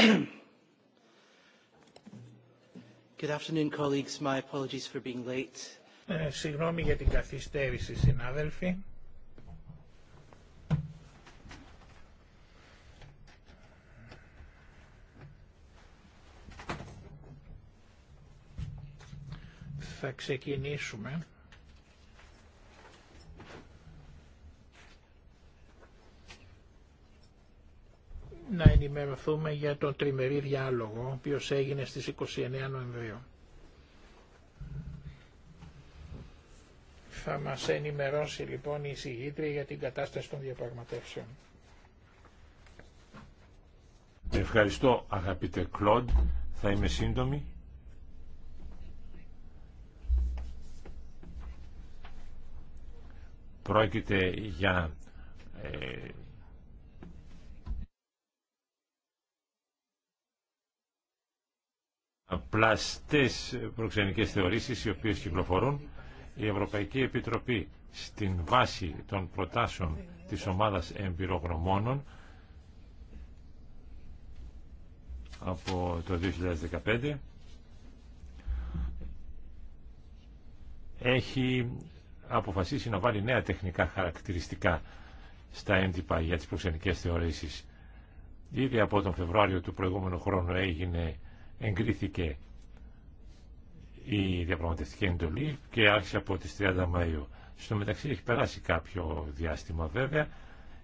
Good afternoon, colleagues. My apologies for being late. Ε, συγγνώμη για την καθυστέρηση, συνάδελφοι. Θα ξεκινήσουμε. ενημερωθούμε για τον τριμερή διάλογο, ο οποίος έγινε στις 29 Νοεμβρίου. Θα μας ενημερώσει λοιπόν η συγγήτρια για την κατάσταση των διαπραγματεύσεων. Ευχαριστώ αγαπητέ Κλοντ, θα είμαι σύντομη. Πρόκειται για ε, πλαστές προξενικές θεωρήσεις οι οποίες κυκλοφορούν. Η Ευρωπαϊκή Επιτροπή στην βάση των προτάσεων της ομάδας εμπειρογνωμόνων από το 2015 έχει αποφασίσει να βάλει νέα τεχνικά χαρακτηριστικά στα έντυπα για τις προξενικές θεωρήσεις. Ήδη από τον Φεβρουάριο του προηγούμενου χρόνου έγινε εγκρίθηκε η διαπραγματευτική εντολή και άρχισε από τις 30 Μαΐου. Στο μεταξύ έχει περάσει κάποιο διάστημα βέβαια.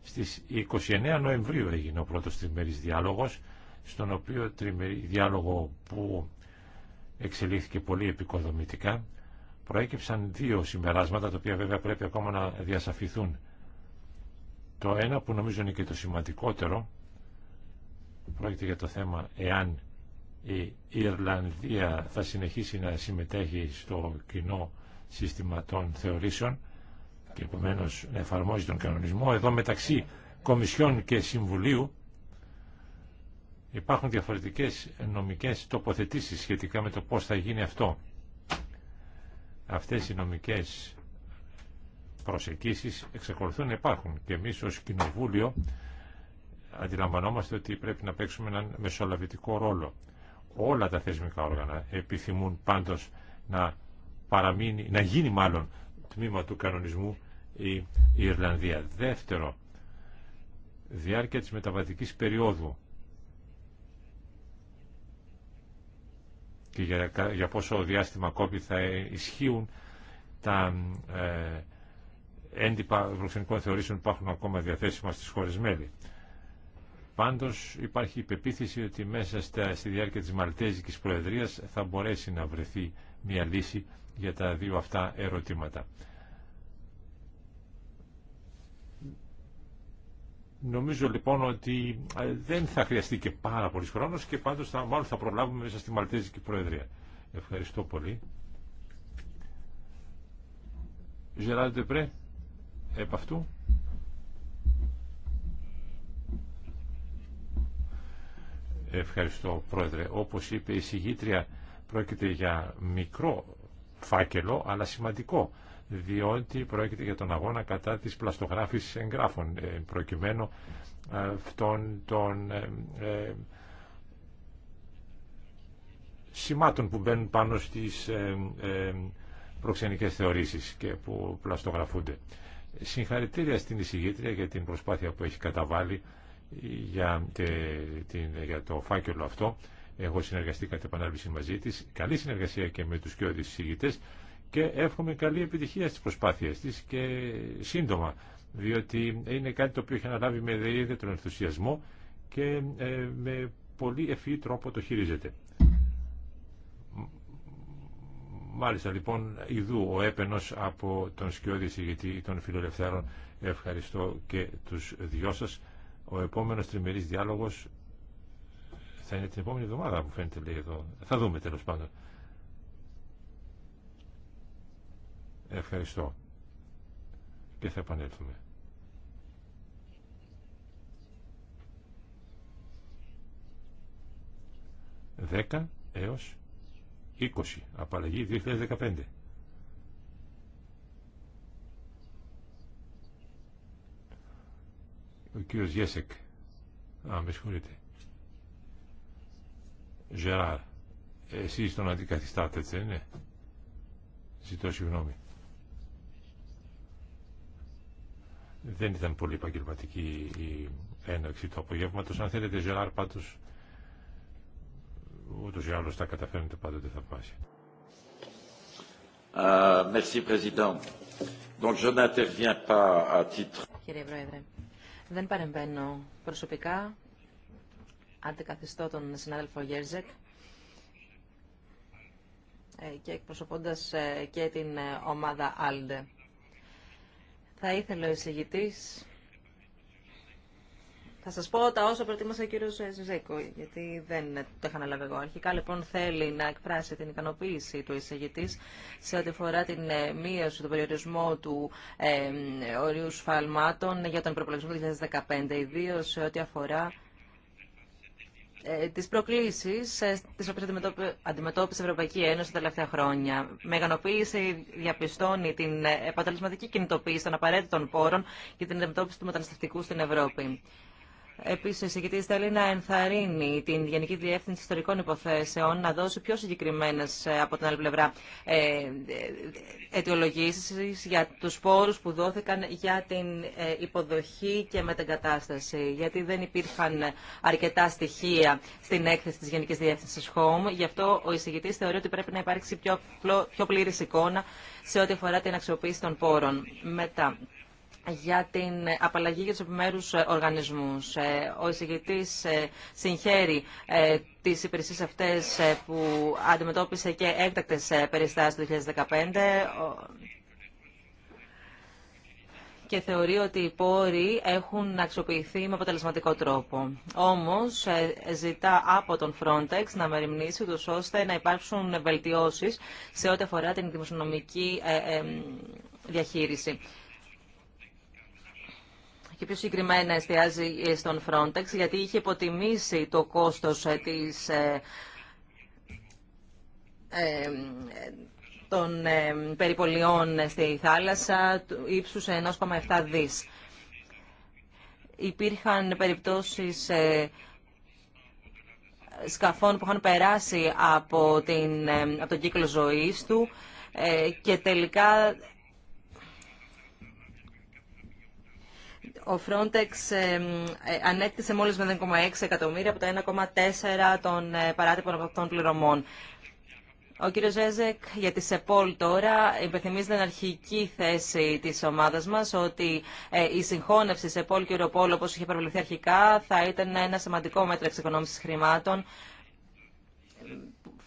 Στις 29 Νοεμβρίου έγινε ο πρώτος τριμερής διάλογος, στον οποίο τριμερή διάλογο που εξελίχθηκε πολύ επικοδομητικά, προέκυψαν δύο συμπεράσματα, τα οποία βέβαια πρέπει ακόμα να διασαφηθούν. Το ένα που νομίζω είναι και το σημαντικότερο, πρόκειται για το θέμα εάν η Ιρλανδία θα συνεχίσει να συμμετέχει στο κοινό σύστημα των θεωρήσεων και επομένω να εφαρμόζει τον κανονισμό. Εδώ μεταξύ Κομισιόν και Συμβουλίου υπάρχουν διαφορετικές νομικές τοποθετήσεις σχετικά με το πώς θα γίνει αυτό. Αυτές οι νομικές προσεκίσεις εξακολουθούν να υπάρχουν και εμείς ως Κοινοβούλιο αντιλαμβανόμαστε ότι πρέπει να παίξουμε έναν μεσολαβητικό ρόλο όλα τα θεσμικά όργανα επιθυμούν πάντως να, παραμείνει, να γίνει μάλλον τμήμα του κανονισμού η, Ιρλανδία. Δεύτερο, διάρκεια της μεταβατικής περίοδου και για, για πόσο διάστημα κόπη θα ισχύουν τα ε, έντυπα ευρωξενικών θεωρήσεων που υπάρχουν ακόμα διαθέσιμα στις χώρες μέλη. Πάντως υπάρχει η πεποίθηση ότι μέσα στα, στη διάρκεια τη Μαλτέζικη Προεδρία θα μπορέσει να βρεθεί μια λύση για τα δύο αυτά ερωτήματα. Νομίζω λοιπόν ότι ε, δεν θα χρειαστεί και πάρα πολύ χρόνο και πάντως θα, θα προλάβουμε μέσα στη Μαλτέζικη Προεδρία. Ευχαριστώ πολύ. Ζεράρ Πρέ, επ' Ευχαριστώ Πρόεδρε. Όπως είπε η συγγήτρια πρόκειται για μικρό φάκελο αλλά σημαντικό διότι πρόκειται για τον αγώνα κατά της πλαστογράφησης εγγράφων ε, προκειμένου ε, αυτών των ε, σημάτων που μπαίνουν πάνω στις προξενικές θεωρήσεις και που πλαστογραφούνται. Συγχαρητήρια στην εισηγήτρια για την προσπάθεια που έχει καταβάλει για, για το φάκελο αυτό. Έχω συνεργαστεί κατά επανάληψη μαζί τη. Καλή συνεργασία και με τους και οδησυγητές και εύχομαι καλή επιτυχία στις προσπάθειες τη και σύντομα, διότι είναι κάτι το οποίο έχει αναλάβει με ιδιαίτερο ενθουσιασμό και ε, με πολύ ευφυή τρόπο το χειρίζεται. Μάλιστα λοιπόν, ιδού ο έπαινος από τον σκιώδη συγητή των φιλελευθέρων. Ευχαριστώ και τους δυο σας. Ο επόμενο τριμερής διάλογο θα είναι την επόμενη εβδομάδα που φαίνεται λέει εδώ. Θα δούμε τέλο πάντων. Ευχαριστώ. Και θα επανέλθουμε. Δέκα έως 20. Απαλλαγή 2015. Ο κύριος Γέσεκ. Α, με συγχωρείτε. Ζεράρ, εσείς τον αντικαθιστάτε, έτσι δεν είναι. Ζητώ συγγνώμη. Δεν ήταν πολύ επαγγελματική η έναρξη του απογεύματος. Αν θέλετε, Γεράρ πάντως, ούτως ή άλλως τα καταφέρνετε πάντοτε θαυμάσια. Uh, merci, Président. Donc, je n'interviens pas à titre... Κύριε Πρόεδρε, δεν παρεμβαίνω προσωπικά. Αντικαθιστώ τον συνάδελφο Γέρζεκ ε, και εκπροσωπώντας ε, και την ε, ομάδα ALDE. Θα ήθελα ο εισηγητής θα σα πω τα όσα προτίμασε ο κύριο Ζέκο, γιατί δεν το είχα αναλάβει εγώ. Αρχικά λοιπόν θέλει να εκφράσει την ικανοποίηση του εισηγητή σε ό,τι αφορά την ε, μείωση του περιορισμού του ε, ορίου σφαλμάτων για τον προπολογισμό του 2015, ιδίω σε ό,τι αφορά ε, τι προκλήσει ε, τι οποίε αντιμετώπισε η Ευρωπαϊκή Ένωση τα τελευταία χρόνια. Με ικανοποίηση διαπιστώνει την επαγγελματική κινητοποίηση των απαραίτητων πόρων για την αντιμετώπιση του μεταναστευτικού στην Ευρώπη. Επίση, ο εισηγητή θέλει να ενθαρρύνει την Γενική Διεύθυνση Ιστορικών Υποθέσεων να δώσει πιο συγκεκριμένε ε, από την άλλη πλευρά ε, ε, αιτιολογήσει για του πόρου που δόθηκαν για την υποδοχή και μετεγκατάσταση. Γιατί δεν υπήρχαν αρκετά στοιχεία στην έκθεση τη Γενική Διεύθυνση Home. Γι' αυτό ο εισηγητή θεωρεί ότι πρέπει να υπάρξει πιο, πιο πλήρη εικόνα σε ό,τι αφορά την αξιοποίηση των πόρων. Μετά, για την απαλλαγή για τους επιμέρους οργανισμούς. Ε, ο εισηγητής ε, συγχαίρει ε, τις υπηρεσίες αυτές που αντιμετώπισε και έκτακτες περιστάσεις το 2015 και θεωρεί ότι οι πόροι έχουν αξιοποιηθεί με αποτελεσματικό τρόπο. Όμως, ζητά από τον Frontex να μεριμνήσει τους ώστε να υπάρξουν βελτιώσεις σε ό,τι αφορά την δημοσιονομική διαχείριση και πιο συγκεκριμένα εστιάζει στον Frontex, γιατί είχε υποτιμήσει το κόστος ε, της, ε, ε, των περιπολιών στη θάλασσα ύψους 1,7 δις. Υπήρχαν περιπτώσεις σκαφών που είχαν περάσει από, την, από τον κύκλο ζωής του και τελικά Ο Frontex ε, ανέκτησε μόλις με 0,6 εκατομμύρια από τα 1,4 των ε, παράτυπων αυτών πληρωμών. Ο κύριος Ζέζεκ για τη ΣΕΠΟΛ τώρα υπενθυμίζει την αρχική θέση της ομάδας μας ότι ε, η συγχώνευση ΣΕΠΟΛ και Ευρωπόλ όπως είχε προβληθεί αρχικά θα ήταν ένα σημαντικό μέτρο εξοικονόμησης χρημάτων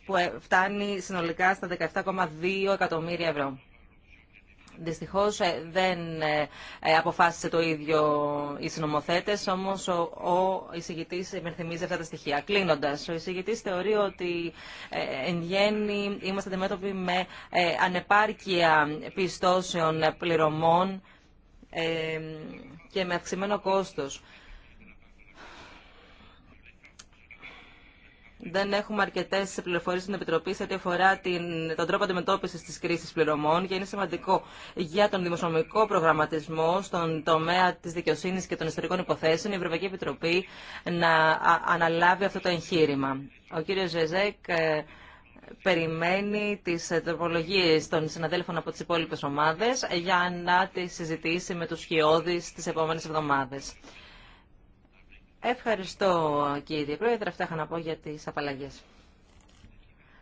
που φτάνει συνολικά στα 17,2 εκατομμύρια ευρώ. Δυστυχώς ε, δεν ε, ε, αποφάσισε το ίδιο οι συνομοθέτες, όμως ο, ο εισηγητής υπενθυμίζει αυτά τα στοιχεία. Κλείνοντα. ο εισηγητή θεωρεί ότι εν γέννη είμαστε αντιμέτωποι με ανεπάρκεια πιστώσεων πληρωμών και με αυξημένο κόστος. δεν έχουμε αρκετέ πληροφορίε στην Επιτροπή σε ό,τι αφορά την, τον τρόπο αντιμετώπιση τη κρίση πληρωμών και είναι σημαντικό για τον δημοσιονομικό προγραμματισμό στον τομέα τη δικαιοσύνη και των ιστορικών υποθέσεων η Ευρωπαϊκή Επιτροπή να αναλάβει αυτό το εγχείρημα. Ο κύριο Ζεζέκ ε, περιμένει τι τροπολογίε των συναδέλφων από τι υπόλοιπε ομάδε για να τι συζητήσει με του χειώδει τι επόμενε εβδομάδε. Ευχαριστώ κύριε Πρόεδρε. Αυτά είχα να πω για τις απαλλαγές.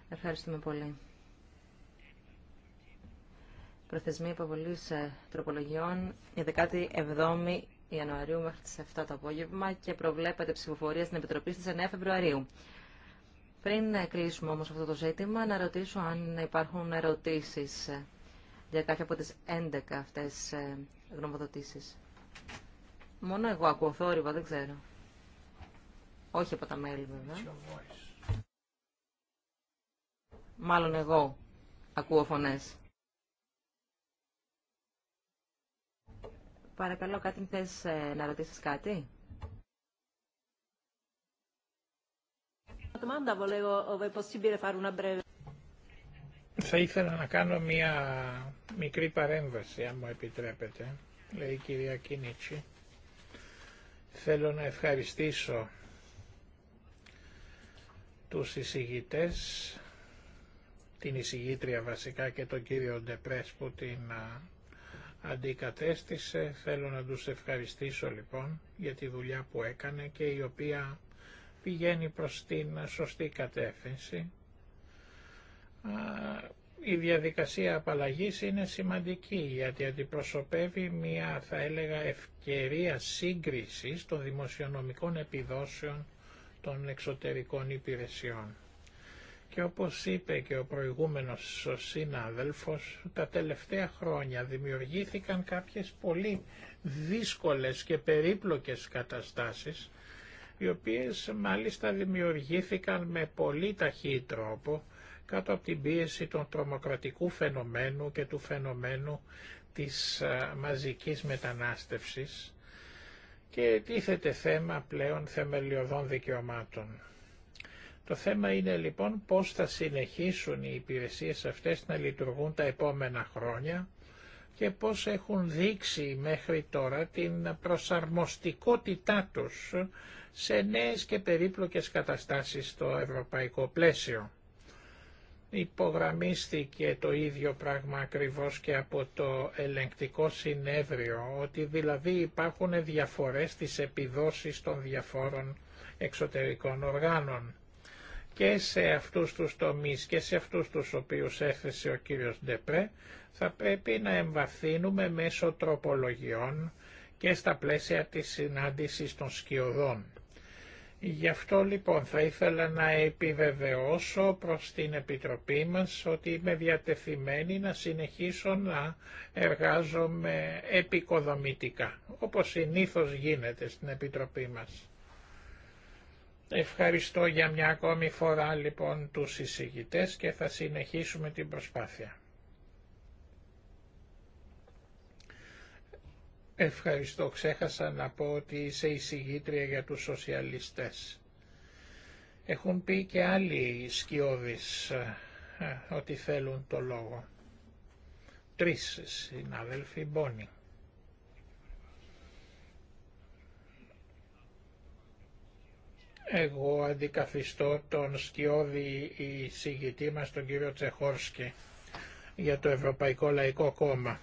Ευχαριστούμε πολύ. Προθεσμία υποβολή ε, τροπολογιών η 17η Ιανουαρίου μέχρι τις 7 το απόγευμα και προβλέπεται ψηφοφορία στην Επιτροπή στις 9 Φεβρουαρίου. Πριν κλείσουμε όμως αυτό το ζήτημα, να ρωτήσω αν υπάρχουν ερωτήσεις ε, για κάποια από τις 11 αυτές ε, γνωμοδοτήσεις. Μόνο εγώ ακούω θόρυβα, δεν ξέρω. Όχι από τα μέλη βέβαια. Μάλλον εγώ ακούω φωνές. Παρακαλώ, κάτι θες ε, να ρωτήσεις κάτι. Θα ήθελα να κάνω μια μικρή παρέμβαση, αν μου επιτρέπετε, λέει η κυρία Κίνιτσι. Θέλω να ευχαριστήσω τους εισηγητές, την εισηγήτρια βασικά και τον κύριο Ντεπρές που την αντικατέστησε. Θέλω να τους ευχαριστήσω λοιπόν για τη δουλειά που έκανε και η οποία πηγαίνει προς την σωστή κατεύθυνση. Η διαδικασία απαλλαγής είναι σημαντική γιατί αντιπροσωπεύει μια θα έλεγα ευκαιρία σύγκρισης των δημοσιονομικών επιδόσεων των εξωτερικών υπηρεσιών. Και όπως είπε και ο προηγούμενος ο συνάδελφος, τα τελευταία χρόνια δημιουργήθηκαν κάποιες πολύ δύσκολες και περίπλοκες καταστάσεις, οι οποίες μάλιστα δημιουργήθηκαν με πολύ ταχύ τρόπο, κάτω από την πίεση των τρομοκρατικού φαινομένου και του φαινομένου της ε, μαζικής μετανάστευσης, και τίθεται θέμα πλέον θεμελιωδών δικαιωμάτων. Το θέμα είναι λοιπόν πώς θα συνεχίσουν οι υπηρεσίες αυτές να λειτουργούν τα επόμενα χρόνια και πώς έχουν δείξει μέχρι τώρα την προσαρμοστικότητά τους σε νέες και περίπλοκες καταστάσεις στο ευρωπαϊκό πλαίσιο. Υπογραμμίστηκε το ίδιο πράγμα ακριβώς και από το ελεγκτικό συνέδριο, ότι δηλαδή υπάρχουν διαφορές στις επιδόσεις των διαφόρων εξωτερικών οργάνων. Και σε αυτούς τους τομείς και σε αυτούς τους οποίους έθεσε ο κύριος Ντεπρέ θα πρέπει να εμβαθύνουμε μέσω τροπολογιών και στα πλαίσια της συνάντησης των σκιωδών. Γι' αυτό λοιπόν θα ήθελα να επιβεβαιώσω προς την Επιτροπή μας ότι είμαι διατεθειμένη να συνεχίσω να εργάζομαι επικοδομητικά, όπως συνήθως γίνεται στην Επιτροπή μας. Ευχαριστώ για μια ακόμη φορά λοιπόν τους εισηγητές και θα συνεχίσουμε την προσπάθεια. Ευχαριστώ. Ξέχασα να πω ότι είσαι εισηγήτρια για τους σοσιαλιστές. Έχουν πει και άλλοι σκιώδεις ε, ότι θέλουν το λόγο. Τρεις συνάδελφοι Μπόνι. Εγώ αντικαθιστώ τον σκιώδη εισηγητή μας, τον κύριο Τσεχόρσκι, για το Ευρωπαϊκό Λαϊκό Κόμμα.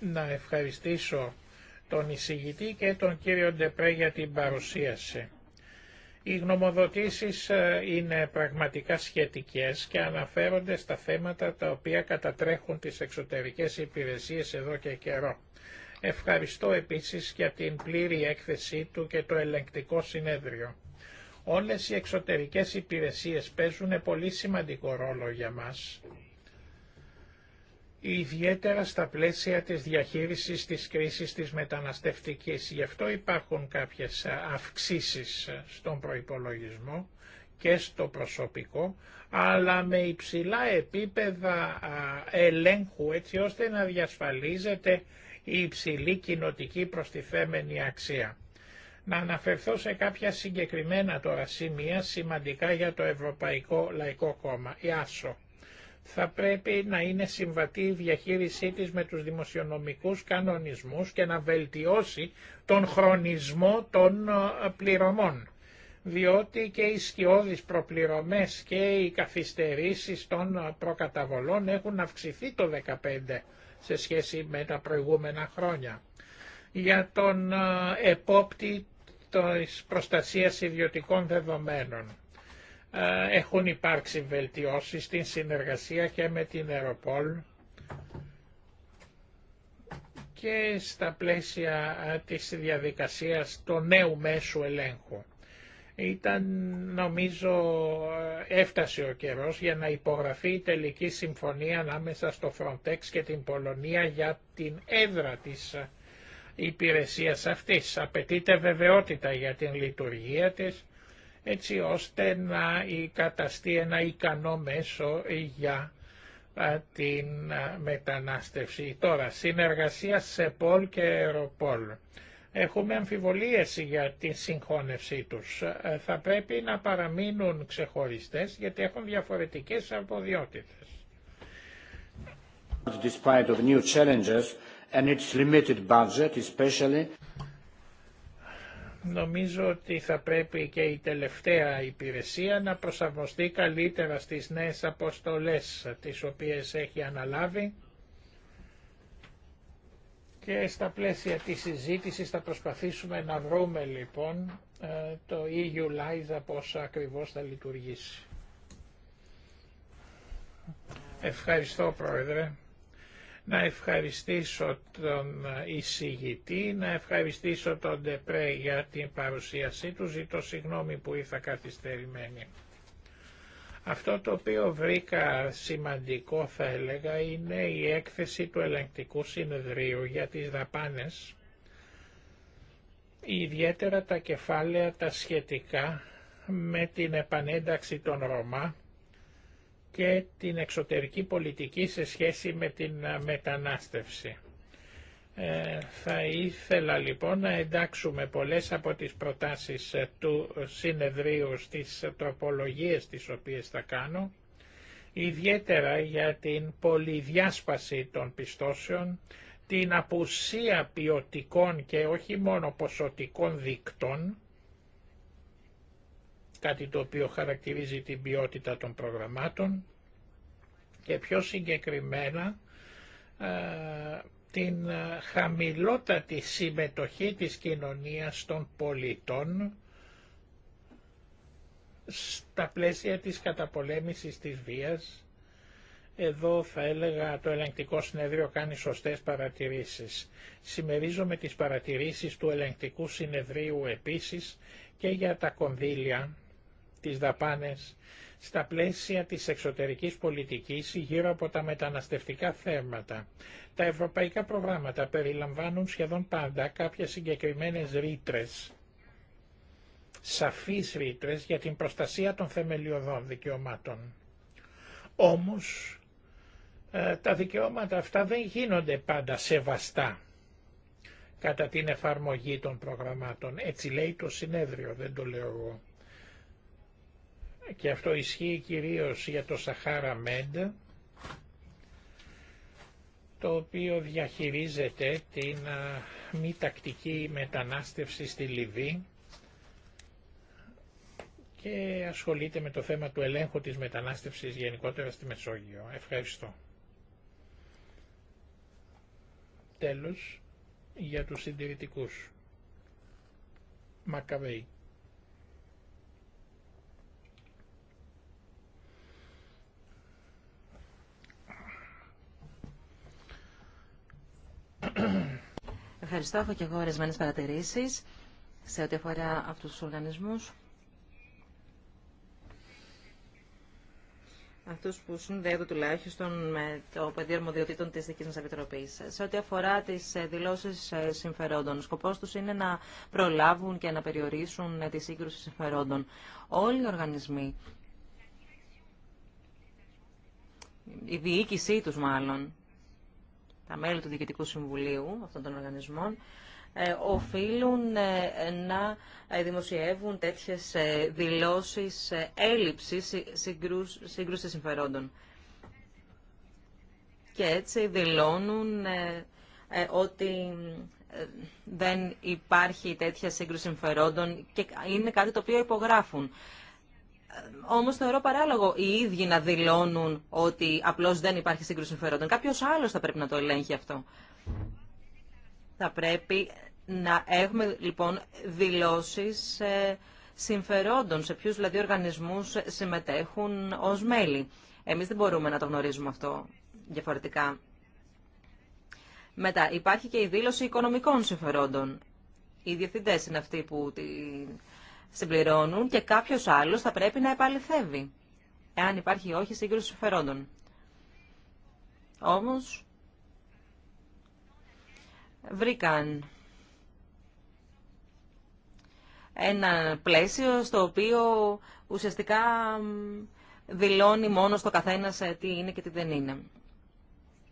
Να ευχαριστήσω τον εισηγητή και τον κύριο Ντεπρέ για την παρουσίαση. Οι γνωμοδοτήσεις ε, είναι πραγματικά σχετικές και αναφέρονται στα θέματα τα οποία κατατρέχουν τις εξωτερικές υπηρεσίες εδώ και καιρό. Ευχαριστώ επίσης για την πλήρη έκθεσή του και το ελεγκτικό συνέδριο. Όλες οι εξωτερικές υπηρεσίες παίζουν πολύ σημαντικό ρόλο για μας ιδιαίτερα στα πλαίσια της διαχείρισης της κρίσης της μεταναστευτικής. Γι' αυτό υπάρχουν κάποιες αυξήσεις στον προϋπολογισμό και στο προσωπικό, αλλά με υψηλά επίπεδα ελέγχου έτσι ώστε να διασφαλίζεται η υψηλή κοινοτική προστιθέμενη αξία. Να αναφερθώ σε κάποια συγκεκριμένα τώρα σημεία σημαντικά για το Ευρωπαϊκό Λαϊκό Κόμμα, η ΆΣΟ θα πρέπει να είναι συμβατή η διαχείρισή της με τους δημοσιονομικούς κανονισμούς και να βελτιώσει τον χρονισμό των πληρωμών. Διότι και οι σκιώδεις προπληρωμές και οι καθυστερήσεις των προκαταβολών έχουν αυξηθεί το 2015 σε σχέση με τα προηγούμενα χρόνια. Για τον επόπτη της προστασίας ιδιωτικών δεδομένων ε, έχουν υπάρξει βελτιώσεις στην συνεργασία και με την Ευρωπόλ και στα πλαίσια ε, της διαδικασίας του νέου μέσου ελέγχου. Ήταν νομίζω ε, έφτασε ο καιρός για να υπογραφεί η τελική συμφωνία ανάμεσα στο Frontex και την Πολωνία για την έδρα της υπηρεσίας αυτής. Απαιτείται βεβαιότητα για την λειτουργία της έτσι ώστε να καταστεί ένα ικανό μέσο για την μετανάστευση. Τώρα, συνεργασία σε ΠΟΛ και ΕΡΟΠΟΛ. Έχουμε αμφιβολίες για τη συγχώνευσή τους. Ε, θα πρέπει να παραμείνουν ξεχωριστές γιατί έχουν διαφορετικές αποδιότητες. Despite of new challenges and Νομίζω ότι θα πρέπει και η τελευταία υπηρεσία να προσαρμοστεί καλύτερα στις νέες αποστολές τις οποίες έχει αναλάβει και στα πλαίσια της συζήτησης θα προσπαθήσουμε να βρούμε λοιπόν ε, το EU lisa πώς ακριβώς θα λειτουργήσει. Ευχαριστώ Πρόεδρε να ευχαριστήσω τον εισηγητή, να ευχαριστήσω τον Ντεπρέ για την παρουσίασή του, ζητώ συγγνώμη που ήρθα καθυστερημένη. Αυτό το οποίο βρήκα σημαντικό θα έλεγα είναι η έκθεση του ελεγκτικού συνεδρίου για τις δαπάνες, ιδιαίτερα τα κεφάλαια τα σχετικά με την επανένταξη των Ρωμά και την εξωτερική πολιτική σε σχέση με την ε, μετανάστευση. Ε, θα ήθελα λοιπόν να εντάξουμε πολλές από τις προτάσεις ε, του συνεδρίου στις τροπολογίες τις οποίες θα κάνω, ιδιαίτερα για την πολυδιάσπαση των πιστώσεων, την απουσία ποιοτικών και όχι μόνο ποσοτικών δικτών, κάτι το οποίο χαρακτηρίζει την ποιότητα των προγραμμάτων και πιο συγκεκριμένα ε, την ε, χαμηλότατη συμμετοχή της κοινωνίας των πολιτών στα πλαίσια της καταπολέμησης της βίας. Εδώ θα έλεγα το ελεγκτικό συνεδρίο κάνει σωστές παρατηρήσεις. Συμμερίζομαι τις παρατηρήσεις του ελεγκτικού συνεδρίου επίσης και για τα κονδύλια τις δαπάνες στα πλαίσια της εξωτερικής πολιτικής γύρω από τα μεταναστευτικά θέματα. Τα ευρωπαϊκά προγράμματα περιλαμβάνουν σχεδόν πάντα κάποιες συγκεκριμένες ρήτρες, σαφείς ρήτρες για την προστασία των θεμελιωδών δικαιωμάτων. Όμως, ε, τα δικαιώματα αυτά δεν γίνονται πάντα σεβαστά κατά την εφαρμογή των προγραμμάτων. Έτσι λέει το συνέδριο, δεν το λέω εγώ και αυτό ισχύει κυρίως για το Σαχάρα Μέντ, το οποίο διαχειρίζεται την μη τακτική μετανάστευση στη Λιβύη και ασχολείται με το θέμα του ελέγχου της μετανάστευσης γενικότερα στη Μεσόγειο. Ευχαριστώ. Τέλος, για τους συντηρητικούς. Μακαβέη. Ευχαριστώ. Έχω και εγώ ορισμένε παρατηρήσει σε ό,τι αφορά αυτού του οργανισμού. Αυτού που συνδέονται τουλάχιστον με το πεδίο αρμοδιοτήτων τη δική μα Επιτροπή. Σε ό,τι αφορά τι ε, δηλώσει ε, συμφερόντων, σκοπό του είναι να προλάβουν και να περιορίσουν ε, τη σύγκρουση συμφερόντων. Όλοι οι οργανισμοί, η διοίκησή του μάλλον, τα μέλη του Διοικητικού Συμβουλίου αυτών των οργανισμών ε, οφείλουν ε, να ε, δημοσιεύουν τέτοιες δηλώσεις έλλειψης σύγκρουσης συμφερόντων. Και έτσι δηλώνουν ότι δεν υπάρχει τέτοια σύγκρουση συμφερόντων και είναι κάτι το οποίο υπογράφουν. Όμω θεωρώ παράλογο οι ίδιοι να δηλώνουν ότι απλώ δεν υπάρχει σύγκρουση συμφερόντων. Κάποιο άλλο θα πρέπει να το ελέγχει αυτό. Θα πρέπει να έχουμε λοιπόν δηλώσει ε, συμφερόντων, σε ποιου δηλαδή οργανισμού συμμετέχουν ω μέλη. Εμεί δεν μπορούμε να το γνωρίζουμε αυτό διαφορετικά. Μετά, υπάρχει και η δήλωση οικονομικών συμφερόντων. Οι διευθυντέ είναι αυτοί που συμπληρώνουν και κάποιο άλλος θα πρέπει να επαληθεύει, εάν υπάρχει ή όχι σύγκρουση συμφερόντων. Όμως, βρήκαν ένα πλαίσιο στο οποίο ουσιαστικά δηλώνει μόνο στο καθένας ε, τι είναι και τι δεν είναι.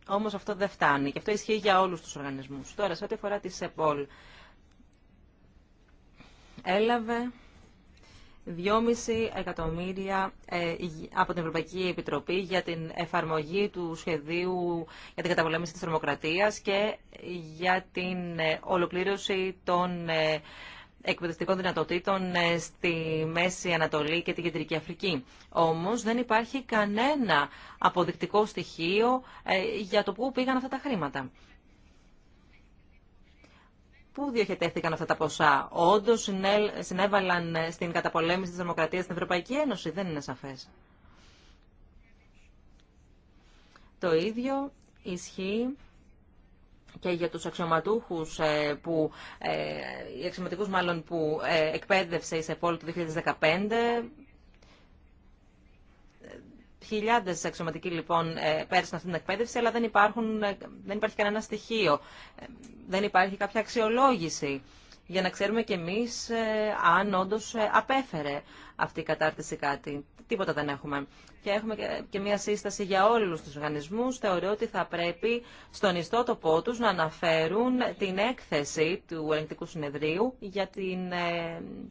Όμως αυτό δεν φτάνει και αυτό ισχύει για όλους τους οργανισμούς. Τώρα, σε ό,τι αφορά τη ΣΕΠΟΛ, έλαβε 2,5 εκατομμύρια ε, από την Ευρωπαϊκή Επιτροπή για την εφαρμογή του σχεδίου για την καταπολέμηση της θερμοκρατίας και για την ε, ολοκλήρωση των ε, εκπαιδευτικών δυνατοτήτων στη Μέση Ανατολή και την Κεντρική Αφρική. Όμως δεν υπάρχει κανένα αποδεικτικό στοιχείο για το πού πήγαν αυτά τα χρήματα πού διοχετεύτηκαν αυτά τα ποσά. Όντω συνέβαλαν στην καταπολέμηση τη δημοκρατία στην Ευρωπαϊκή Ένωση. Δεν είναι σαφέ. Το ίδιο ισχύει και για τους αξιωματούχους ε, που, ε, μάλλον που ε, εκπαίδευσε η ΣΕΠΟΛ το 2015 Χιλιάδε αξιωματικοί λοιπόν ε, πέρασαν αυτή την εκπαίδευση, αλλά δεν, υπάρχουν, ε, δεν υπάρχει κανένα στοιχείο. Ε, δεν υπάρχει κάποια αξιολόγηση για να ξέρουμε κι εμείς αν όντω απέφερε αυτή η κατάρτιση κάτι. Τίποτα δεν έχουμε. Και έχουμε και μία σύσταση για όλους τους οργανισμούς. Θεωρώ ότι θα πρέπει στον ιστότοπό του να αναφέρουν την έκθεση του ελεγκτικού συνεδρίου για την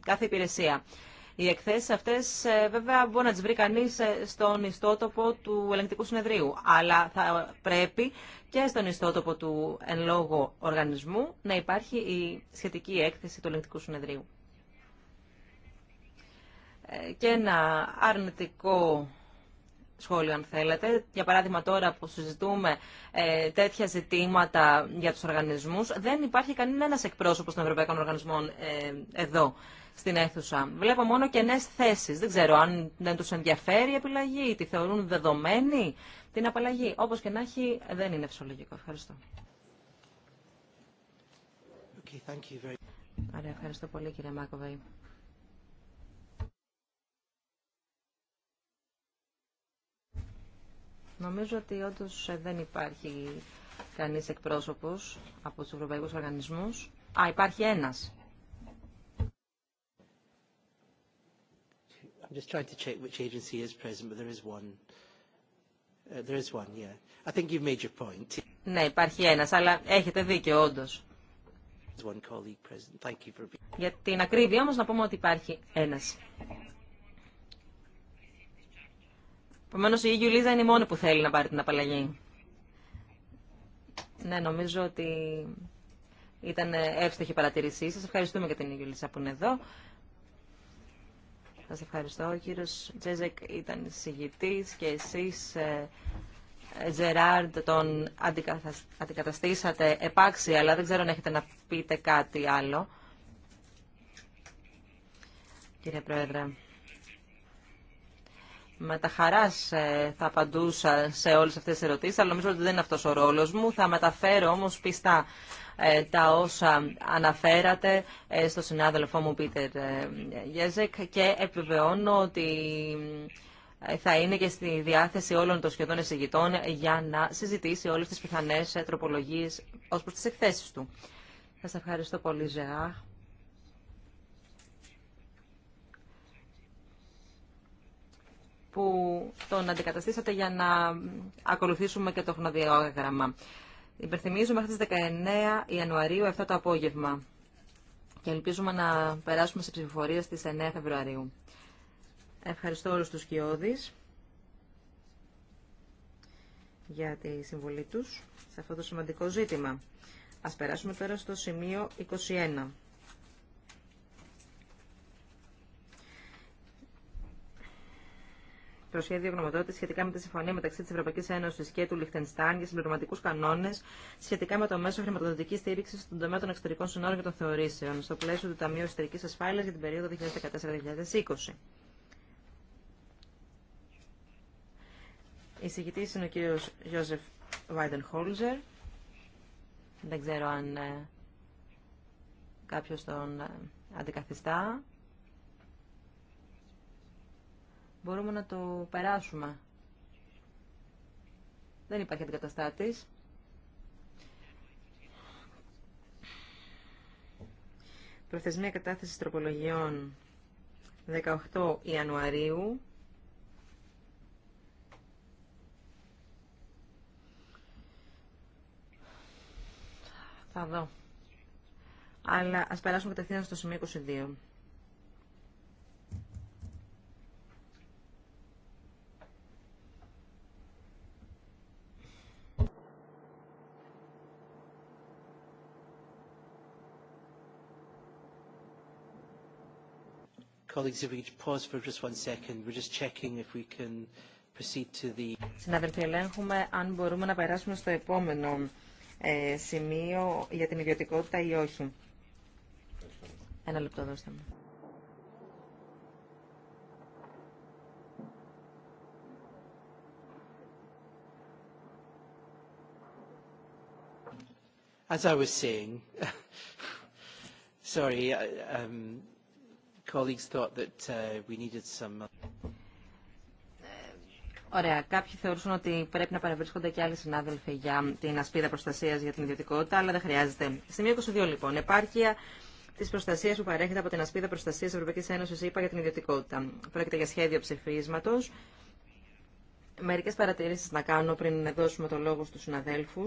κάθε υπηρεσία. Οι εκθέσει αυτέ ε, βέβαια μπορεί να τι βρει κανεί ε, στον ιστότοπο του ελεγκτικού συνεδρίου. Αλλά θα πρέπει και στον ιστότοπο του εν λόγω οργανισμού να υπάρχει η σχετική έκθεση του ελεγκτικού συνεδρίου. Ε, και ένα αρνητικό σχόλιο αν θέλετε. Για παράδειγμα τώρα που συζητούμε τέτοια ζητήματα για τους οργανισμούς, δεν υπάρχει κανένας εκπρόσωπος των Ευρωπαϊκών Οργανισμών εδώ στην αίθουσα. Βλέπω μόνο κενέ θέσεις. Δεν ξέρω αν δεν τους ενδιαφέρει η επιλογή, τη θεωρούν δεδομένη, την απαλλαγή. Όπως και να έχει, δεν είναι φυσιολογικό. Ευχαριστώ. Okay, ευχαριστώ πολύ κύριε Μάκοβεϊ. Νομίζω ότι όντω ε, δεν υπάρχει κανείς εκπρόσωπος από τους ευρωπαϊκούς οργανισμούς. Α, υπάρχει ένας. I'm just trying to check which agency is present, but there is one. Uh, there is one, yeah. I think you've made your point. Ναι, υπάρχει ένας, αλλά έχετε δίκιο όντως. Για την ακρίβεια όμως να πούμε ότι υπάρχει ένας. Επομένω η Γιουλίζα είναι η μόνη που θέλει να πάρει την απαλλαγή. Ναι, νομίζω ότι ήταν εύστοχη η παρατηρήσή σας. Ευχαριστούμε και την Γιουλίζα που είναι εδώ. Σας ευχαριστώ. Ο κύριος Τζέζεκ ήταν συγητής και εσείς, Τζεράρντ, ε, τον αντικαταστήσατε επάξια, αλλά δεν ξέρω αν έχετε να πείτε κάτι άλλο. Κύριε Πρόεδρε, με τα χαράς ε, θα απαντούσα σε όλες αυτές τις ερωτήσεις, αλλά νομίζω ότι δεν είναι αυτό ο ρόλο μου. Θα μεταφέρω όμως πιστά ε, τα όσα αναφέρατε ε, στο συνάδελφό μου Πίτερ ε, Γέζεκ και επιβεβαιώνω ότι θα είναι και στη διάθεση όλων των σχεδόν εισηγητών για να συζητήσει όλες τις πιθανές τροπολογίες ως προς τις εκθέσεις του. Σας ευχαριστώ πολύ, Ζεά. που τον αντικαταστήσατε για να ακολουθήσουμε και το χρονοδιάγραμμα. Υπερθυμίζω μέχρι τις 19 Ιανουαρίου, 7 το απόγευμα. Και ελπίζουμε να περάσουμε σε ψηφοφορία στις 9 Φεβρουαρίου. Ευχαριστώ όλους τους κοιόδης για τη συμβολή τους σε αυτό το σημαντικό ζήτημα. Ας περάσουμε τώρα στο σημείο 21. προσχέδιο σχέδιο γνωμοδότηση σχετικά με τη συμφωνία μεταξύ τη Ευρωπαϊκή Ένωση και του Λιχτενστάν για συμπληρωματικού κανόνε σχετικά με το μέσο χρηματοδοτική στήριξη στον τομέα των εξωτερικών συνόρων και των θεωρήσεων, στο πλαίσιο του Ταμείου Εσωτερική Ασφάλεια για την περίοδο 2014-2020. Η συγκητή είναι ο κύριο Γιώζεφ Βάιντεν Χόλζερ. Δεν ξέρω αν ε, κάποιο τον ε, αντικαθιστά. Μπορούμε να το περάσουμε. Δεν υπάρχει αντικαταστάτης. Προθεσμία κατάθεσης τροπολογιών 18 Ιανουαρίου. Θα δω. Αλλά ας περάσουμε κατευθείαν στο σημείο 22. Συναδελφοί, ελέγχουμε αν μπορούμε να περάσουμε στο επόμενο ε, σημείο για την ιδιωτικότητα ή όχι. Ένα λεπτό, δώστε μου. As I was saying, sorry, um, colleagues thought that uh, we needed some... Uh, Ωραία. Κάποιοι θεωρούσαν ότι πρέπει να παρευρίσκονται και άλλοι συνάδελφοι για την ασπίδα προστασία για την ιδιωτικότητα, αλλά δεν χρειάζεται. Σημείο 22, λοιπόν. Επάρκεια τη προστασία που παρέχεται από την ασπίδα προστασία τη Ευρωπαϊκή Ένωση, είπα, για την ιδιωτικότητα. Πρόκειται για σχέδιο ψηφίσματο. Μερικέ παρατηρήσει να κάνω πριν δώσουμε το λόγο στου συναδέλφου.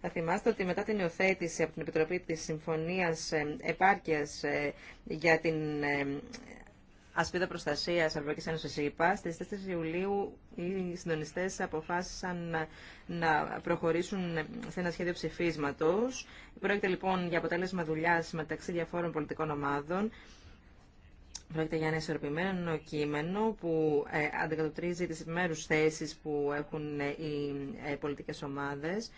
Θα θυμάστε ότι μετά την υιοθέτηση από την Επιτροπή της Συμφωνίας ε, Επάρκειας ε, για την ε, ασπίδα προστασία Ευρωπαϊκή Ένωση ΕΠΑ. Στι 4 Ιουλίου οι συντονιστέ αποφάσισαν να, προχωρήσουν σε ένα σχέδιο ψηφίσματο. Πρόκειται λοιπόν για αποτέλεσμα δουλειά μεταξύ διαφόρων πολιτικών ομάδων. Πρόκειται για ένα ισορροπημένο κείμενο που αντικατοπτρίζει τις επιμέρους θέσεις που έχουν οι πολιτικές ομάδες.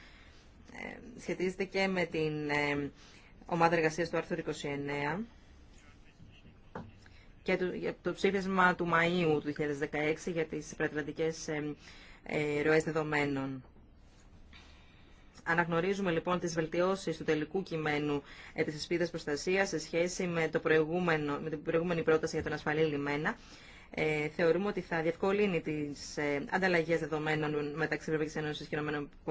Ε, σχετίζεται και με την ε, ομάδα εργασία του άρθρου 29 και το ψήφισμα του Μαΐου του 2016 για τις πρατηλαντικές ε, ροές δεδομένων. Αναγνωρίζουμε λοιπόν τις βελτιώσεις του τελικού κειμένου της ασπίδας προστασίας σε σχέση με, το προηγούμενο, με την προηγούμενη πρόταση για τον ασφαλή λιμένα ε, θεωρούμε ότι θα διευκολύνει τι ε, ανταλλαγέ δεδομένων μεταξύ Ευρωπαϊκή Ένωση και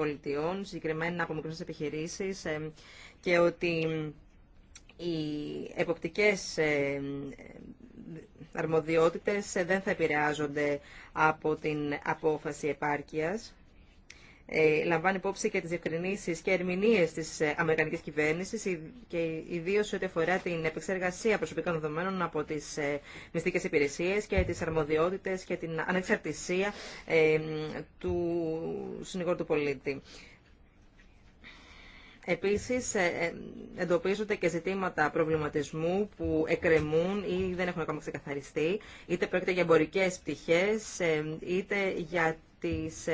ΗΠΑ, συγκεκριμένα από μικρέ επιχειρήσει ε, και ότι οι εποπτικές ε, αρμοδιότητες ε, δεν θα επηρεάζονται από την απόφαση επάρκειας. Ε, λαμβάνει υπόψη και τις διευκρινήσει και ερμηνείες της ε, αμερικανική κυβέρνηση και ιδίω ό,τι αφορά την επεξεργασία προσωπικών δεδομένων από τις ε, μυστικέ υπηρεσίε και τις αρμοδιότητες και την ανεξαρτησία του συνηγόρου του πολίτη. Επίσης, εντοπίζονται και ζητήματα προβληματισμού που εκκρεμούν ή δεν έχουν ακόμα ξεκαθαριστεί, είτε πρόκειται για εμπορικέ πτυχές, είτε για τις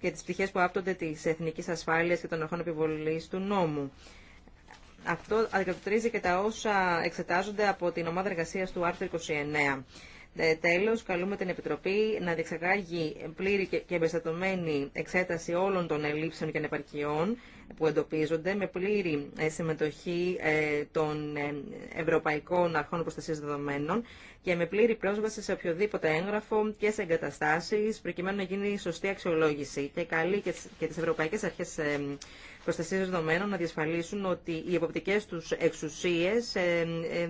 και τις πτυχές που άπτονται της εθνικής ασφάλειας και των αρχών επιβολής του νόμου. Αυτό αντικατοπτρίζει και τα όσα εξετάζονται από την ομάδα εργασίας του άρθρου 29. Ε, τέλος, καλούμε την Επιτροπή να διεξαγάγει πλήρη και εμπεστατωμένη εξέταση όλων των ελλείψεων και ανεπαρκειών που εντοπίζονται με πλήρη ε, συμμετοχή ε, των Ευρωπαϊκών Αρχών Προστασίας Δεδομένων και με πλήρη πρόσβαση σε οποιοδήποτε έγγραφο και σε εγκαταστάσεις προκειμένου να γίνει σωστή αξιολόγηση και καλή και τις Ευρωπαϊκές Αρχές Προστασίας Δεδομένων να διασφαλίσουν ότι οι υποπτικές τους εξουσίες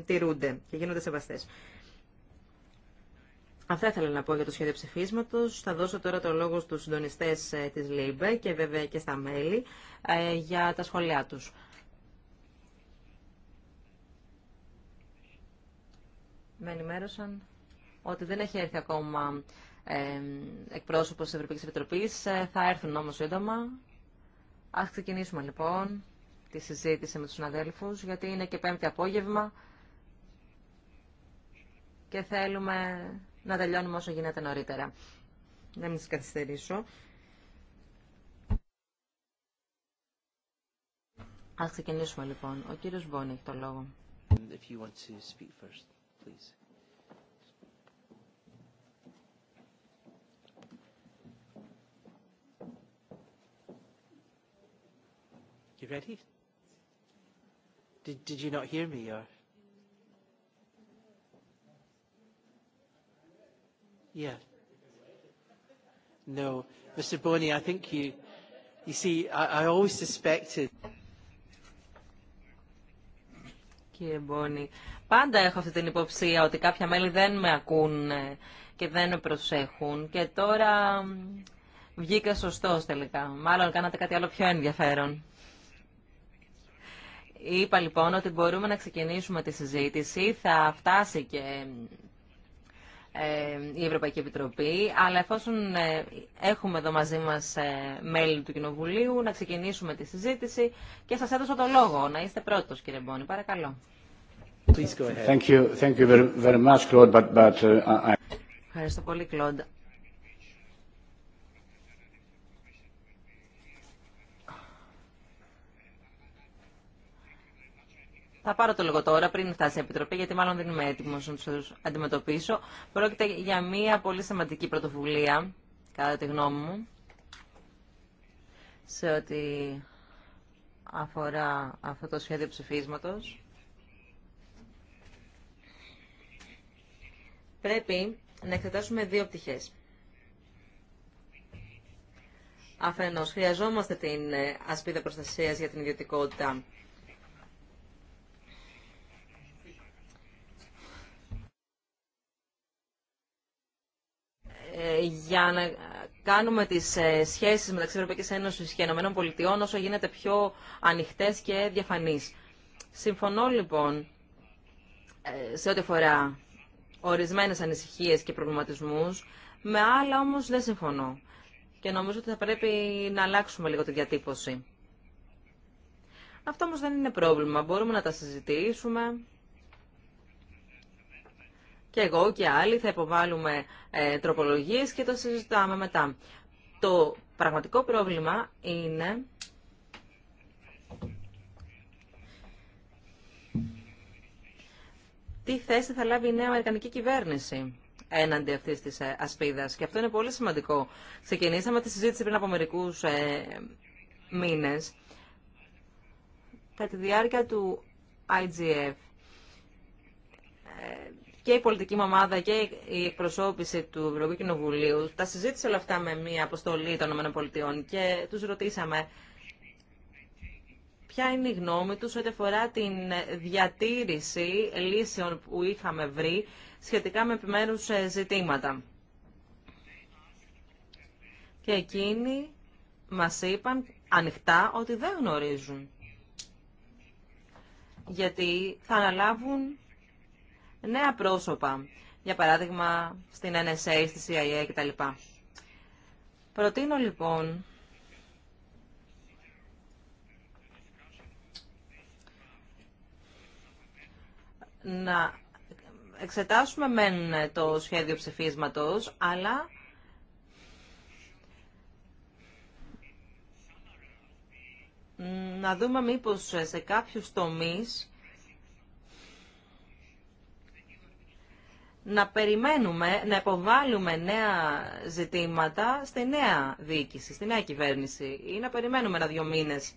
τηρούνται και γίνονται σεβαστές. Αυτά ήθελα να πω για το σχέδιο ψηφίσματος. Θα δώσω τώρα το λόγο στους συντονιστέ ε, της ΛΥΜΠΕ και βέβαια και στα μέλη ε, για τα σχόλιά τους. Με ενημέρωσαν ότι δεν έχει έρθει ακόμα ε, εκπρόσωπος της Ευρωπαϊκής Επιτροπής. Θα έρθουν όμως σύντομα. Ας ξεκινήσουμε λοιπόν τη συζήτηση με τους συναδέλφου γιατί είναι και πέμπτη απόγευμα και θέλουμε να τελειώνουμε όσο γίνεται νωρίτερα. Να μην σας καθυστερήσω. Ας ξεκινήσουμε λοιπόν. Ο κύριος Μπόνι έχει το λόγο. If you want to speak first, please. You ready? Did, did you not hear me or? Yeah. No, Mr. I think you, you see, I, I always suspected. Κύριε Μπόνη, πάντα έχω αυτή την υποψία ότι κάποια μέλη δεν με ακούν και δεν με προσέχουν και τώρα βγήκα σωστός τελικά. Μάλλον κάνατε κάτι άλλο πιο ενδιαφέρον. Είπα λοιπόν ότι μπορούμε να ξεκινήσουμε τη συζήτηση. Θα φτάσει και ε, η Ευρωπαϊκή Επιτροπή, αλλά εφόσον ε, έχουμε εδώ μαζί μας ε, μέλη του Κοινοβουλίου, να ξεκινήσουμε τη συζήτηση και σας έδωσα το λόγο. Να είστε πρώτος, κύριε Μπόνη. Παρακαλώ. Ευχαριστώ πολύ, Κλοντ. Θα πάρω το λόγο τώρα πριν φτάσει η Επιτροπή, γιατί μάλλον δεν είμαι έτοιμο να του αντιμετωπίσω. Πρόκειται για μια πολύ σημαντική πρωτοβουλία, κατά τη γνώμη μου, σε ό,τι αφορά αυτό το σχέδιο ψηφίσματος. Πρέπει να εξετάσουμε δύο πτυχές. Αφενός, χρειαζόμαστε την ε, ασπίδα προστασίας για την ιδιωτικότητα για να κάνουμε τις ε, σχέσεις μεταξύ Ευρωπαϊκής Ένωσης και Ενωμένων Πολιτειών όσο γίνεται πιο ανοιχτές και διαφανείς. Συμφωνώ λοιπόν ε, σε ό,τι αφορά ορισμένες ανησυχίες και προβληματισμούς, με άλλα όμως δεν συμφωνώ. Και νομίζω ότι θα πρέπει να αλλάξουμε λίγο τη διατύπωση. Αυτό όμως δεν είναι πρόβλημα. Μπορούμε να τα συζητήσουμε, και εγώ και άλλοι θα υποβάλουμε ε, τροπολογίες και το συζητάμε μετά. Το πραγματικό πρόβλημα είναι τι θέση θα λάβει η νέα Αμερικανική κυβέρνηση έναντι αυτής της ε, ασπίδας. Και αυτό είναι πολύ σημαντικό. Ξεκινήσαμε τη συζήτηση πριν από μερικούς ε, μήνες κατά τη διάρκεια του IGF. Ε, και η πολιτική μαμάδα ομάδα και η εκπροσώπηση του Ευρωπαϊκού Κοινοβουλίου τα συζήτησε όλα αυτά με μια αποστολή των ΗΠΑ και τους ρωτήσαμε ποια είναι η γνώμη τους ό,τι αφορά την διατήρηση λύσεων που είχαμε βρει σχετικά με επιμέρους ε, ζητήματα. Και εκείνοι μας είπαν ανοιχτά ότι δεν γνωρίζουν. Γιατί θα αναλάβουν νέα πρόσωπα, για παράδειγμα στην NSA, στη CIA κτλ. Προτείνω λοιπόν να εξετάσουμε μεν το σχέδιο ψηφίσματος, αλλά να δούμε μήπως σε κάποιους τομείς να περιμένουμε να υποβάλουμε νέα ζητήματα στη νέα διοίκηση, στη νέα κυβέρνηση ή να περιμένουμε ένα δύο μήνες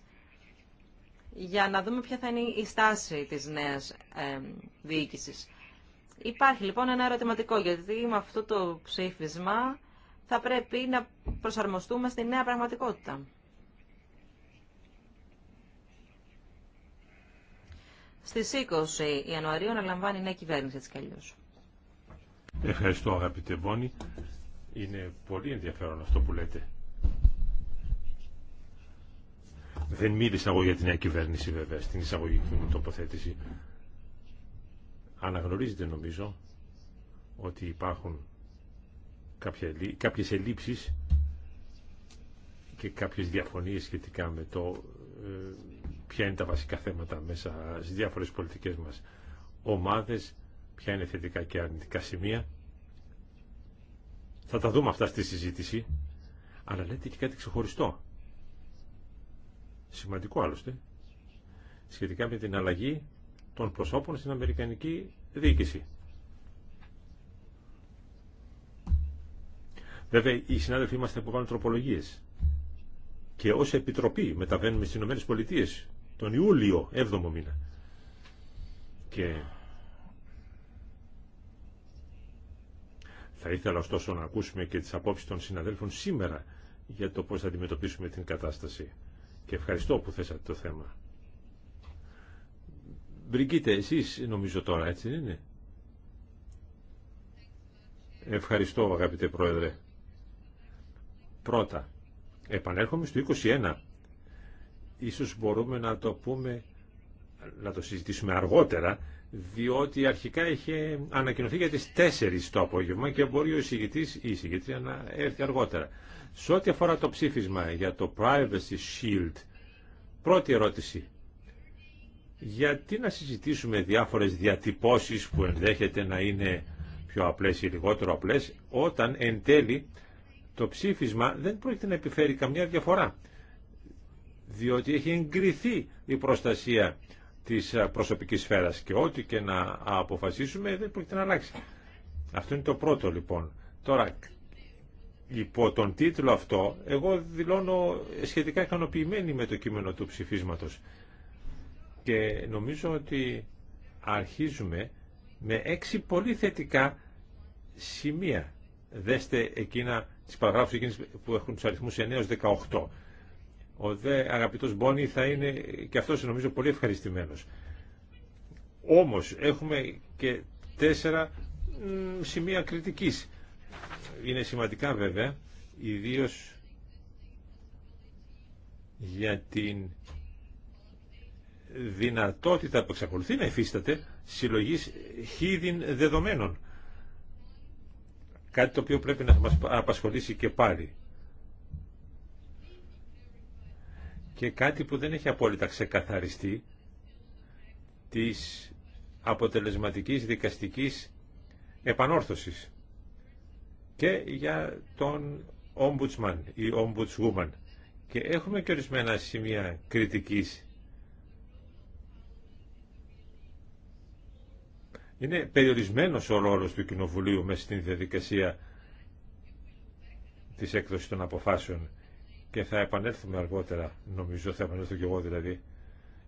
για να δούμε ποια θα είναι η στάση της νέας ε, διοίκησης. Υπάρχει λοιπόν ένα ερωτηματικό γιατί με αυτό το ψήφισμα θα πρέπει να προσαρμοστούμε στη νέα πραγματικότητα. Στις 20 Ιανουαρίου αναλαμβάνει η νέα κυβέρνηση της κι Ευχαριστώ αγαπητέ Βόνη. Είναι πολύ ενδιαφέρον αυτό που λέτε. Δεν μίλησα εγώ για την νέα κυβέρνηση βέβαια στην εισαγωγική μου τοποθέτηση. Αναγνωρίζετε νομίζω ότι υπάρχουν κάποιες ελλείψεις και κάποιες διαφωνίες σχετικά με το ε, ποια είναι τα βασικά θέματα μέσα στις διάφορες πολιτικές μας ομάδες ποια είναι θετικά και αρνητικά σημεία. Θα τα δούμε αυτά στη συζήτηση, αλλά λέτε και κάτι ξεχωριστό. Σημαντικό άλλωστε, σχετικά με την αλλαγή των προσώπων στην Αμερικανική διοίκηση. Βέβαια, οι συνάδελφοί μας θα υποβάλουν τροπολογίες. Και ω Επιτροπή μεταβαίνουμε στι Ηνωμένες Πολιτείες τον Ιούλιο, 7ο μήνα. Και Θα ήθελα ωστόσο να ακούσουμε και τις απόψεις των συναδέλφων σήμερα για το πώς θα αντιμετωπίσουμε την κατάσταση. Και ευχαριστώ που θέσατε το θέμα. Μπριγκίτε, εσείς νομίζω τώρα, έτσι δεν είναι. Ευχαριστώ αγαπητέ Πρόεδρε. Πρώτα, επανέρχομαι στο 21. Ίσως μπορούμε να το πούμε, να το συζητήσουμε αργότερα, διότι αρχικά είχε ανακοινωθεί για τις 4 το απόγευμα και μπορεί ο εισηγητής ή η εισηγητρία να έρθει αργότερα. Σε ό,τι αφορά το ψήφισμα για το Privacy Shield, πρώτη ερώτηση. Γιατί να συζητήσουμε διάφορες διατυπώσεις που ενδέχεται να είναι πιο απλές ή λιγότερο απλές, όταν εν τέλει το ψήφισμα δεν πρόκειται να επιφέρει καμιά διαφορά, διότι έχει εγκριθεί η προστασία Τη ε, προσωπική σφαίρα και ό,τι και να αποφασίσουμε δεν πρόκειται να αλλάξει. Αυτό είναι το πρώτο λοιπόν. Τώρα, υπό τον τίτλο αυτό, εγώ δηλώνω σχετικά ικανοποιημένη με το κείμενο του ψηφίσματος. Και νομίζω ότι αρχίζουμε με έξι πολύ θετικά σημεία. Δέστε εκείνα τις παραγράφους εκείνες που έχουν τους αριθμούς 9-18. Ο δε αγαπητός Μπόνι θα είναι και αυτός νομίζω πολύ ευχαριστημένος. Όμως έχουμε και τέσσερα σημεία κριτικής. Είναι σημαντικά βέβαια, ιδίως για την δυνατότητα που εξακολουθεί να υφίσταται συλλογής χίδιν δεδομένων. Κάτι το οποίο πρέπει να μας απασχολήσει και πάλι. και κάτι που δεν έχει απόλυτα ξεκαθαριστεί της αποτελεσματικής δικαστικής επανόρθωσης και για τον Ombudsman ή Ombudswoman. Και έχουμε και ορισμένα σημεία κριτικής. Είναι περιορισμένος ο ρόλος του Κοινοβουλίου μέσα στην διαδικασία της έκδοσης των αποφάσεων και θα επανέλθουμε αργότερα, νομίζω θα επανέλθω και εγώ δηλαδή,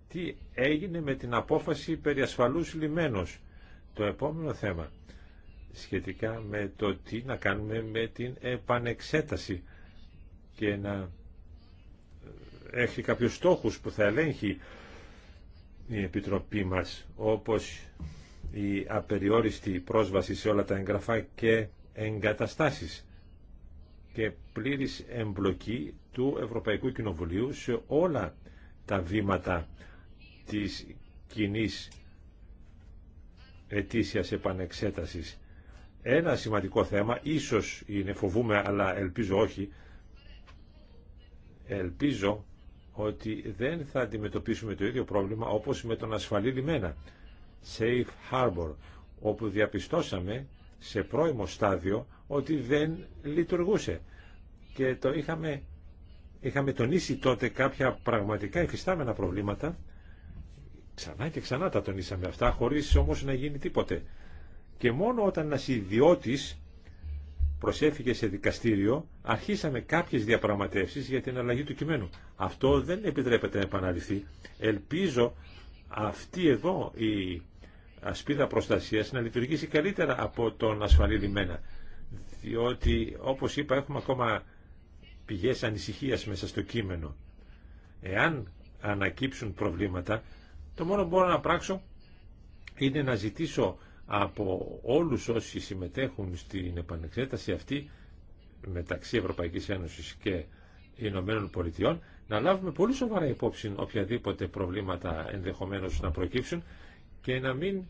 τι έγινε με την απόφαση περί ασφαλούς λιμένος. Το επόμενο θέμα σχετικά με το τι να κάνουμε με την επανεξέταση και να έχει κάποιους στόχους που θα ελέγχει η Επιτροπή μας, όπως η απεριόριστη πρόσβαση σε όλα τα εγγραφά και εγκαταστάσεις και πλήρης εμπλοκή του Ευρωπαϊκού Κοινοβουλίου σε όλα τα βήματα της κοινή ετήσιας επανεξέτασης. Ένα σημαντικό θέμα, ίσως είναι φοβούμε αλλά ελπίζω όχι, ελπίζω ότι δεν θα αντιμετωπίσουμε το ίδιο πρόβλημα όπως με τον ασφαλή λιμένα, Safe Harbor, όπου διαπιστώσαμε σε πρώιμο στάδιο ότι δεν λειτουργούσε και το είχαμε, είχαμε τονίσει τότε κάποια πραγματικά εφιστάμενα προβλήματα ξανά και ξανά τα τονίσαμε αυτά χωρίς όμως να γίνει τίποτε και μόνο όταν ένας ιδιώτης προσέφηκε σε δικαστήριο αρχίσαμε κάποιες διαπραγματεύσεις για την αλλαγή του κειμένου αυτό δεν επιτρέπεται να επαναληφθεί ελπίζω αυτή εδώ η ασπίδα προστασίας να λειτουργήσει καλύτερα από τον ασφαλή λιμένα διότι όπως είπα έχουμε ακόμα πηγές ανησυχίας μέσα στο κείμενο. Εάν ανακύψουν προβλήματα, το μόνο που μπορώ να πράξω είναι να ζητήσω από όλους όσοι συμμετέχουν στην επανεξέταση αυτή μεταξύ Ευρωπαϊκής Ένωσης και Ηνωμένων Πολιτειών να λάβουμε πολύ σοβαρά υπόψη οποιαδήποτε προβλήματα ενδεχομένως να προκύψουν και να μην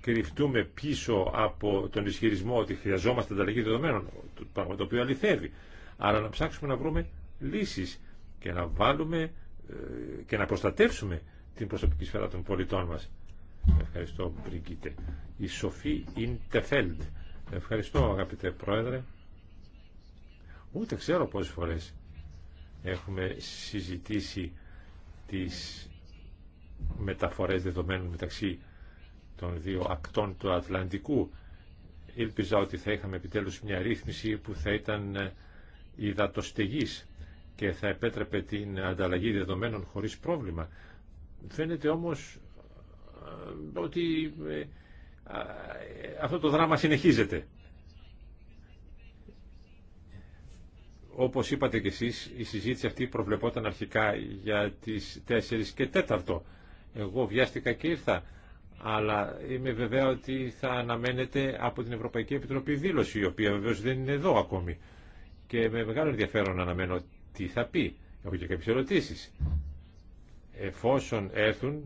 κρυφτούμε πίσω από τον ισχυρισμό ότι χρειαζόμαστε ανταλλαγή δεδομένων, πράγμα το οποίο αληθεύει αλλά να ψάξουμε να βρούμε λύσεις και να βάλουμε ε, και να προστατεύσουμε την προσωπική σφαίρα των πολιτών μας. Ευχαριστώ, Μπριγκίτε. Η Σοφή Ιντεφέλντ. Ευχαριστώ, αγαπητέ Πρόεδρε. Ούτε ξέρω πόσες φορές έχουμε συζητήσει τις μεταφορές δεδομένων μεταξύ των δύο ακτών του Ατλαντικού. Ήλπιζα ότι θα είχαμε επιτέλους μια ρύθμιση που θα ήταν ε, υδατοστεγής και θα επέτρεπε την ανταλλαγή δεδομένων χωρίς πρόβλημα. Φαίνεται όμως ε, ότι ε, ε, αυτό το δράμα συνεχίζεται. Όπως είπατε κι εσείς, η συζήτηση αυτή προβλεπόταν αρχικά για τις 4 και 4. Εγώ βιάστηκα και ήρθα, αλλά είμαι βεβαία ότι θα αναμένεται από την Ευρωπαϊκή Επιτροπή δήλωση, η οποία βεβαίως δεν είναι εδώ ακόμη και με μεγάλο ενδιαφέρον αναμένω τι θα πει. Έχω και κάποιε ερωτήσει. Εφόσον έρθουν,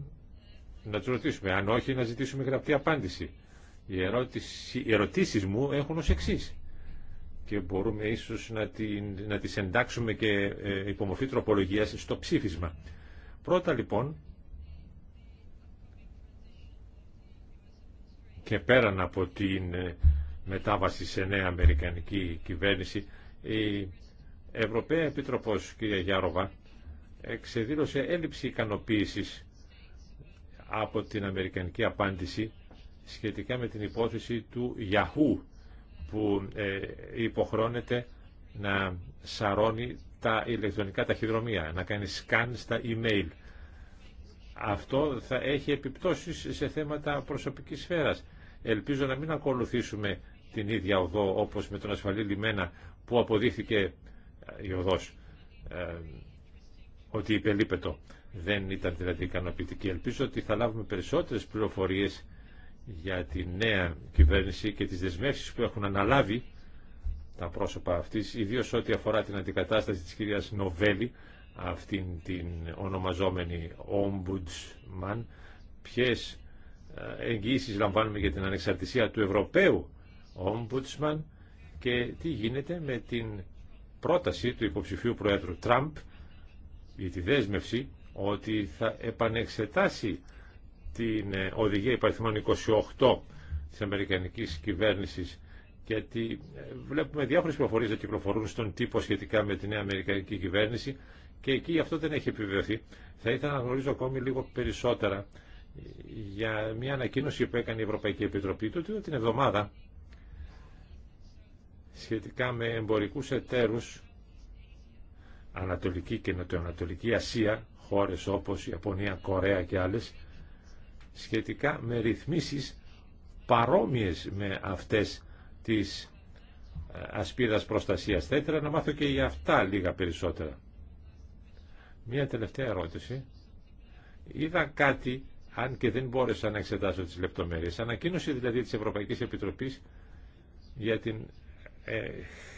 να τους ρωτήσουμε. Αν όχι, να ζητήσουμε γραπτή απάντηση. Οι, ερώτηση, ερωτήσεις μου έχουν ω εξή. και μπορούμε ίσως να, να τις εντάξουμε και ε, υπομορφή τροπολογίας στο ψήφισμα. Πρώτα λοιπόν, και πέραν από την ε, μετάβαση σε νέα Αμερικανική κυβέρνηση, η Ευρωπαία Επίτροπος, κυρία Γιάροβα, εξεδήλωσε έλλειψη ικανοποίησης από την Αμερικανική απάντηση σχετικά με την υπόθεση του Yahoo που ε, υποχρώνεται να σαρώνει τα ηλεκτρονικά ταχυδρομεία, να κάνει σκάν στα email. Αυτό θα έχει επιπτώσεις σε θέματα προσωπικής σφαίρας. Ελπίζω να μην ακολουθήσουμε την ίδια οδό όπως με τον ασφαλή λιμένα που αποδείχθηκε η ε, οδός ε, ότι υπελείπετο δεν ήταν δηλαδή ικανοποιητική. Ελπίζω ότι θα λάβουμε περισσότερες πληροφορίες για τη νέα κυβέρνηση και τις δεσμεύσεις που έχουν αναλάβει τα πρόσωπα αυτής, ιδίως ό,τι αφορά την αντικατάσταση της κυρίας Νοβέλη, αυτήν την ονομαζόμενη Ombudsman, ποιες ε, εγγύησεις λαμβάνουμε για την ανεξαρτησία του Ευρωπαίου Ombudsman, και τι γίνεται με την πρόταση του υποψηφίου Προέδρου Τραμπ για τη δέσμευση ότι θα επανεξετάσει την ε, οδηγία υπαριθμών 28 της Αμερικανικής κυβέρνησης γιατί ε, βλέπουμε διάφορες προφορίες να κυκλοφορούν στον τύπο σχετικά με την νέα Αμερικανική κυβέρνηση και εκεί αυτό δεν έχει επιβεβαιωθεί. Θα ήθελα να γνωρίζω ακόμη λίγο περισσότερα για μια ανακοίνωση που έκανε η Ευρωπαϊκή Επιτροπή του την εβδομάδα σχετικά με εμπορικούς εταίρους Ανατολική και Νοτιοανατολική Ασία, χώρες όπως Ιαπωνία, Κορέα και άλλες, σχετικά με ρυθμίσεις παρόμοιες με αυτές της ε, ασπίδας προστασίας. Θα ήθελα να μάθω και για αυτά λίγα περισσότερα. Μία τελευταία ερώτηση. Είδα κάτι, αν και δεν μπόρεσα να εξετάσω τις λεπτομέρειες, ανακοίνωση δηλαδή της Ευρωπαϊκής Επιτροπής για την ε,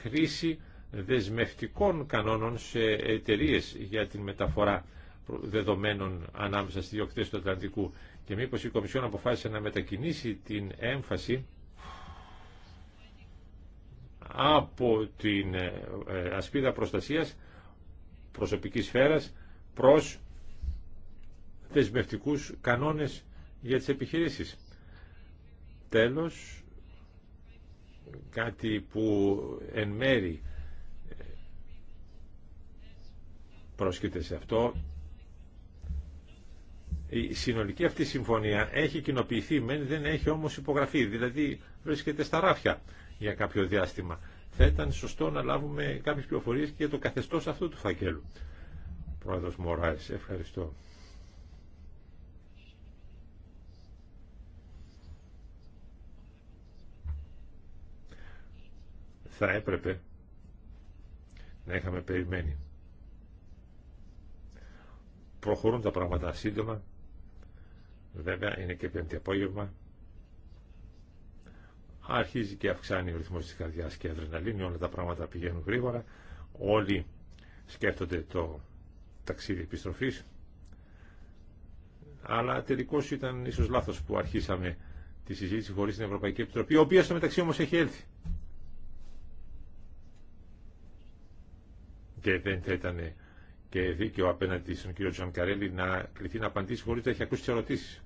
χρήση δεσμευτικών κανόνων σε εταιρείε για την μεταφορά δεδομένων ανάμεσα στις δύο του Ατλαντικού και μήπως η Κομισιόν αποφάσισε να μετακινήσει την έμφαση από την ε, ε, ασπίδα προστασίας προσωπικής σφαίρας προς δεσμευτικούς κανόνες για τις επιχειρήσεις. Τέλος, κάτι που εν μέρη ε, προσκείται σε αυτό. Η συνολική αυτή συμφωνία έχει κοινοποιηθεί, μεν δεν έχει όμως υπογραφεί, δηλαδή βρίσκεται στα ράφια για κάποιο διάστημα. Θα ήταν σωστό να λάβουμε κάποιες πληροφορίες και για το καθεστώς αυτού του φακέλου. Πρόεδρος Μωράης, ευχαριστώ. θα έπρεπε να είχαμε περιμένει. Προχωρούν τα πράγματα σύντομα. Βέβαια είναι και πέμπτη απόγευμα. Αρχίζει και αυξάνει ο ρυθμός της καρδιάς και η αδρεναλίνη. Όλα τα πράγματα πηγαίνουν γρήγορα. Όλοι σκέφτονται το ταξίδι επιστροφής. Αλλά τελικώ ήταν ίσω λάθο που αρχίσαμε τη συζήτηση χωρί την Ευρωπαϊκή Επιτροπή, η οποία στο μεταξύ όμω έχει έλθει. και δεν θα ήταν και δίκαιο απέναντι στον κύριο Τζανκαρέλη να κληθεί να απαντήσει χωρίς να έχει ακούσει τις ερωτήσεις.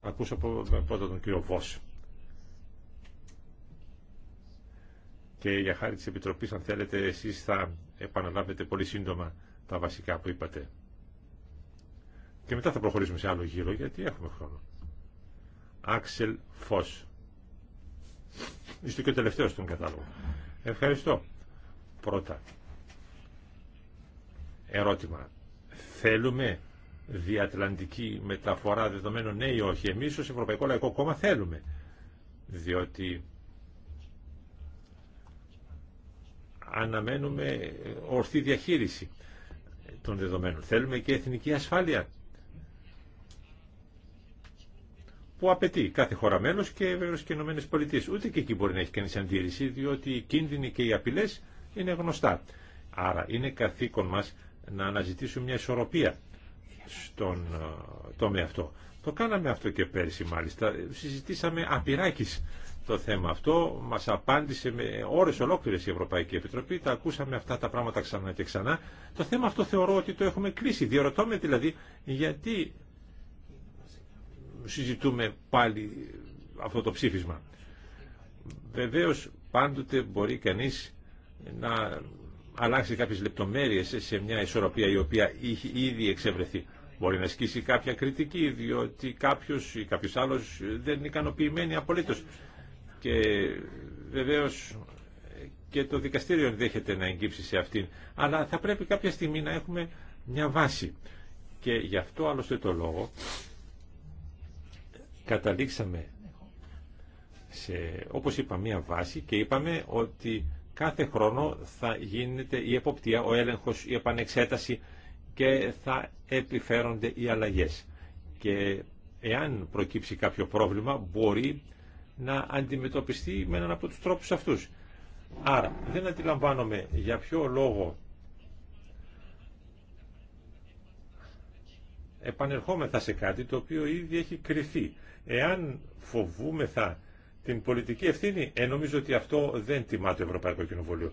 Ακούσα πρώτα τον κύριο Βόσ. Και για χάρη της Επιτροπής, αν θέλετε, εσείς θα επαναλάβετε πολύ σύντομα τα βασικά που είπατε. Και μετά θα προχωρήσουμε σε άλλο γύρο, γιατί έχουμε χρόνο. Άξελ Φως. Είστε και ο τελευταίος στον κατάλογο. Ευχαριστώ. Πρώτα, ερώτημα. Θέλουμε διατλαντική μεταφορά δεδομένων ναι ή όχι. Εμείς ως Ευρωπαϊκό Λαϊκό Κόμμα θέλουμε. Διότι αναμένουμε ορθή διαχείριση των δεδομένων. Θέλουμε και εθνική ασφάλεια που απαιτεί κάθε χώρα μέλος και βέβαια και οι Ούτε και εκεί μπορεί να έχει κανείς αντίρρηση, διότι οι κίνδυνοι και οι απειλές είναι γνωστά. Άρα είναι καθήκον μας να αναζητήσουμε μια ισορροπία στον ε, τομέα αυτό. Το κάναμε αυτό και πέρσι μάλιστα. Συζητήσαμε απειράκι το θέμα αυτό. Μας απάντησε με ώρες ολόκληρες η Ευρωπαϊκή Επιτροπή. Τα ακούσαμε αυτά τα πράγματα ξανά και ξανά. Το θέμα αυτό θεωρώ ότι το έχουμε κλείσει. Διερωτώ δηλαδή γιατί συζητούμε πάλι αυτό το ψήφισμα. Βεβαίως πάντοτε μπορεί κανείς να αλλάξει κάποιες λεπτομέρειες σε μια ισορροπία η οποία ήδη εξευρεθεί. Μπορεί να ασκήσει κάποια κριτική διότι κάποιος ή κάποιος άλλος δεν είναι ικανοποιημένοι απολύτως. Και βεβαίως και το δικαστήριο ενδέχεται να εγκύψει σε αυτήν. Αλλά θα πρέπει κάποια στιγμή να έχουμε μια βάση. Και γι' αυτό άλλωστε το λόγο καταλήξαμε σε, όπως είπα, μία βάση και είπαμε ότι κάθε χρόνο θα γίνεται η εποπτεία, ο έλεγχος, η επανεξέταση και θα επιφέρονται οι αλλαγές. Και εάν προκύψει κάποιο πρόβλημα μπορεί να αντιμετωπιστεί με έναν από τους τρόπους αυτούς. Άρα δεν αντιλαμβάνομαι για ποιο λόγο επανερχόμεθα σε κάτι το οποίο ήδη έχει κρυθεί. Εάν φοβούμεθα την πολιτική ευθύνη, ε, νομίζω ότι αυτό δεν τιμά το Ευρωπαϊκό Κοινοβούλιο.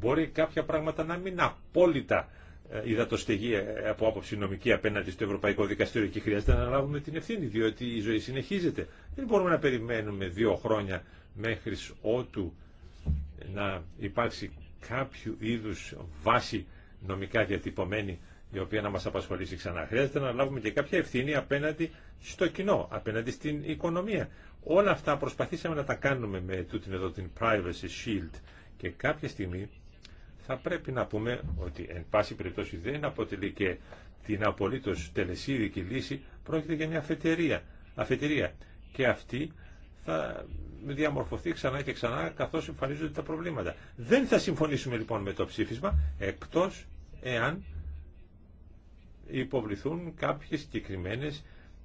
Μπορεί κάποια πράγματα να μην απόλυτα ε, υδατοστεγή ε, από άποψη νομική απέναντι στο Ευρωπαϊκό Δικαστήριο και χρειάζεται να λάβουμε την ευθύνη, διότι η ζωή συνεχίζεται. Δεν μπορούμε να περιμένουμε δύο χρόνια μέχρι ότου να υπάρξει κάποιο είδους βάση νομικά διατυπωμένη η οποία να μας απασχολήσει ξανά. Χρειάζεται να λάβουμε και κάποια ευθύνη απέναντι στο κοινό, απέναντι στην οικονομία. Όλα αυτά προσπαθήσαμε να τα κάνουμε με τούτην εδώ την Privacy Shield και κάποια στιγμή θα πρέπει να πούμε ότι εν πάση περιπτώσει δεν αποτελεί και την απολύτως τελεσίδικη λύση, πρόκειται για μια αφετηρία. αφετηρία. Και αυτή θα διαμορφωθεί ξανά και ξανά καθώς εμφανίζονται τα προβλήματα. Δεν θα συμφωνήσουμε λοιπόν με το ψήφισμα, εκτός εάν υποβληθούν κάποιες συγκεκριμένε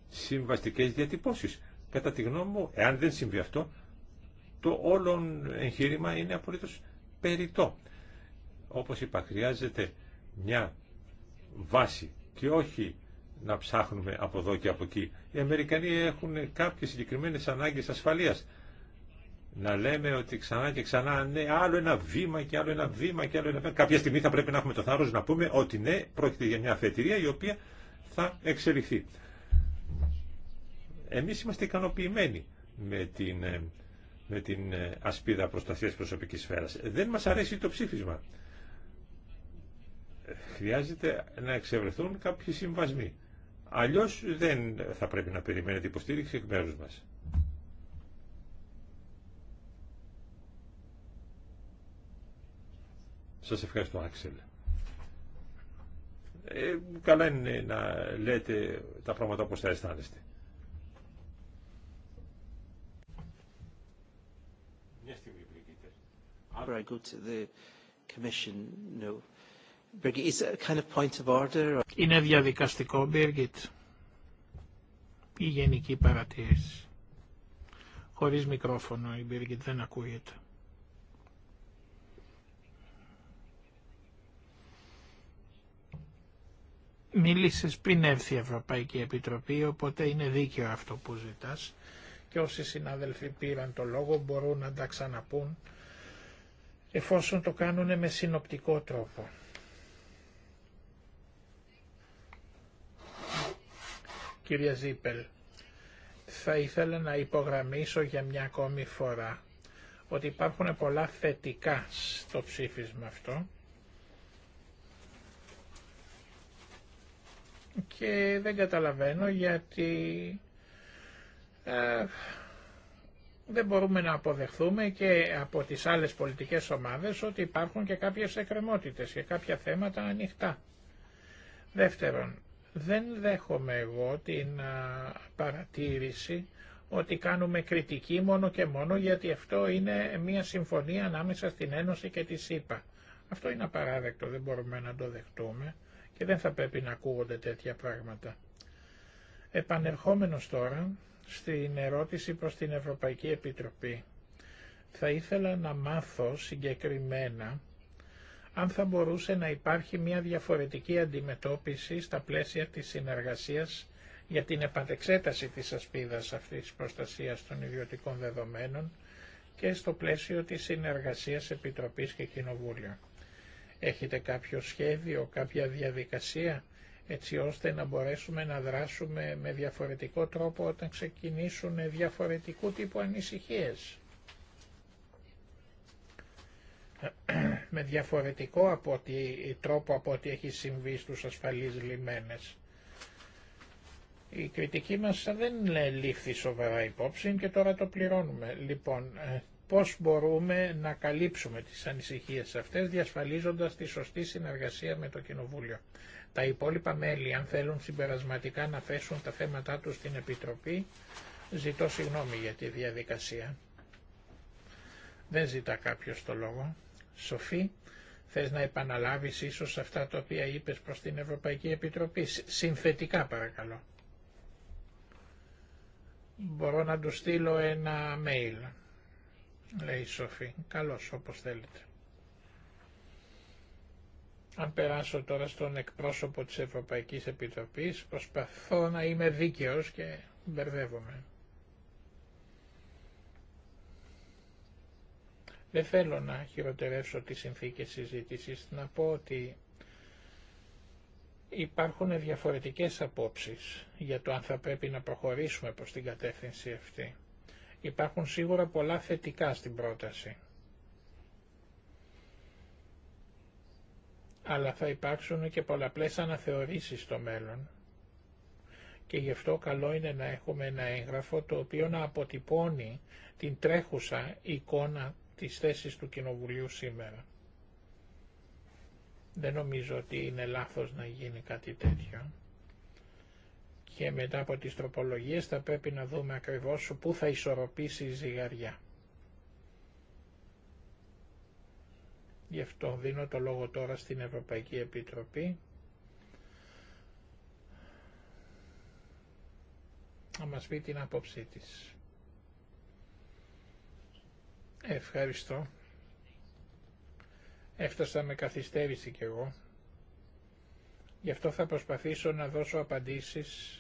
συμβαστικές διατυπώσεις. Κατά τη γνώμη μου, εάν δεν συμβεί αυτό, το όλο εγχείρημα είναι απολύτως περιττό. Όπως είπα, χρειάζεται μια βάση και όχι να ψάχνουμε από εδώ και από εκεί. Οι Αμερικανοί έχουν κάποιες συγκεκριμένες ανάγκες ασφαλείας να λέμε ότι ξανά και ξανά ναι, άλλο ένα βήμα και άλλο ένα βήμα και άλλο ένα βήμα. Κάποια στιγμή θα πρέπει να έχουμε το θάρρος να πούμε ότι ναι, πρόκειται για μια αφετηρία η οποία θα εξελιχθεί. Εμείς είμαστε ικανοποιημένοι με την, ε, με την ε, ασπίδα προστασίας προσωπικής σφαίρας. Δεν μας αρέσει το ψήφισμα. Χρειάζεται να εξευρεθούν κάποιοι συμβασμοί. Αλλιώς δεν θα πρέπει να περιμένετε υποστήριξη εκ μέρους μας. Σας ευχαριστώ, Άξελ. Ε, καλά είναι να λέτε τα πράγματα όπως τα αισθάνεστε. Είναι διαδικαστικό, Birgit. Η γενική παρατήρηση. Χωρίς μικρόφωνο η Birgit δεν ακούγεται. Μίλησες πριν έρθει η Ευρωπαϊκή Επιτροπή, οπότε είναι δίκαιο αυτό που ζητάς και όσοι συνάδελφοι πήραν το λόγο μπορούν να τα ξαναπούν εφόσον το κάνουν με συνοπτικό τρόπο. Κύριε Ζήπελ, θα ήθελα να υπογραμμίσω για μια ακόμη φορά ότι υπάρχουν πολλά θετικά στο ψήφισμα αυτό και δεν καταλαβαίνω γιατί ε, δεν μπορούμε να αποδεχθούμε και από τις άλλες πολιτικές ομάδες ότι υπάρχουν και κάποιες εκκρεμότητες και κάποια θέματα ανοιχτά. Δεύτερον, δεν δέχομαι εγώ την ε, παρατήρηση ότι κάνουμε κριτική μόνο και μόνο γιατί αυτό είναι μια συμφωνία ανάμεσα στην Ένωση και τη ΣΥΠΑ. Αυτό είναι απαράδεκτο, δεν μπορούμε να το δεχτούμε και δεν θα πρέπει να ακούγονται τέτοια πράγματα. Επανερχόμενος τώρα στην ερώτηση προς την Ευρωπαϊκή Επιτροπή, θα ήθελα να μάθω συγκεκριμένα αν θα μπορούσε να υπάρχει μια διαφορετική αντιμετώπιση στα πλαίσια της συνεργασίας για την επανεξέταση της ασπίδας αυτής της προστασίας των ιδιωτικών δεδομένων και στο πλαίσιο της συνεργασίας Επιτροπής και Κοινοβούλια. Έχετε κάποιο σχέδιο, κάποια διαδικασία έτσι ώστε να μπορέσουμε να δράσουμε με διαφορετικό τρόπο όταν ξεκινήσουν διαφορετικού τύπου ανησυχίες. με διαφορετικό από ότι, τρόπο από ό,τι έχει συμβεί στους ασφαλείς λιμένες. Η κριτική μας δεν λήφθη σοβαρά υπόψη και τώρα το πληρώνουμε. Λοιπόν, ε, πώς μπορούμε να καλύψουμε τις ανησυχίες αυτές διασφαλίζοντας τη σωστή συνεργασία με το Κοινοβούλιο. Τα υπόλοιπα μέλη, αν θέλουν συμπερασματικά να θέσουν τα θέματά τους στην Επιτροπή, ζητώ συγγνώμη για τη διαδικασία. Δεν ζητά κάποιος το λόγο. Σοφή, θες να επαναλάβεις ίσως αυτά τα οποία είπες προς την Ευρωπαϊκή Επιτροπή. Συνθετικά παρακαλώ. Μπορώ να του στείλω ένα mail λέει η Σοφή. Καλώς, όπως θέλετε. Αν περάσω τώρα στον εκπρόσωπο της Ευρωπαϊκής Επιτροπής, προσπαθώ να είμαι δίκαιος και μπερδεύομαι. Δεν θέλω να χειροτερεύσω τις συνθήκες συζήτησης, να πω ότι υπάρχουν διαφορετικές απόψεις για το αν θα πρέπει να προχωρήσουμε προς την κατεύθυνση αυτή. Υπάρχουν σίγουρα πολλά θετικά στην πρόταση. Αλλά θα υπάρξουν και πολλαπλές αναθεωρήσεις στο μέλλον. Και γι' αυτό καλό είναι να έχουμε ένα έγγραφο το οποίο να αποτυπώνει την τρέχουσα εικόνα της θέσης του Κοινοβουλίου σήμερα. Δεν νομίζω ότι είναι λάθος να γίνει κάτι τέτοιο και μετά από τις τροπολογίες θα πρέπει να δούμε ακριβώς πού θα ισορροπήσει η ζυγαριά. Γι' αυτό δίνω το λόγο τώρα στην Ευρωπαϊκή Επιτροπή. Να μας πει την άποψή της. Ευχαριστώ. Έφτασα με καθυστέρηση κι εγώ. Γι' αυτό θα προσπαθήσω να δώσω απαντήσεις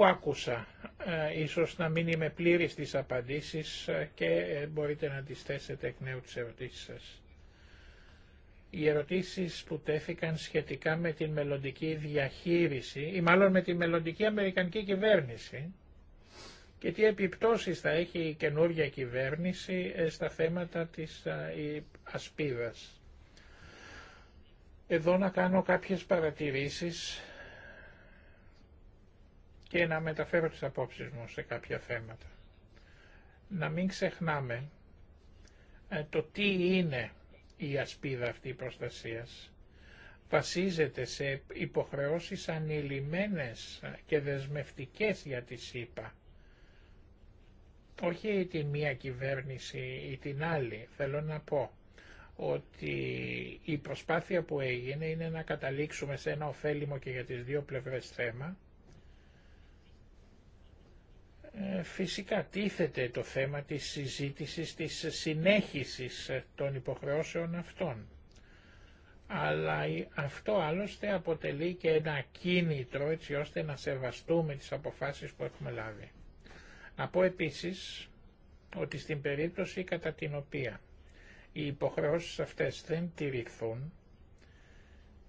που άκουσα. Ε, ίσως να μην είμαι πλήρης στις απαντήσεις ε, και ε, μπορείτε να τις θέσετε εκ νέου τις ερωτήσεις σας. Οι ερωτήσεις που τέθηκαν σχετικά με την μελλοντική διαχείριση ή μάλλον με τη μελλοντική Αμερικανική κυβέρνηση και τι επιπτώσεις θα έχει η καινούργια κυβέρνηση στα θέματα της ασπίδας. Εδώ να κάνω κάποιες παρατηρήσεις και να μεταφέρω τις απόψεις μου σε κάποια θέματα. Να μην ξεχνάμε ε, το τι είναι η ασπίδα αυτή προστασίας. Βασίζεται σε υποχρεώσεις ανηλυμένες και δεσμευτικές για τη ΣΥΠΑ. Όχι την μία κυβέρνηση ή την άλλη. Θέλω να πω ότι η προσπάθεια που έγινε είναι να καταλήξουμε σε ένα ωφέλιμο και για τις δύο πλευρές θέμα ε, φυσικά τίθεται το θέμα της συζήτησης, της συνέχισης των υποχρεώσεων αυτών. Αλλά αυτό άλλωστε αποτελεί και ένα κίνητρο έτσι ώστε να σεβαστούμε τις αποφάσεις που έχουμε λάβει. Να πω επίσης ότι στην περίπτωση κατά την οποία οι υποχρεώσεις αυτές δεν τηρηθούν,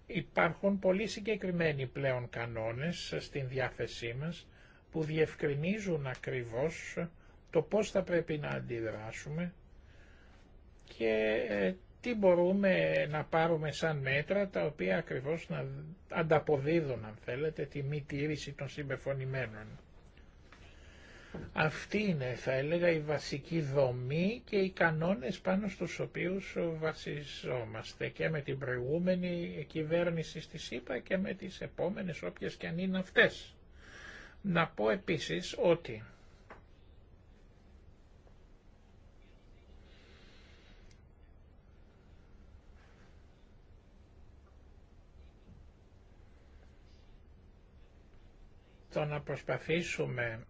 υπάρχουν πολύ συγκεκριμένοι πλέον κανόνες στην διάθεσή μας που διευκρινίζουν ακριβώς το πώς θα πρέπει να αντιδράσουμε και ε, τι μπορούμε να πάρουμε σαν μέτρα τα οποία ακριβώς να ανταποδίδουν αν θέλετε τη μη τήρηση των συμπεφωνημένων. Αυτή είναι θα έλεγα η βασική δομή και οι κανόνες πάνω στους οποίους βασιζόμαστε και με την προηγούμενη κυβέρνηση στη ΣΥΠΑ και με τις επόμενες όποιες και αν είναι αυτές. Να πω επίσης ότι το να προσπαθήσουμε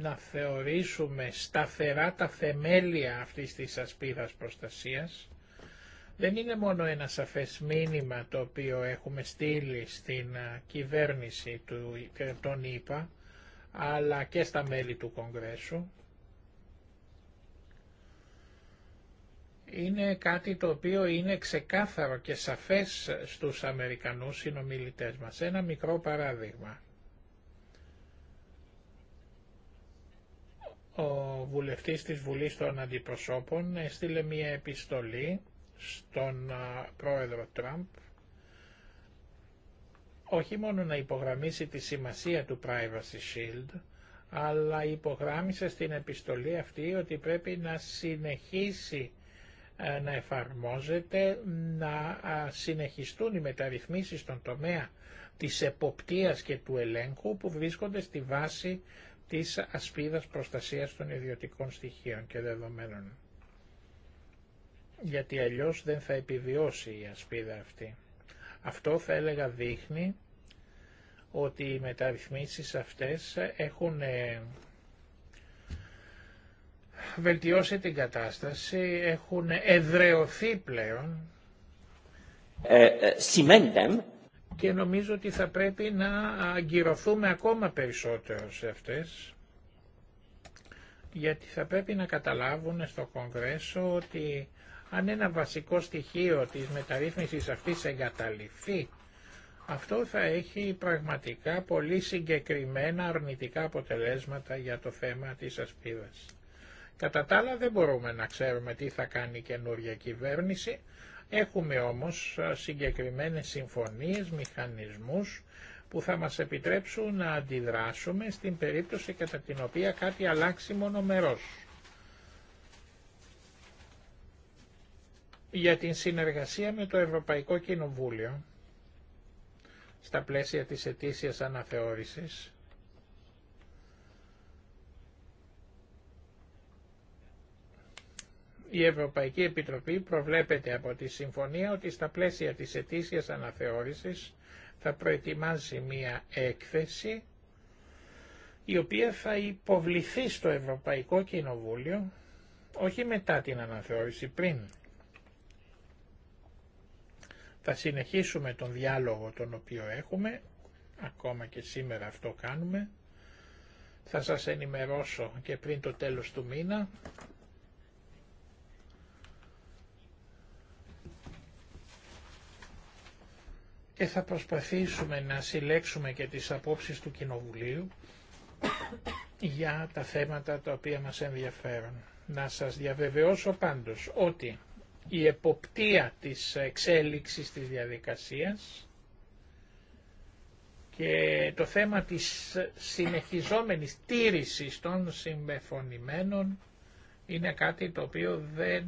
να θεωρήσουμε σταθερά τα θεμέλια αυτής της ασπίδας προστασίας δεν είναι μόνο ένα σαφές μήνυμα το οποίο έχουμε στείλει στην κυβέρνηση του, ε, των ΗΠΑ, αλλά και στα μέλη του Κογκρέσου. Είναι κάτι το οποίο είναι ξεκάθαρο και σαφές στους Αμερικανούς συνομιλητές μας. Ένα μικρό παράδειγμα. Ο βουλευτής της Βουλής των Αντιπροσώπων έστειλε μία επιστολή στον πρόεδρο Τραμπ όχι μόνο να υπογραμμίσει τη σημασία του Privacy Shield, αλλά υπογράμμισε στην επιστολή αυτή ότι πρέπει να συνεχίσει να εφαρμόζεται, να συνεχιστούν οι μεταρρυθμίσεις στον τομέα της εποπτείας και του ελέγχου που βρίσκονται στη βάση της ασπίδας προστασίας των ιδιωτικών στοιχείων και δεδομένων γιατί αλλιώς δεν θα επιβιώσει η ασπίδα αυτή. Αυτό θα έλεγα δείχνει ότι οι μεταρρυθμίσεις αυτές έχουν ε, βελτιώσει την κατάσταση, έχουν εδρεωθεί πλέον ε, ε και νομίζω ότι θα πρέπει να αγκυρωθούμε ακόμα περισσότερο σε αυτές γιατί θα πρέπει να καταλάβουν στο Κογκρέσο ότι αν ένα βασικό στοιχείο της μεταρρύθμισης αυτής εγκαταλειφθεί, αυτό θα έχει πραγματικά πολύ συγκεκριμένα αρνητικά αποτελέσματα για το θέμα της ασπίδας. Κατά τα άλλα δεν μπορούμε να ξέρουμε τι θα κάνει η καινούργια κυβέρνηση, έχουμε όμως συγκεκριμένες συμφωνίες, μηχανισμούς που θα μας επιτρέψουν να αντιδράσουμε στην περίπτωση κατά την οποία κάτι αλλάξει μονομερός. για την συνεργασία με το Ευρωπαϊκό Κοινοβούλιο στα πλαίσια της ετήσιας αναθεώρησης Η Ευρωπαϊκή Επιτροπή προβλέπεται από τη Συμφωνία ότι στα πλαίσια της ετήσιας αναθεώρησης θα προετοιμάζει μία έκθεση η οποία θα υποβληθεί στο Ευρωπαϊκό Κοινοβούλιο όχι μετά την αναθεώρηση, πριν. Θα συνεχίσουμε τον διάλογο τον οποίο έχουμε, ακόμα και σήμερα αυτό κάνουμε. Θα σας ενημερώσω και πριν το τέλος του μήνα. Και θα προσπαθήσουμε να συλλέξουμε και τις απόψεις του Κοινοβουλίου για τα θέματα τα οποία μας ενδιαφέρουν. Να σας διαβεβαιώσω πάντως ότι η εποπτεία της εξέλιξης της διαδικασίας και το θέμα της συνεχιζόμενης τήρησης των συμπεφωνημένων είναι κάτι το οποίο δεν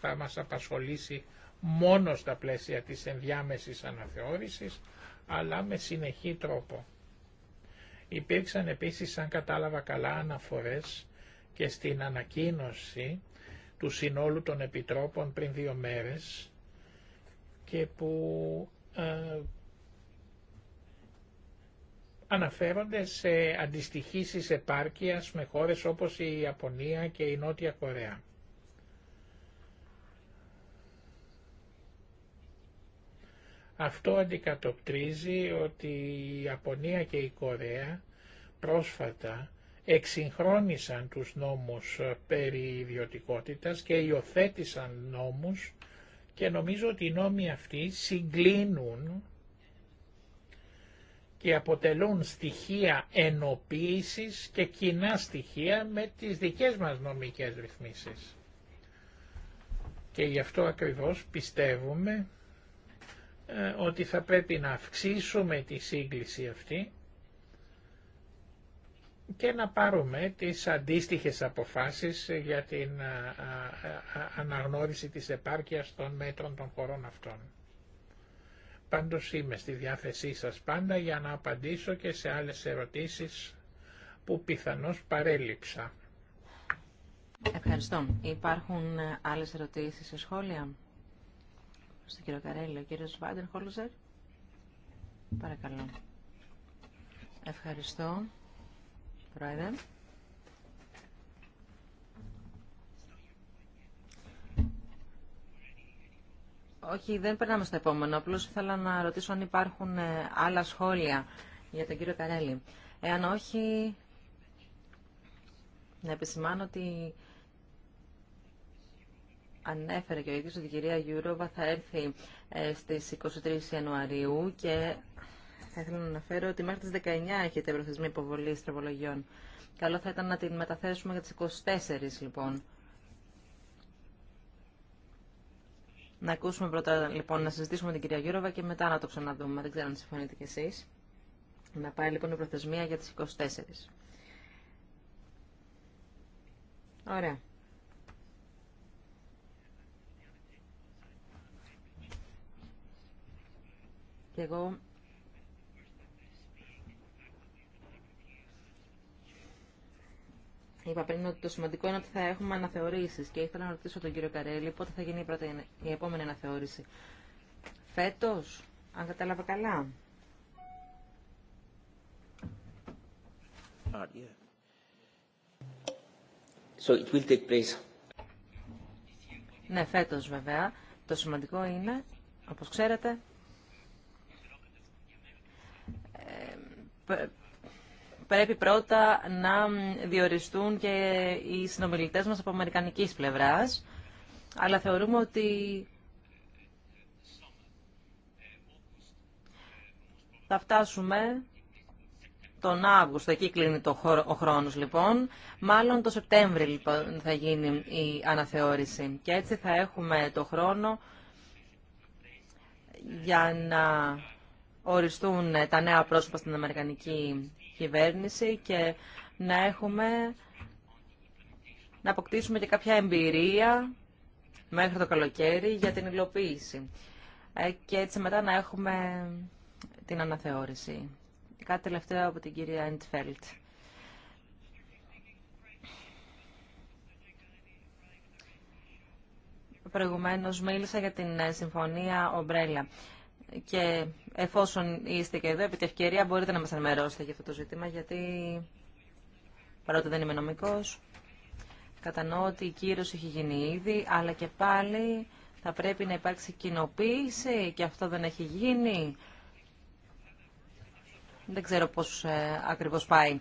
θα μας απασχολήσει μόνο στα πλαίσια της ενδιάμεσης αναθεώρησης, αλλά με συνεχή τρόπο. Υπήρξαν επίσης, αν κατάλαβα καλά, αναφορές και στην ανακοίνωση του συνόλου των επιτρόπων πριν δύο μέρες και που ε, αναφέρονται σε αντιστοιχήσεις επάρκειας με χώρες όπως η Ιαπωνία και η Νότια Κορέα. Αυτό αντικατοπτρίζει ότι η Ιαπωνία και η Κορέα πρόσφατα εξυγχρόνισαν τους νόμους ε, περί ιδιωτικότητας και υιοθέτησαν νόμους και νομίζω ότι οι νόμοι αυτοί συγκλίνουν και αποτελούν στοιχεία ενοποίησης και κοινά στοιχεία με τις δικές μας νομικές ρυθμίσεις. Και γι' αυτό ακριβώς πιστεύουμε ε, ότι θα πρέπει να αυξήσουμε τη σύγκληση αυτή και να πάρουμε τις αντίστοιχες αποφάσεις για την αναγνώριση της επάρκειας των μέτρων των χωρών αυτών. Πάντως είμαι στη διάθεσή σας πάντα για να απαντήσω και σε άλλες ερωτήσεις που πιθανώς παρέλειψα. Ευχαριστώ. Υπάρχουν άλλες ερωτήσεις σε σχόλια. Στον κύριο Καρέλη, ο κύριος Βάντερ Χόλουζερ. Παρακαλώ. Ευχαριστώ. Όχι, δεν περνάμε στο επόμενο. Απλώ ήθελα να ρωτήσω αν υπάρχουν ε, άλλα σχόλια για τον κύριο Καρέλη. Εάν όχι, να επισημάνω ότι ανέφερε και ο ίδιος ότι η κυρία Γιούροβα θα έρθει ε, στις 23 Ιανουαρίου και θα ήθελα να αναφέρω ότι μέχρι τι 19 έχετε προθεσμή υποβολή στραβολογιών. Καλό θα ήταν να την μεταθέσουμε για τις 24 λοιπόν. Να ακούσουμε πρώτα λοιπόν να συζητήσουμε την κυρία Γιούροβα και μετά να το ξαναδούμε. Δεν ξέρω αν συμφωνείτε κι εσεί. Να πάει λοιπόν η προθεσμία για τις 24. Ωραία. Και εγώ Είπα πριν ότι το σημαντικό είναι ότι θα έχουμε αναθεωρήσεις και ήθελα να ρωτήσω τον κύριο Καρέλη πότε θα γίνει η, η επόμενη αναθεώρηση. Φέτος, αν κατάλαβα καλά. so it will take place. Ναι, φέτος βέβαια. Το σημαντικό είναι, όπως ξέρετε, ε, πρέπει πρώτα να διοριστούν και οι συνομιλητές μας από αμερικανικής πλευράς, αλλά θεωρούμε ότι θα φτάσουμε τον Αύγουστο, εκεί κλείνει το ο χρόνος λοιπόν, μάλλον το Σεπτέμβριο λοιπόν θα γίνει η αναθεώρηση και έτσι θα έχουμε το χρόνο για να οριστούν τα νέα πρόσωπα στην Αμερικανική κυβέρνηση και να έχουμε να αποκτήσουμε και κάποια εμπειρία μέχρι το καλοκαίρι για την υλοποίηση. Ε, και έτσι μετά να έχουμε την αναθεώρηση. Κάτι τελευταίο από την κυρία Εντφέλτ. Προηγουμένως μίλησα για την ε, συμφωνία Ομπρέλα και εφόσον είστε και εδώ, επί τη ευκαιρία μπορείτε να μας ενημερώσετε για αυτό το ζήτημα, γιατί παρότι δεν είμαι νομικός, κατανοώ ότι η κύρωση έχει γίνει ήδη, αλλά και πάλι θα πρέπει να υπάρξει κοινοποίηση και αυτό δεν έχει γίνει. Δεν ξέρω πώς ε, ακριβώς πάει.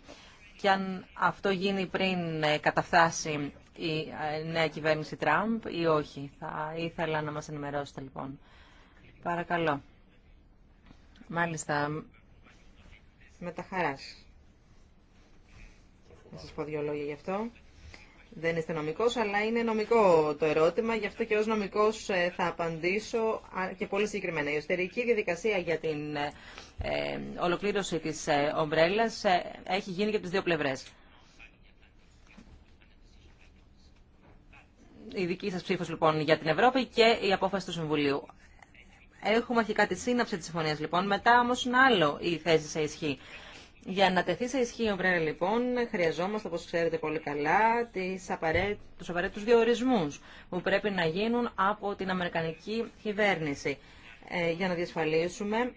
Και αν αυτό γίνει πριν ε, καταφτάσει η ε, νέα κυβέρνηση Τραμπ ή όχι. Θα ήθελα να μας ενημερώσετε λοιπόν. Παρακαλώ. Μάλιστα, με τα χαράς. Να σας πω δύο λόγια γι' αυτό. Δεν είστε νομικός, αλλά είναι νομικό το ερώτημα. Γι' αυτό και ως νομικός ε, θα απαντήσω και πολύ συγκεκριμένα. Η εσωτερική διαδικασία για την ε, ε ολοκλήρωση της ε, ομπρέλας έχει γίνει και από τις δύο πλευρές. Η δική σας ψήφος λοιπόν για την Ευρώπη και η απόφαση του Συμβουλίου. Έχουμε αρχικά τη σύναψη τη συμφωνία λοιπόν, μετά όμω είναι άλλο η θέση σε ισχύ. Για να τεθεί σε ισχύ η Ομπρέλα λοιπόν, χρειαζόμαστε, όπω ξέρετε πολύ καλά, τις απαραίτη, τους απαραίτητους που πρέπει να γίνουν από την Αμερικανική κυβέρνηση ε, για να διασφαλίσουμε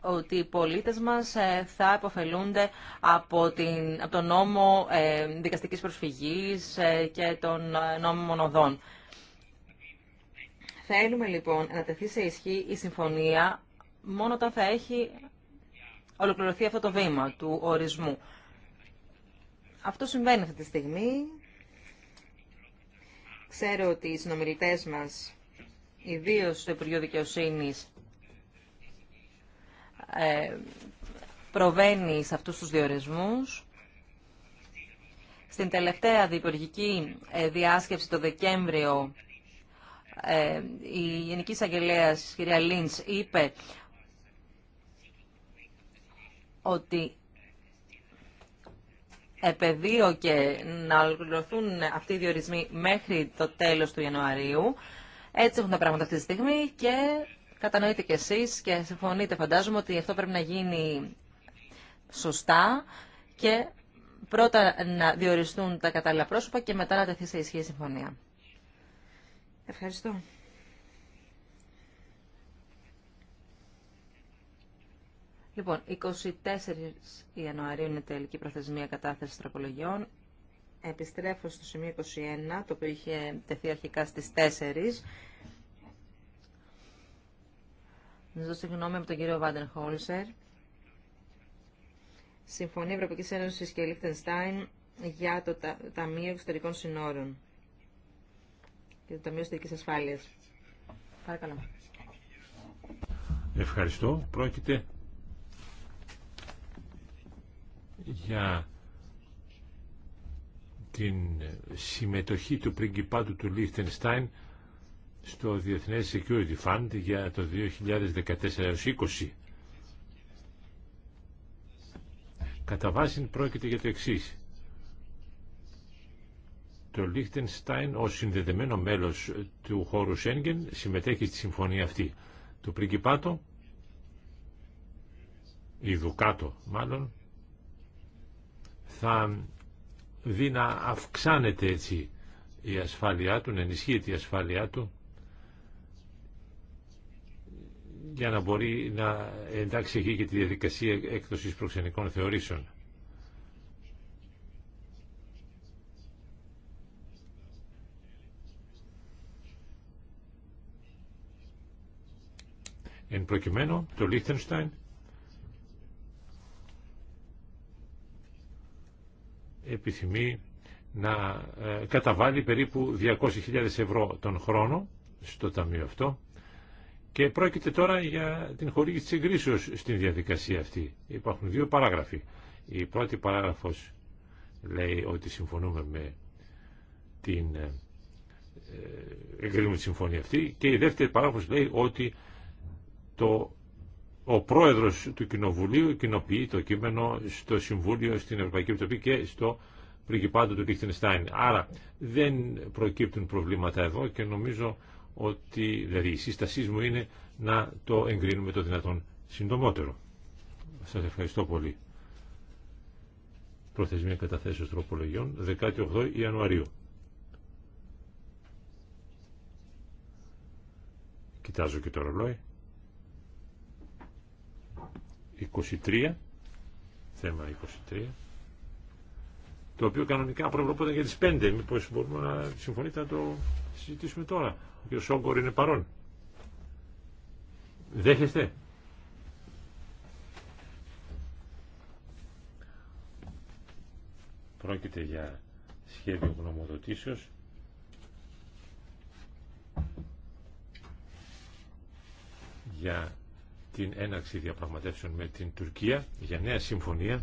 ότι οι πολίτες μας ε, θα υποφελούνται από, την, τον νόμο ε, δικαστικής προσφυγής και τον νόμο μονοδών. Θέλουμε λοιπόν να τεθεί σε ισχύ η συμφωνία μόνο όταν θα έχει ολοκληρωθεί αυτό το βήμα του ορισμού. Αυτό συμβαίνει αυτή τη στιγμή. Ξέρω ότι οι συνομιλητές μας, ιδίως στο Υπουργείο Δικαιοσύνης, ε, προβαίνει σε αυτούς τους διορισμούς. Στην τελευταία διπουργική ε, διάσκεψη το Δεκέμβριο ε, η Γενική Εισαγγελέα, κυρία Λίντς, είπε ότι επεδίωκε να ολοκληρωθούν αυτοί οι διορισμοί μέχρι το τέλος του Ιανουαρίου. Έτσι έχουν τα πράγματα αυτή τη στιγμή και κατανοείτε κι εσείς και συμφωνείτε φαντάζομαι ότι αυτό πρέπει να γίνει σωστά και πρώτα να διοριστούν τα κατάλληλα πρόσωπα και μετά να τεθεί σε ισχύ η συμφωνία. Ευχαριστώ. Λοιπόν, 24 Ιανουαρίου είναι τελική προθεσμία κατάθεση τροπολογιών. Επιστρέφω στο σημείο 21, το οποίο είχε τεθεί αρχικά στις 4. Να δώσω συγγνώμη από τον κύριο Βάντερ Χόλσερ. Συμφωνία Ευρωπαϊκής Ένωσης και Λίχτενστάιν για το Ταμείο Εξωτερικών Συνόρων και το Ταμείο ασφάλειες. Ασφάλειας. Παρακαλώ. Ευχαριστώ. Πρόκειται για την συμμετοχή του πριγκιπάτου του Λίχτενστάιν στο Διεθνές Security Fund για το 2014-2020. Κατά βάση πρόκειται για το εξής. Το Λίχτενστάιν ως συνδεδεμένο μέλος του χώρου Σέγγεν συμμετέχει στη συμφωνία αυτή. Το Πριγκιπάτο, η Δουκάτο μάλλον, θα δει να αυξάνεται έτσι η ασφάλειά του, να ενισχύεται η ασφάλειά του για να μπορεί να εντάξει εκεί και τη διαδικασία έκδοσης προξενικών θεωρήσεων. Εν προκειμένου το Λίχτενστάιν επιθυμεί να ε, καταβάλει περίπου 200.000 ευρώ τον χρόνο στο ταμείο αυτό και πρόκειται τώρα για την χορήγηση της εγκρίσεως στην διαδικασία αυτή. Υπάρχουν δύο παράγραφοι. Η πρώτη παράγραφος λέει ότι συμφωνούμε με την ε, ε, εγκρίνουμε τη συμφωνία αυτή και η δεύτερη παράγραφος λέει ότι το, ο πρόεδρος του Κοινοβουλίου κοινοποιεί το κείμενο στο Συμβούλιο, στην Ευρωπαϊκή Επιτροπή και στο πριγκιπάντο του Στάιν. Άρα δεν προκύπτουν προβλήματα εδώ και νομίζω ότι δηλαδή η σύστασή μου είναι να το εγκρίνουμε το δυνατόν συντομότερο. Σας ευχαριστώ πολύ. Προθεσμία καταθέσεως τροπολογιών 18 Ιανουαρίου. Κοιτάζω και το ρολόι. 23, θέμα 23, το οποίο κανονικά προβλεπόταν για τις 5, μήπως μπορούμε να συμφωνείτε να το συζητήσουμε τώρα. Ο κ. Σόγκορ είναι παρόν. Δέχεστε. Πρόκειται για σχέδιο γνωμοδοτήσεως για την έναρξη διαπραγματεύσεων με την Τουρκία για νέα συμφωνία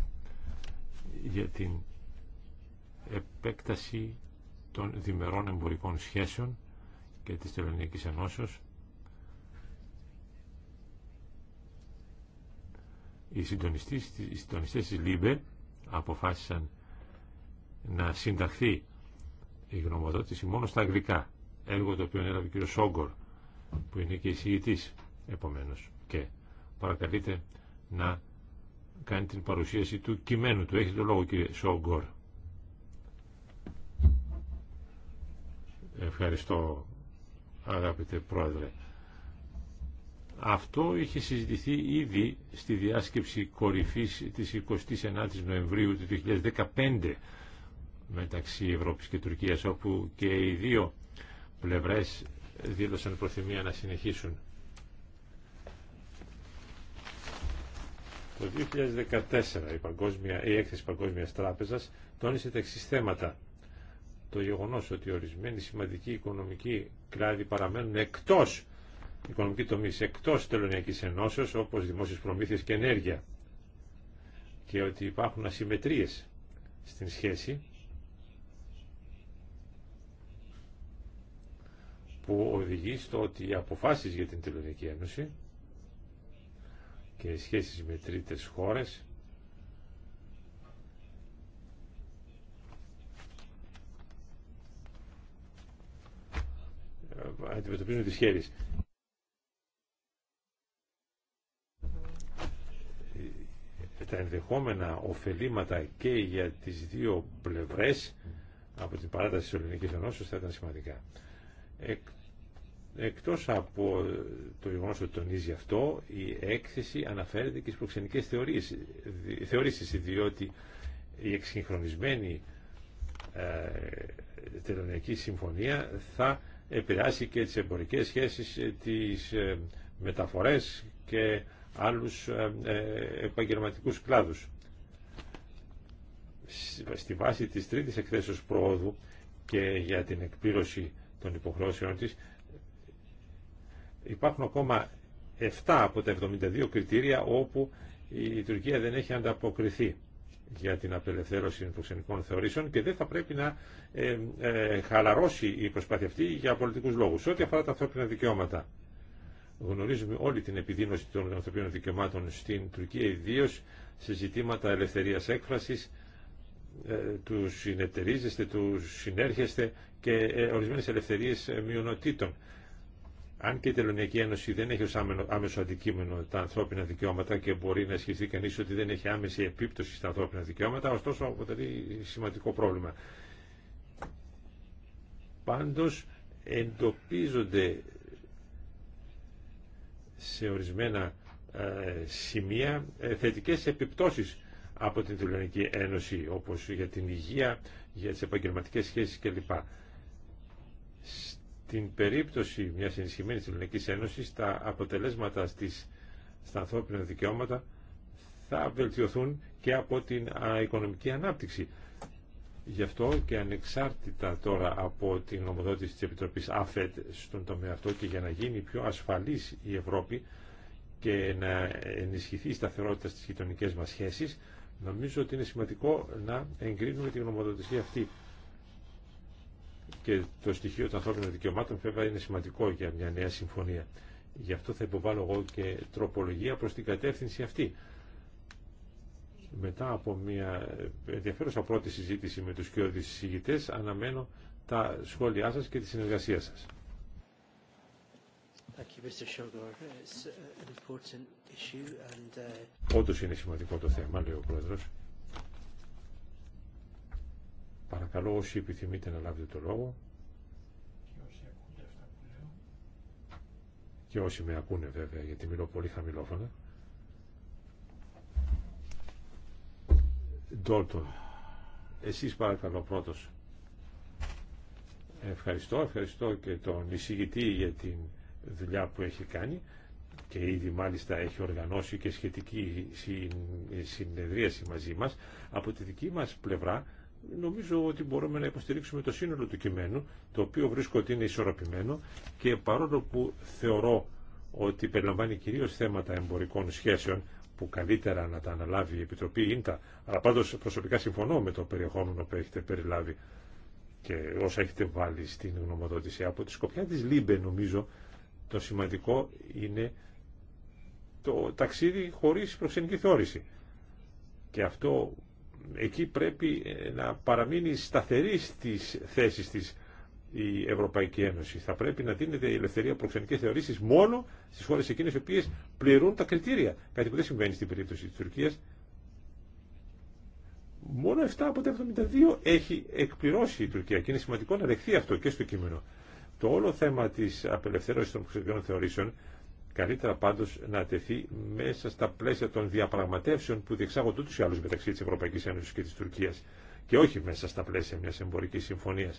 για την επέκταση των διμερών εμπορικών σχέσεων και της Τελωνιακής Ενώσεως οι συντονιστές, οι συντονιστές της ΛΥΜΠΕ αποφάσισαν να συνταχθεί η γνωμοδότηση μόνο στα αγγλικά έργο το οποίο έλαβε ο κ. Σόγκορ που είναι και εισηγητής επομένως και παρακαλείτε να κάνει την παρουσίαση του κειμένου του. Έχετε το λόγο κύριε Σόγκορ. Ευχαριστώ αγαπητέ πρόεδρε. Αυτό είχε συζητηθεί ήδη στη διάσκεψη κορυφής της 29ης Νοεμβρίου του 2015 μεταξύ Ευρώπης και Τουρκίας όπου και οι δύο πλευρές δήλωσαν προθυμία να συνεχίσουν Το 2014 η, παγκόσμια, η έκθεση Παγκόσμια Τράπεζας τόνισε τα εξή θέματα. Το γεγονός ότι ορισμένοι σημαντικοί οικονομικοί κλάδοι παραμένουν εκτός οικονομική τομή εκτός Τελωνιακή Ενώσεω όπως δημόσιες προμήθειε και ενέργεια και ότι υπάρχουν ασυμμετρίες στην σχέση που οδηγεί στο ότι οι αποφάσεις για την Τελωνιακή Ένωση και σχέσεις με τρίτες χώρες αντιμετωπίζουν τις χέρι. Τα ενδεχόμενα ωφελήματα και για τις δύο πλευρές από την παράταση της Ελληνικής Ενώσεως θα ήταν σημαντικά. Εκτός από το γεγονός ότι τονίζει αυτό, η έκθεση αναφέρεται και στις προξενικές θεωρίες, θεωρήσεις, διότι η εξυγχρονισμένη ε, τελωνιακή συμφωνία θα επηρεάσει και τις εμπορικές σχέσεις, ε, της ε, μεταφορές και άλλους επαγγελματικούς κλάδους. Στη βάση της τρίτης εκθέσεως προόδου και για την εκπλήρωση των υποχρεώσεων της, Υπάρχουν ακόμα 7 από τα 72 κριτήρια όπου η Τουρκία δεν έχει ανταποκριθεί για την απελευθέρωση των ξενικών θεωρήσεων και δεν θα πρέπει να ε, ε, χαλαρώσει η προσπάθεια αυτή για πολιτικούς λόγους. Ό,τι αφορά τα ανθρώπινα δικαιώματα. Γνωρίζουμε όλη την επιδείνωση των ανθρωπίνων δικαιωμάτων στην Τουρκία, ιδίω σε ζητήματα ελευθερίας έκφρασης, ε, του συνεταιρίζεστε, του συνέρχεστε και ε, ορισμένες ελευθερίες μειονοτήτων. Αν και η Τελωνιακή Ένωση δεν έχει ως άμεσο αντικείμενο τα ανθρώπινα δικαιώματα και μπορεί να ισχυθεί κανεί ότι δεν έχει άμεση επίπτωση στα ανθρώπινα δικαιώματα, ωστόσο αποτελεί σημαντικό πρόβλημα. Πάντως εντοπίζονται σε ορισμένα ε, σημεία ε, θετικές επιπτώσεις από την Τελωνιακή Ένωση, όπως για την υγεία, για τις επαγγελματικές σχέσεις κλπ την περίπτωση μιας ενισχυμένη Ελληνική Ένωση, τα αποτελέσματα στις, στα ανθρώπινα δικαιώματα θα βελτιωθούν και από την οικονομική ανάπτυξη. Γι' αυτό και ανεξάρτητα τώρα από την νομοδότηση της Επιτροπής ΑΦΕΤ στον τομέα αυτό και για να γίνει πιο ασφαλής η Ευρώπη και να ενισχυθεί η σταθερότητα στις γειτονικέ μας σχέσεις, νομίζω ότι είναι σημαντικό να εγκρίνουμε την νομοδοτησία αυτή και το στοιχείο των ανθρώπινων δικαιωμάτων βέβαια είναι σημαντικό για μια νέα συμφωνία. Γι' αυτό θα υποβάλω εγώ και τροπολογία προς την κατεύθυνση αυτή. Μετά από μια ενδιαφέρουσα πρώτη συζήτηση με τους κοιόδης συζητητές αναμένω τα σχόλιά σας και τη συνεργασία σας. Uh, uh, Όντως είναι σημαντικό το θέμα, λέει ο Πρόεδρος. Παρακαλώ όσοι επιθυμείτε να λάβετε το λόγο και όσοι με ακούνε βέβαια γιατί μιλώ πολύ χαμηλόφωνα. Ντόλτον, εσείς παρακαλώ πρώτος. Ευχαριστώ, ευχαριστώ και τον εισηγητή για την δουλειά που έχει κάνει και ήδη μάλιστα έχει οργανώσει και σχετική συνεδρίαση μαζί μας. Από τη δική μας πλευρά νομίζω ότι μπορούμε να υποστηρίξουμε το σύνολο του κειμένου, το οποίο βρίσκω ότι είναι ισορροπημένο και παρόλο που θεωρώ ότι περιλαμβάνει κυρίως θέματα εμπορικών σχέσεων, που καλύτερα να τα αναλάβει η Επιτροπή ΙΝΤΑ, αλλά πάντως προσωπικά συμφωνώ με το περιεχόμενο που έχετε περιλάβει και όσα έχετε βάλει στην γνωμοδότηση. Από τη σκοπιά της ΛΥΜΠΕ νομίζω το σημαντικό είναι το ταξίδι χωρίς προξενική θεώρηση. Και αυτό εκεί πρέπει ε, να παραμείνει σταθερή στις θέσεις της η Ευρωπαϊκή Ένωση. Θα πρέπει να δίνεται η ελευθερία προξενικές θεωρήσεις μόνο στις χώρες εκείνες οι οποίες πληρούν τα κριτήρια. Κάτι που δεν συμβαίνει στην περίπτωση της Τουρκίας. Μόνο 7 από τα 72 έχει εκπληρώσει η Τουρκία και είναι σημαντικό να δεχθεί αυτό και στο κείμενο. Το όλο θέμα της απελευθέρωσης των προξενικών θεωρήσεων Καλύτερα πάντω να τεθεί μέσα στα πλαίσια των διαπραγματεύσεων που διεξάγονται ούτω ή άλλω μεταξύ τη Ευρωπαϊκή Ένωση και τη Τουρκία. και όχι μέσα στα πλαίσια μια εμπορική συμφωνία.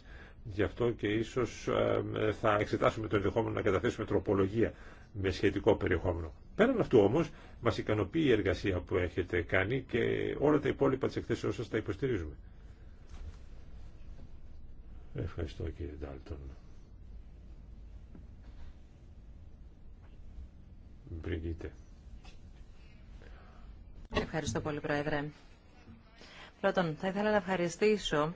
Γι' αυτό και ίσως ε, θα εξετάσουμε το ενδεχόμενο να καταθέσουμε τροπολογία με σχετικό περιεχόμενο. Πέραν αυτού όμω, μα ικανοποιεί η εργασία που έχετε κάνει και όλα τα υπόλοιπα τη εκθέσεώ σα τα υποστηρίζουμε. Ευχαριστώ κύριε Ντάλτον. Ευχαριστώ πολύ, Πρόεδρε. Πρώτον, θα ήθελα να ευχαριστήσω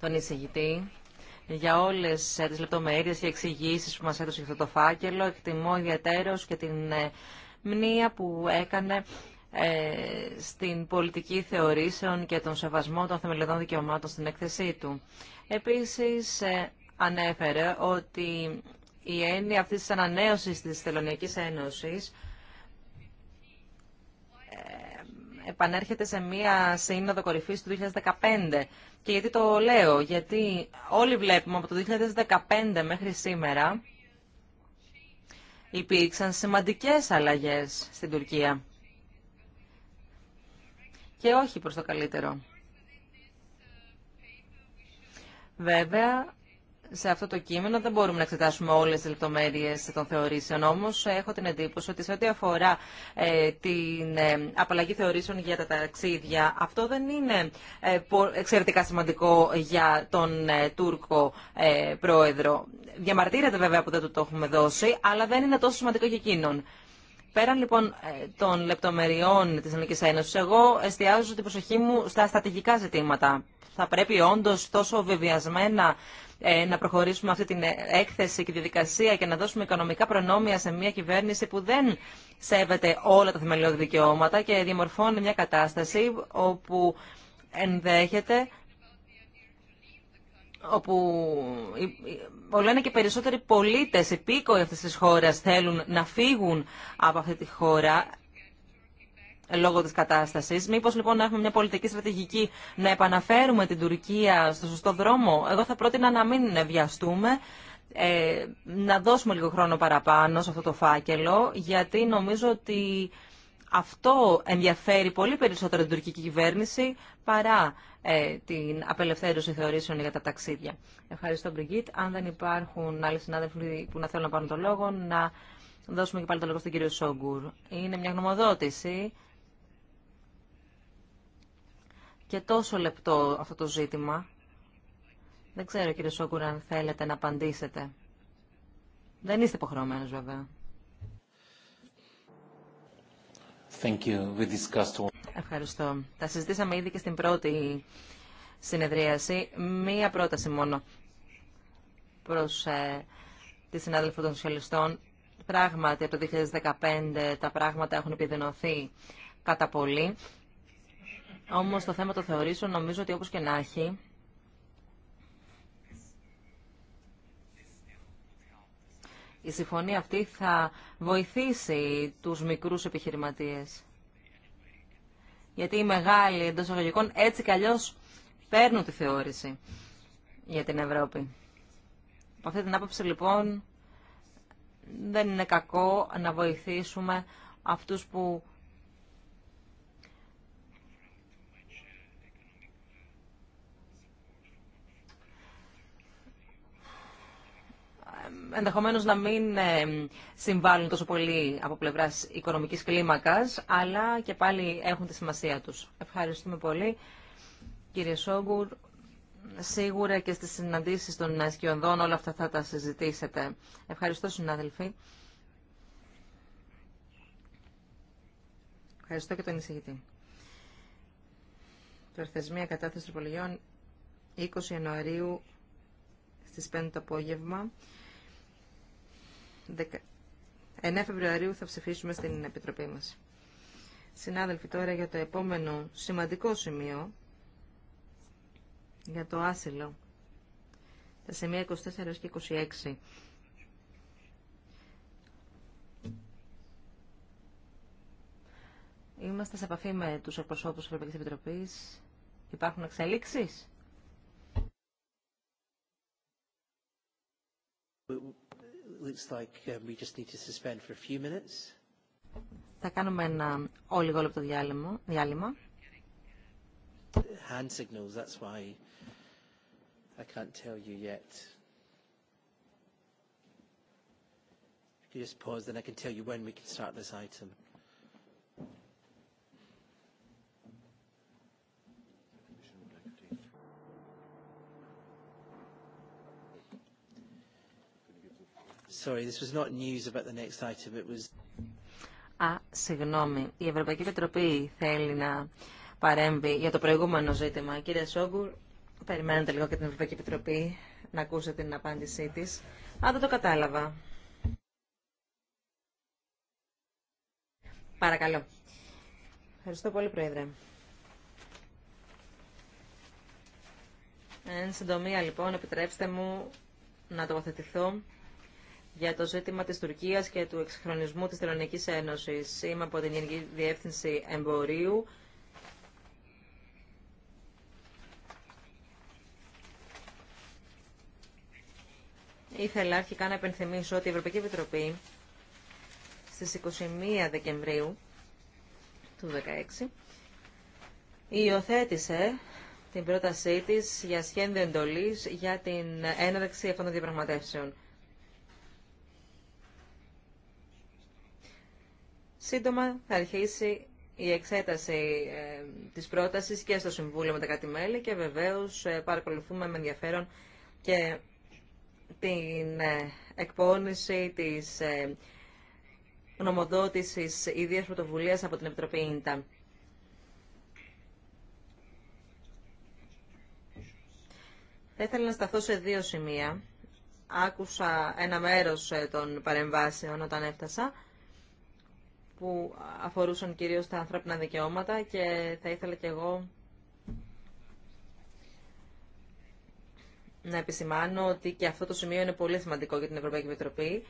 τον εισηγητή για όλες τις λεπτομέρειες και εξηγήσεις που μας έδωσε αυτό το φάκελο. Εκτιμώ ιδιαίτερως και την ε, μνήα που έκανε ε, στην πολιτική θεωρήσεων και τον σεβασμό των θεμελιωδών δικαιωμάτων στην έκθεσή του. Επίσης, ε, ανέφερε ότι η έννοια αυτής της ανανέωσης της Θελωνιακής Ένωσης ε, επανέρχεται σε μία σύνοδο κορυφής του 2015. Και γιατί το λέω, γιατί όλοι βλέπουμε από το 2015 μέχρι σήμερα υπήρξαν σημαντικές αλλαγές στην Τουρκία. Και όχι προς το καλύτερο. Βέβαια, σε αυτό το κείμενο δεν μπορούμε να εξετάσουμε όλες τις λεπτομέρειες των θεωρήσεων, όμως έχω την εντύπωση ότι σε ό,τι αφορά ε, την ε, απαλλαγή θεωρήσεων για τα ταξίδια, αυτό δεν είναι ε, εξαιρετικά σημαντικό για τον Τούρκο πρόεδρο. Διαμαρτύρεται βέβαια που δεν του το έχουμε δώσει, αλλά δεν είναι τόσο σημαντικό για εκείνον. Πέραν λοιπόν των λεπτομεριών της Ελληνικής Ένωσης, εγώ εστιάζω την προσοχή μου στα στατηγικά ζητήματα. Θα πρέπει όντως τόσο βεβαιασμένα ε, να προχωρήσουμε αυτή την έκθεση και τη δικασία και να δώσουμε οικονομικά προνόμια σε μια κυβέρνηση που δεν σέβεται όλα τα θεμελιώδη δικαιώματα και διαμορφώνει μια κατάσταση όπου ενδέχεται όπου όλο είναι και περισσότεροι πολίτες υπήκοοι αυτής της χώρας θέλουν να φύγουν από αυτή τη χώρα λόγω τη κατάσταση. Μήπω λοιπόν να έχουμε μια πολιτική στρατηγική να επαναφέρουμε την Τουρκία στο σωστό δρόμο. Εγώ θα πρότεινα να μην βιαστούμε, ε, να δώσουμε λίγο χρόνο παραπάνω σε αυτό το φάκελο, γιατί νομίζω ότι αυτό ενδιαφέρει πολύ περισσότερο την τουρκική κυβέρνηση παρά ε, την απελευθέρωση θεωρήσεων για τα ταξίδια. Ευχαριστώ, Μπριγκίτ. Αν δεν υπάρχουν άλλοι συνάδελφοι που να θέλουν να πάρουν το λόγο, να δώσουμε και πάλι το λόγο στον κύριο Σόγκουρ. Είναι μια γνωμοδότηση και τόσο λεπτό αυτό το ζήτημα. Δεν ξέρω κύριε Σόκουρα αν θέλετε να απαντήσετε. Δεν είστε υποχρεωμένος βέβαια. Thank you. We discussed... Ευχαριστώ. Τα συζητήσαμε ήδη και στην πρώτη συνεδρίαση. Μία πρόταση μόνο προς ε, τη συνάδελφο των σοσιαλιστών. Πράγματι, από το 2015 τα πράγματα έχουν επιδεινωθεί κατά πολύ. Όμως το θέμα το θεωρήσω, νομίζω ότι όπως και να έχει, η συμφωνία αυτή θα βοηθήσει τους μικρούς επιχειρηματίες. Γιατί οι μεγάλοι εντός αγωγικών έτσι κι αλλιώς παίρνουν τη θεώρηση για την Ευρώπη. Από αυτή την άποψη λοιπόν δεν είναι κακό να βοηθήσουμε αυτούς που Ενδεχομένω να μην ε, συμβάλλουν τόσο πολύ από πλευρά οικονομική κλίμακα, αλλά και πάλι έχουν τη σημασία του. Ευχαριστούμε πολύ, κύριε Σόγκουρ. Σίγουρα και στι συναντήσει των σκιονδών όλα αυτά θα τα συζητήσετε. Ευχαριστώ, συνάδελφοι. Ευχαριστώ και τον εισηγητή. Προθεσμία κατάθεση τροπολογιών 20 Ιανουαρίου στις 5 το απόγευμα. 9 Φεβρουαρίου θα ψηφίσουμε στην Επιτροπή μας. Συνάδελφοι, τώρα για το επόμενο σημαντικό σημείο, για το άσυλο, τα σημεία 24 και 26. Είμαστε σε επαφή με τους εκπροσώπους της Ευρωπαϊκής Επιτροπής. Υπάρχουν εξελίξεις looks like we just need to suspend for a few minutes. Θα κάνουμε ένα όλιγο λεπτό διάλειμμα. Hand signals, that's why I can't tell you yet. If you just pause, then I can tell you when we can start this item. Sorry, this was not news about the next item. It was... Α, συγγνώμη. Η Ευρωπαϊκή Επιτροπή θέλει να παρέμβει για το προηγούμενο ζήτημα. Κύριε Σόγκουρ, περιμένετε λίγο και την Ευρωπαϊκή Επιτροπή να ακούσετε την απάντησή της. Α, δεν το κατάλαβα. Παρακαλώ. Ευχαριστώ πολύ, Πρόεδρε. Εν συντομία, λοιπόν, επιτρέψτε μου να τοποθετηθώ για το ζήτημα της Τουρκίας και του εξυγχρονισμού της Τελωνικής Ένωσης. Είμαι από την Γενική Διεύθυνση Εμπορίου. Ήθελα αρχικά να επενθυμίσω ότι η Ευρωπαϊκή Επιτροπή στις 21 Δεκεμβρίου του 2016 υιοθέτησε την πρότασή της για σχέδιο εντολής για την έναρξη αυτών των διαπραγματεύσεων. Σύντομα θα αρχίσει η εξέταση ε, της πρότασης και στο Συμβούλιο με τα κάτι και βεβαίως ε, παρακολουθούμε με ενδιαφέρον και την ε, εκπόνηση της ε, νομοδότησης ιδίας πρωτοβουλία από την Επιτροπή ΙΝΤΑ. Θα ήθελα να σταθώ σε δύο σημεία. Άκουσα ένα μέρος ε, των παρεμβάσεων όταν έφτασα που αφορούσαν κυρίως τα ανθρώπινα δικαιώματα και θα ήθελα και εγώ να επισημάνω ότι και αυτό το σημείο είναι πολύ σημαντικό για την Ευρωπαϊκή Επιτροπή.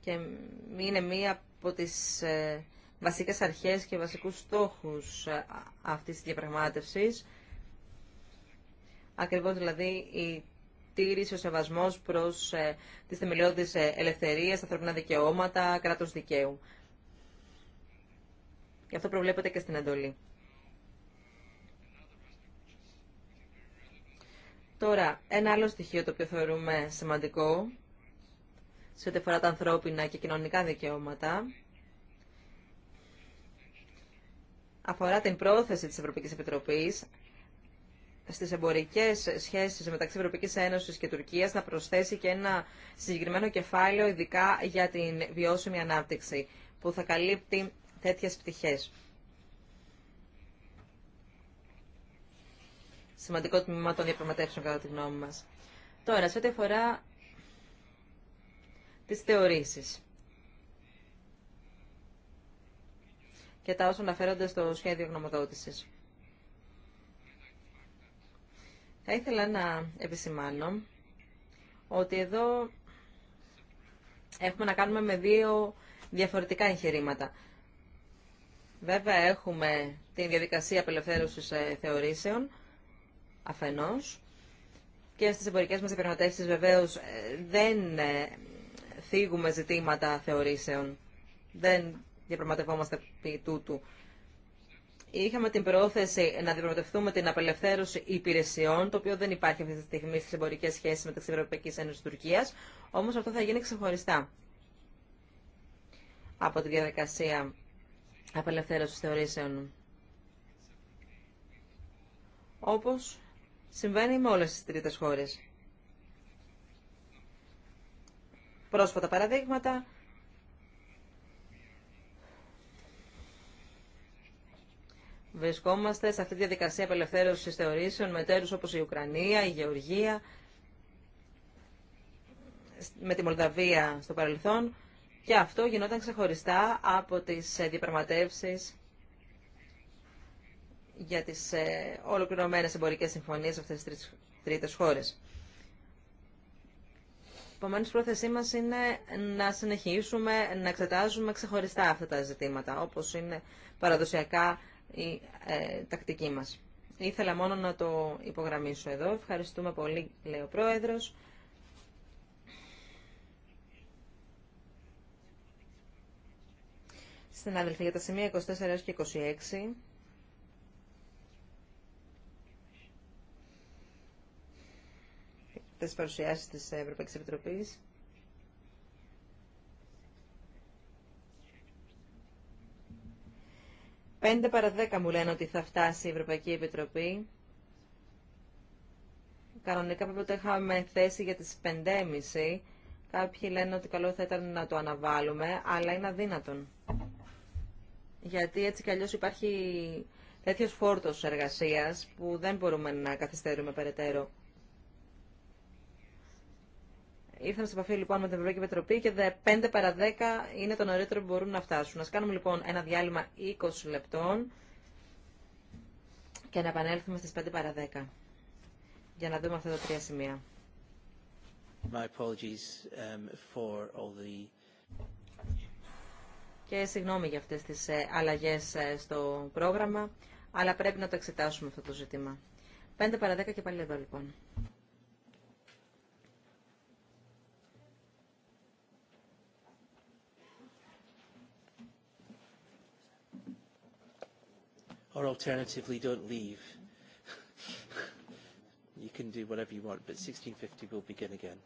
Και είναι μία από τις ε, βασικές αρχές και βασικούς στόχους ε, αυτής της διαπραγμάτευσης. Ακριβώς δηλαδή η τήρηση, ο σεβασμός προς ε, τις θεμελιώδεις ε, ελευθερίες, ανθρωπινά δικαιώματα, κράτο δικαίου. Γι' αυτό προβλέπεται και στην εντολή. Τώρα, ένα άλλο στοιχείο το οποίο θεωρούμε σημαντικό σε ό,τι αφορά τα ανθρώπινα και κοινωνικά δικαιώματα αφορά την πρόθεση της Ευρωπαϊκής Επιτροπής στις εμπορικές σχέσεις μεταξύ Ευρωπαϊκής Ένωσης και Τουρκίας να προσθέσει και ένα συγκεκριμένο κεφάλαιο ειδικά για την βιώσιμη ανάπτυξη που θα καλύπτει τέτοιες πτυχές. Σημαντικό τμήμα των διαπραγματεύσεων κατά τη γνώμη μας. Τώρα, σε ό,τι αφορά τις θεωρήσεις και τα όσα αναφέρονται στο σχέδιο γνωμοδότησης. Θα ήθελα να επισημάνω ότι εδώ έχουμε να κάνουμε με δύο διαφορετικά εγχειρήματα. Βέβαια έχουμε την διαδικασία απελευθέρωσης ε, θεωρήσεων αφενός και στις εμπορικές μας διαπραγματεύσεις βεβαίως ε, δεν ε, θίγουμε ζητήματα θεωρήσεων. Δεν διαπραγματευόμαστε επί τούτου. Είχαμε την πρόθεση να διαπραγματευτούμε την απελευθέρωση υπηρεσιών, το οποίο δεν υπάρχει αυτή τη στιγμή στι εμπορικέ σχέσει μεταξύ Ευρωπαϊκή Ένωση και Τουρκία. Όμω αυτό θα γίνει ξεχωριστά από τη διαδικασία απελευθέρωση θεωρήσεων. Όπω συμβαίνει με όλε τι τρίτε χώρε. Πρόσφατα παραδείγματα Βρισκόμαστε σε αυτή τη διαδικασία απελευθέρωση θεωρήσεων με τέρου όπως η Ουκρανία, η Γεωργία, με τη Μολδαβία στο παρελθόν και αυτό γινόταν ξεχωριστά από τις ε, διαπραγματεύσει για τις ε, ολοκληρωμένες εμπορικές συμφωνίες σε αυτές τις τρίτες χώρες. Επομένω, η πρόθεσή μα είναι να συνεχίσουμε να εξετάζουμε ξεχωριστά αυτά τα ζητήματα, όπω είναι παραδοσιακά η ε, τακτική μας. Ήθελα μόνο να το υπογραμμίσω εδώ. Ευχαριστούμε πολύ, λέει ο Πρόεδρος. αδελφή, για τα σημεία 24 και 26... τις παρουσιάσεις της Ευρωπαϊκής Επιτροπής. 5 παρα 10 μου λένε ότι θα φτάσει η Ευρωπαϊκή Επιτροπή. Κανονικά πρέπει το είχαμε θέση για τις 5.30. Κάποιοι λένε ότι καλό θα ήταν να το αναβάλουμε, αλλά είναι αδύνατον. Γιατί έτσι κι αλλιώς υπάρχει τέτοιος φόρτος εργασίας που δεν μπορούμε να καθυστερούμε περαιτέρω. Ήρθαμε σε επαφή λοιπόν με την Ευρωπαϊκή Επιτροπή και 5 παρα 10 είναι το νωρίτερο που μπορούν να φτάσουν. Α κάνουμε λοιπόν ένα διάλειμμα 20 λεπτών και να επανέλθουμε στι 5 παρα 10 για να δούμε αυτά τα τρία σημεία. My apologies, um, for all the... Και συγγνώμη για αυτές τις ε, αλλαγές ε, στο πρόγραμμα, αλλά πρέπει να το εξετάσουμε αυτό το ζήτημα. 5 παρα 10 και πάλι εδώ λοιπόν. or alternatively don't leave. You can do whatever you want, but 1650 will begin again.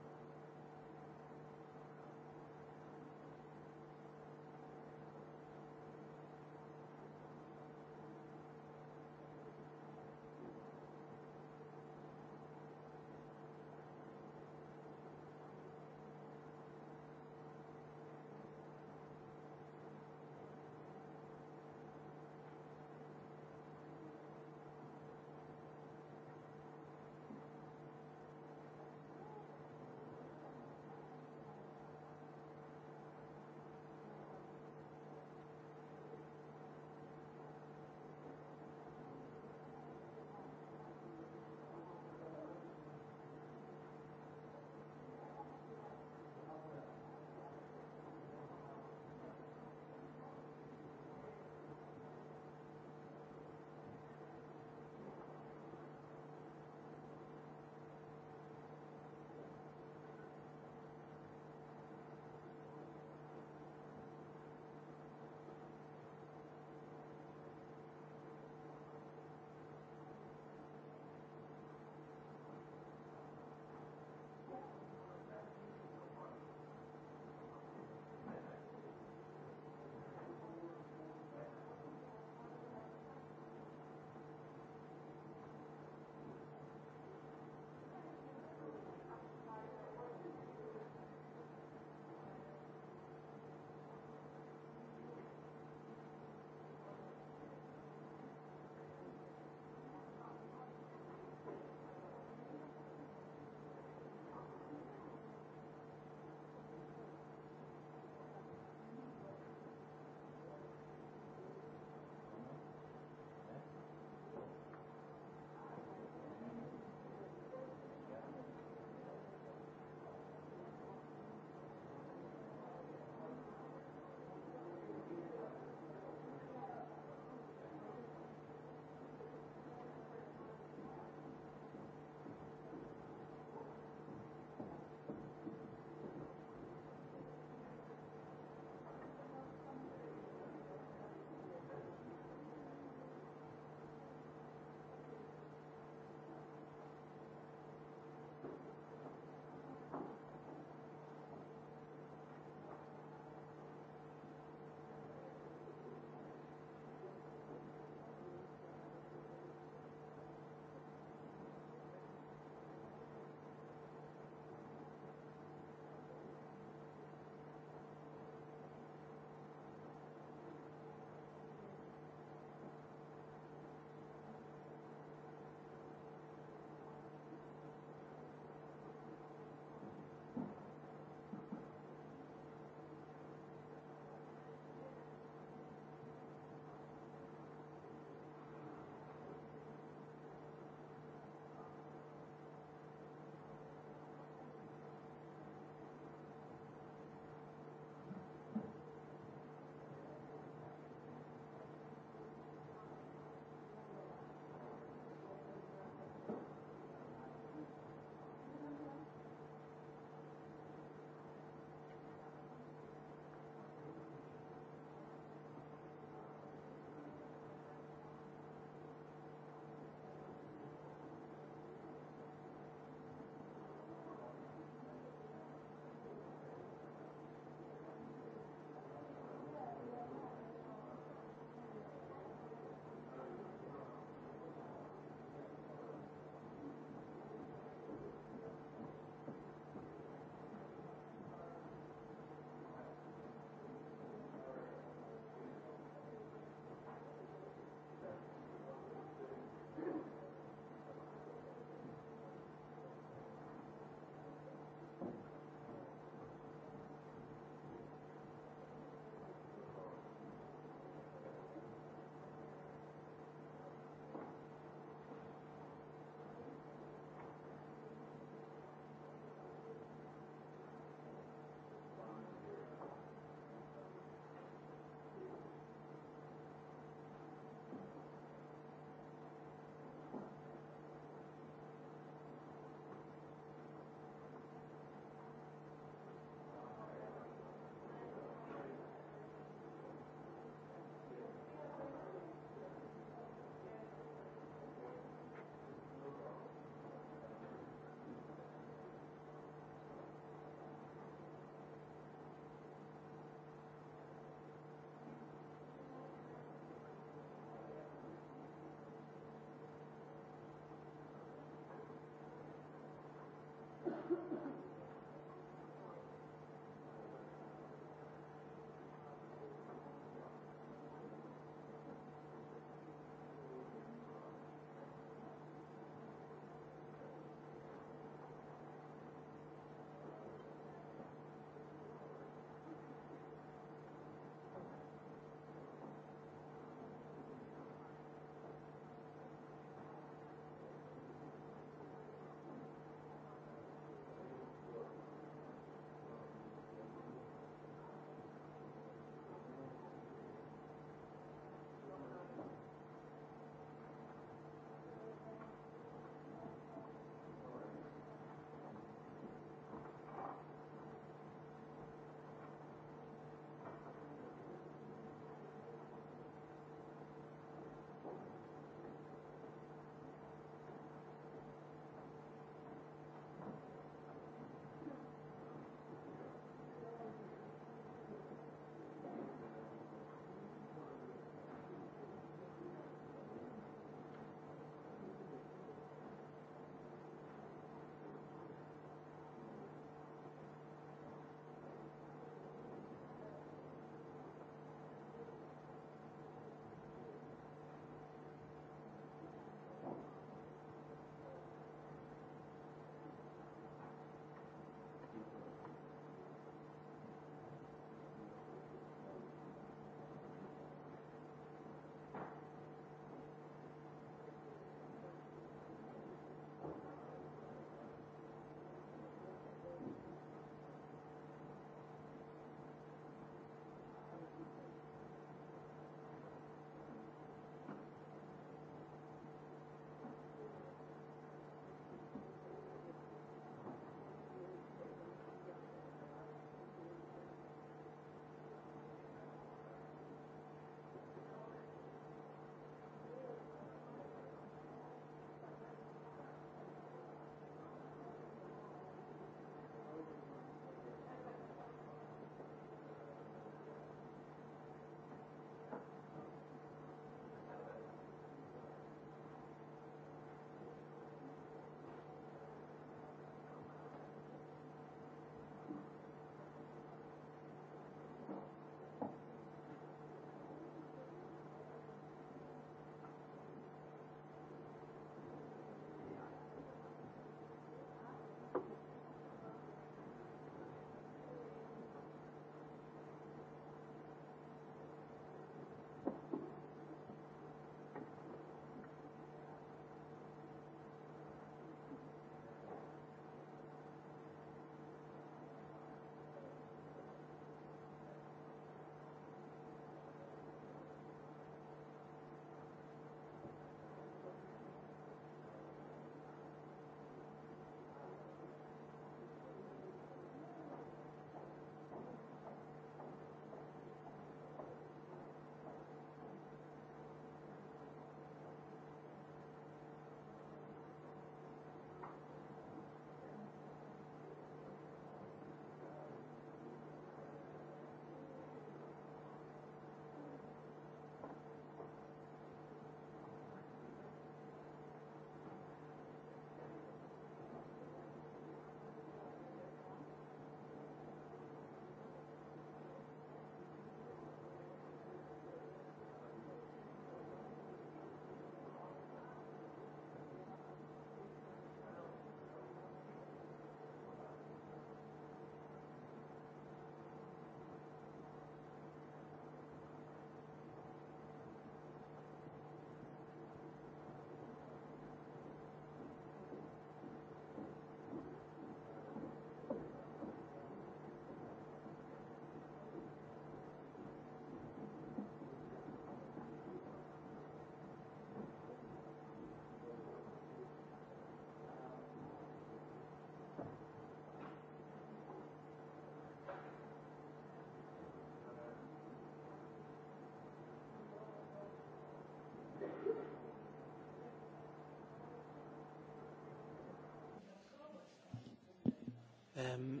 Um,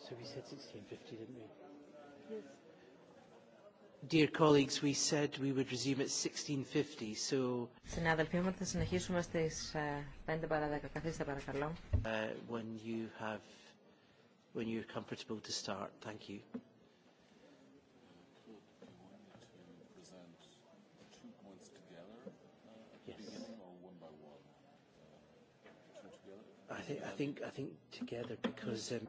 so we said 1650, didn't we? Yes. Dear colleagues, we said we would resume at 1650, so... Συνάδελφοί μου, θα συνεχίσουμε στις 5 παρα 10. Καθίστε παρακαλώ. when you have, when you're comfortable to start, thank you. think I think together because. Um...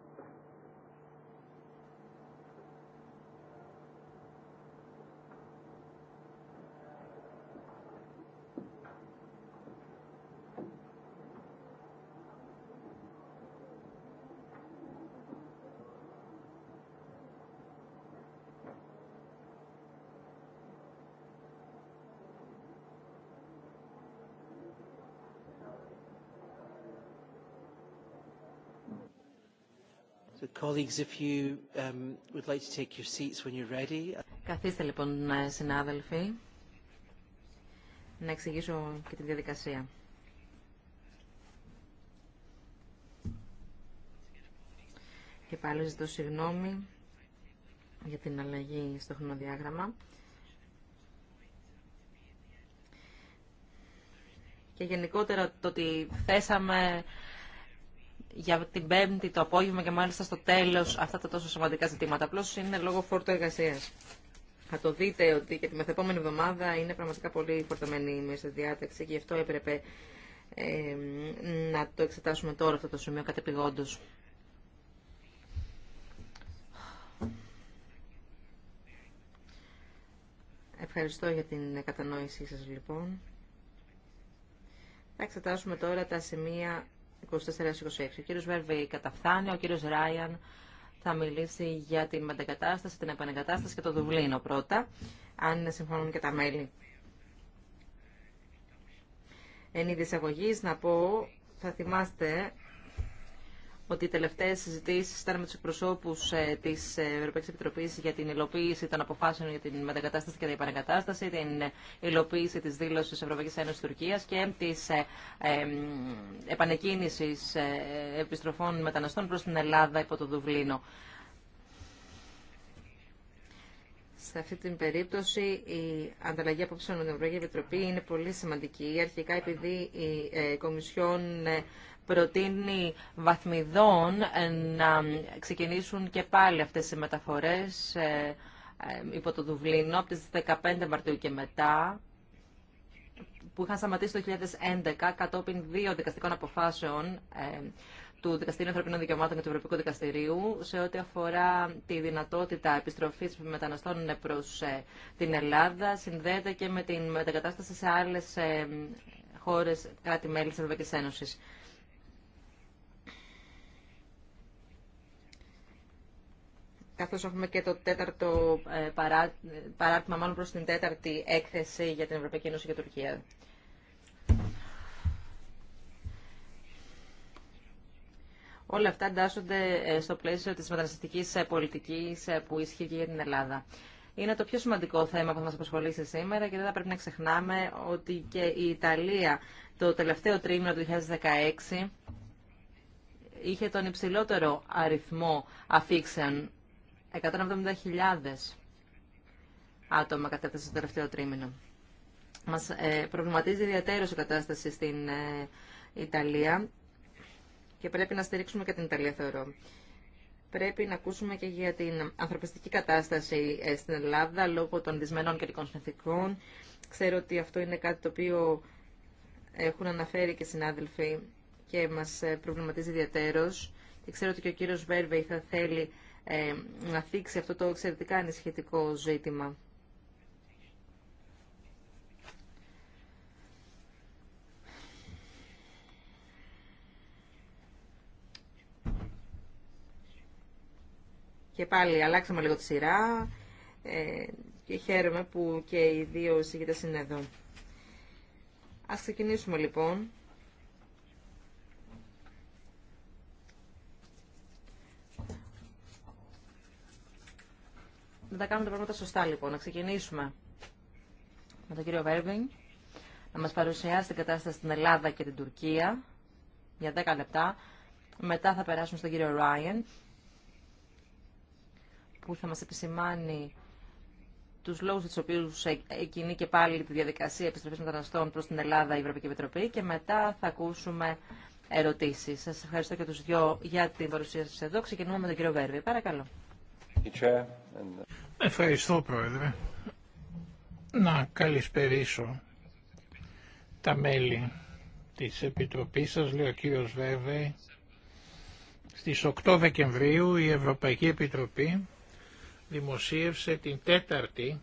Καθίστε λοιπόν, συνάδελφοι, να εξηγήσω και τη διαδικασία. Και πάλι ζητώ συγγνώμη για την αλλαγή στο χρονοδιάγραμμα. Και γενικότερα το ότι θέσαμε για την Πέμπτη το απόγευμα και μάλιστα στο τέλος αυτά τα τόσο σημαντικά ζητήματα. Απλώ είναι λόγω φόρτο εργασία. Θα το δείτε ότι και τη μεθεπόμενη εβδομάδα είναι πραγματικά πολύ φορτωμένη η μέσα διάταξη και γι' αυτό έπρεπε να το εξετάσουμε τώρα αυτό το σημείο κατεπηγόντω. Ευχαριστώ για την κατανόησή σας λοιπόν. Θα εξετάσουμε τώρα τα σημεία 24-26. Ο κύριος Βέρβη καταφθάνει, ο κύριος Ράιαν θα μιλήσει για την μετακατάσταση, την επανεγκατάσταση και το Δουβλίνο πρώτα, αν συμφωνούν και τα μέλη. Εν είδη εισαγωγής, να πω, θα θυμάστε ότι οι τελευταίε συζητήσει ήταν με τους εκπροσώπους ε, τη Ευρωπαϊκή Επιτροπή για την υλοποίηση των αποφάσεων για την μετακατάσταση και την επανακατάσταση, την υλοποίηση τη δήλωση τη Ευρωπαϊκή Ένωση Τουρκία και της ε, επανεκκίνησης ε, επιστροφών μεταναστών προ την Ελλάδα υπό το Δουβλίνο. Σε αυτή την περίπτωση η ανταλλαγή απόψεων με την Ευρωπαϊκή Επιτροπή είναι πολύ σημαντική. Αρχικά επειδή η Κομισιόν προτείνει βαθμιδών να ξεκινήσουν και πάλι αυτές οι μεταφορές ε, ε, υπό το Δουβλίνο από τις 15 Μαρτίου και μετά που είχαν σταματήσει το 2011 κατόπιν δύο δικαστικών αποφάσεων ε, του Δικαστηρίου Ανθρωπίνων Δικαιωμάτων και του Ευρωπαϊκού Δικαστηρίου σε ό,τι αφορά τη δυνατότητα επιστροφής μεταναστών προ την Ελλάδα, συνδέεται και με την μετακατάσταση σε αλλε χωρες χώρε κράτη-μέλη της Ευρωπαϊκής Ένωσης καθώς έχουμε και το τέταρτο ε, παρά, παράρτημα μάλλον προς την τέταρτη έκθεση για την Ευρωπαϊκή Ένωση και Τουρκία. Όλα αυτά εντάσσονται ε, στο πλαίσιο της μεταναστευτικής ε, πολιτικής που ισχύει και για την Ελλάδα. Είναι το πιο σημαντικό θέμα που θα μας απασχολήσει σήμερα και δεν θα πρέπει να ξεχνάμε ότι και η Ιταλία το τελευταίο τρίμηνο του 2016 είχε τον υψηλότερο αριθμό αφήξεων 170.000 άτομα κατέφτασαν στο τελευταίο τρίμηνο. Μας ε, προβληματίζει ιδιαίτερως η κατάσταση στην ε, Ιταλία και πρέπει να στηρίξουμε και την Ιταλία, θεωρώ. Πρέπει να ακούσουμε και για την ανθρωπιστική κατάσταση ε, στην Ελλάδα λόγω των δυσμενών καιρικών συνθήκων. Ξέρω ότι αυτό είναι κάτι το οποίο έχουν αναφέρει και συνάδελφοι και μας προβληματίζει ιδιαίτερως. Και ξέρω ότι και ο κύριος Βέρβεϊ θα θέλει ε, να θίξει αυτό το εξαιρετικά ανησυχητικό ζήτημα. Και πάλι αλλάξαμε λίγο τη σειρά ε, και χαίρομαι που και οι δύο συγκεκριτές είναι εδώ. Ας ξεκινήσουμε λοιπόν. να τα κάνουμε τα πράγματα σωστά λοιπόν. Να ξεκινήσουμε με τον κύριο Βέρβιν να μας παρουσιάσει την κατάσταση στην Ελλάδα και την Τουρκία για 10 λεπτά. Μετά θα περάσουμε στον κύριο Ράιεν που θα μας επισημάνει τους λόγους τους οποίους εκείνη και πάλι τη διαδικασία επιστροφής μεταναστών προς την Ελλάδα η Ευρωπαϊκή Επιτροπή και μετά θα ακούσουμε ερωτήσεις. Σας ευχαριστώ και τους δυο για την παρουσία σας εδώ. Ξεκινούμε με τον κύριο Βέρβη. Παρακαλώ. Uh, Ευχαριστώ Πρόεδρε. Να καλησπερίσω τα μέλη της Επιτροπής σας, λέει ο κύριος Βέβαιη. Στις 8 Δεκεμβρίου η Ευρωπαϊκή Επιτροπή δημοσίευσε την τέταρτη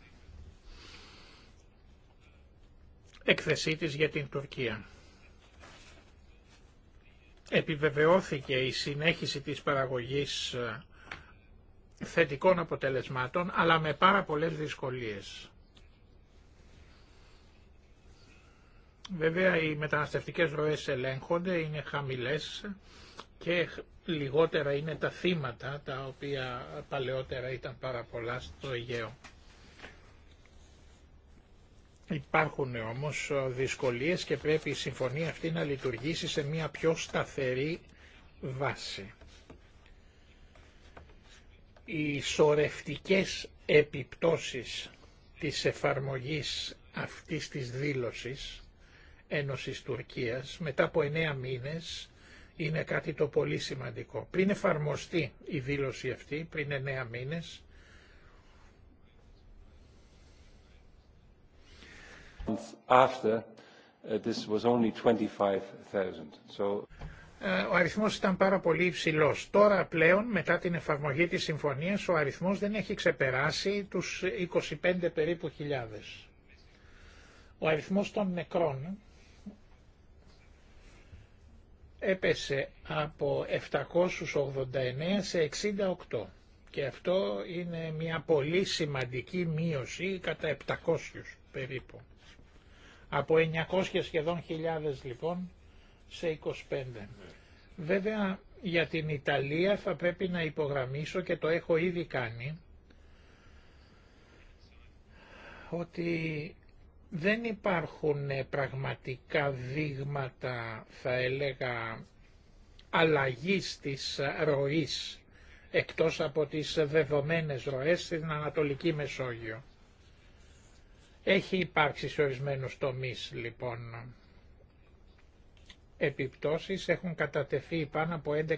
έκθεσή της για την Τουρκία. Επιβεβαιώθηκε η συνέχιση της παραγωγής ε, θετικών αποτελεσμάτων αλλά με πάρα πολλές δυσκολίες. Βέβαια οι μεταναστευτικές ροές ελέγχονται, είναι χαμηλές και λιγότερα είναι τα θύματα τα οποία παλαιότερα ήταν πάρα πολλά στο Αιγαίο. Υπάρχουν όμως δυσκολίες και πρέπει η συμφωνία αυτή να λειτουργήσει σε μια πιο σταθερή βάση οι σορευτικές επιπτώσεις της εφαρμογής αυτής της δήλωσης Ένωσης Τουρκίας μετά από εννέα μήνες είναι κάτι το πολύ σημαντικό. Πριν εφαρμοστεί η δήλωση αυτή, πριν εννέα μήνες, After, uh, was ο αριθμός ήταν πάρα πολύ υψηλός. Τώρα πλέον μετά την εφαρμογή της συμφωνίας ο αριθμός δεν έχει ξεπεράσει τους 25 περίπου χιλιάδες. Ο αριθμός των νεκρών έπεσε από 789 σε 68 και αυτό είναι μια πολύ σημαντική μείωση κατά 700 περίπου. Από 900 σχεδόν χιλιάδες λοιπόν σε 25. Βέβαια για την Ιταλία θα πρέπει να υπογραμμίσω και το έχω ήδη κάνει ότι δεν υπάρχουν πραγματικά δείγματα θα έλεγα αλλαγής της ροής εκτός από τις δεδομένες ροές στην Ανατολική Μεσόγειο. Έχει υπάρξει σε ορισμένους τομείς λοιπόν επιπτώσεις έχουν κατατεθεί πάνω από 11.000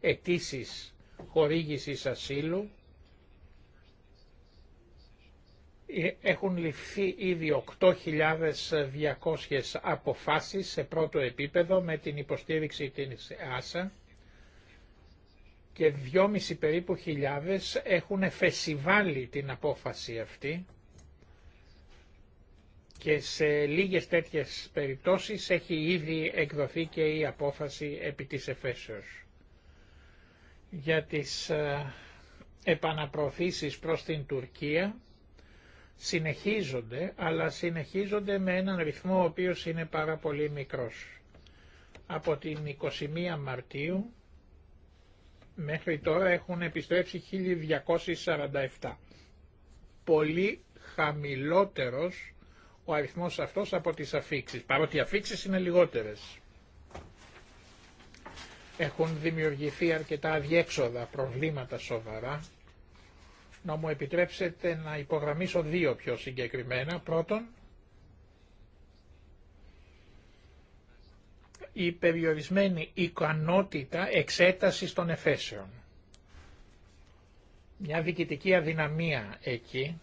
αιτήσεις χορήγησης ασύλου. Ε, έχουν ληφθεί ήδη 8.200 αποφάσεις σε πρώτο επίπεδο με την υποστήριξη της ΆΣΑ και 2.500 περίπου χιλιάδες έχουν εφεσιβάλει την απόφαση αυτή και σε λίγες τέτοιες περιπτώσεις έχει ήδη εκδοθεί και η απόφαση επί της εφέσεως. Για τις ε, επαναπροωθήσεις προς την Τουρκία συνεχίζονται, αλλά συνεχίζονται με έναν ρυθμό ο οποίος είναι πάρα πολύ μικρός. Από την 21 Μαρτίου μέχρι τώρα έχουν επιστρέψει 1247. Πολύ χαμηλότερος ο αριθμός αυτός από τις αφήξεις, παρότι οι αφήξεις είναι λιγότερες. Έχουν δημιουργηθεί αρκετά αδιέξοδα, προβλήματα σοβαρά. Να μου επιτρέψετε να υπογραμμίσω δύο πιο συγκεκριμένα. Πρώτον, η περιορισμένη ικανότητα εξέτασης των εφέσεων. Μια διοικητική αδυναμία εκεί,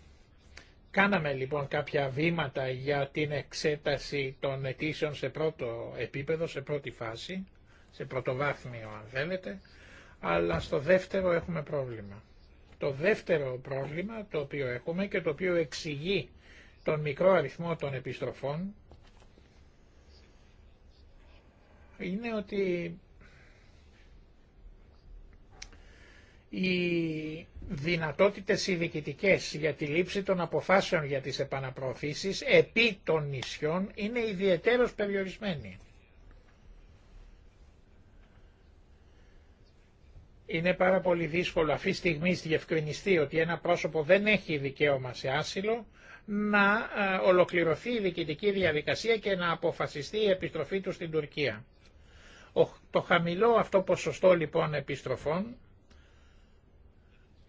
Κάναμε λοιπόν κάποια βήματα για την εξέταση των αιτήσεων σε πρώτο επίπεδο, σε πρώτη φάση, σε πρωτοβάθμιο αν θέλετε, αλλά στο δεύτερο έχουμε πρόβλημα. Το δεύτερο πρόβλημα το οποίο έχουμε και το οποίο εξηγεί τον μικρό αριθμό των επιστροφών είναι ότι οι δυνατότητες διοικητικές για τη λήψη των αποφάσεων για τις επαναπροωθήσεις επί των νησιών είναι ιδιαίτερα περιορισμένοι. Είναι πάρα πολύ δύσκολο αυτή τη στιγμή διευκρινιστεί ότι ένα πρόσωπο δεν έχει δικαίωμα σε άσυλο να ε, ολοκληρωθεί η διοικητική διαδικασία και να αποφασιστεί η επιστροφή του στην Τουρκία. Το χαμηλό αυτό ποσοστό λοιπόν επιστροφών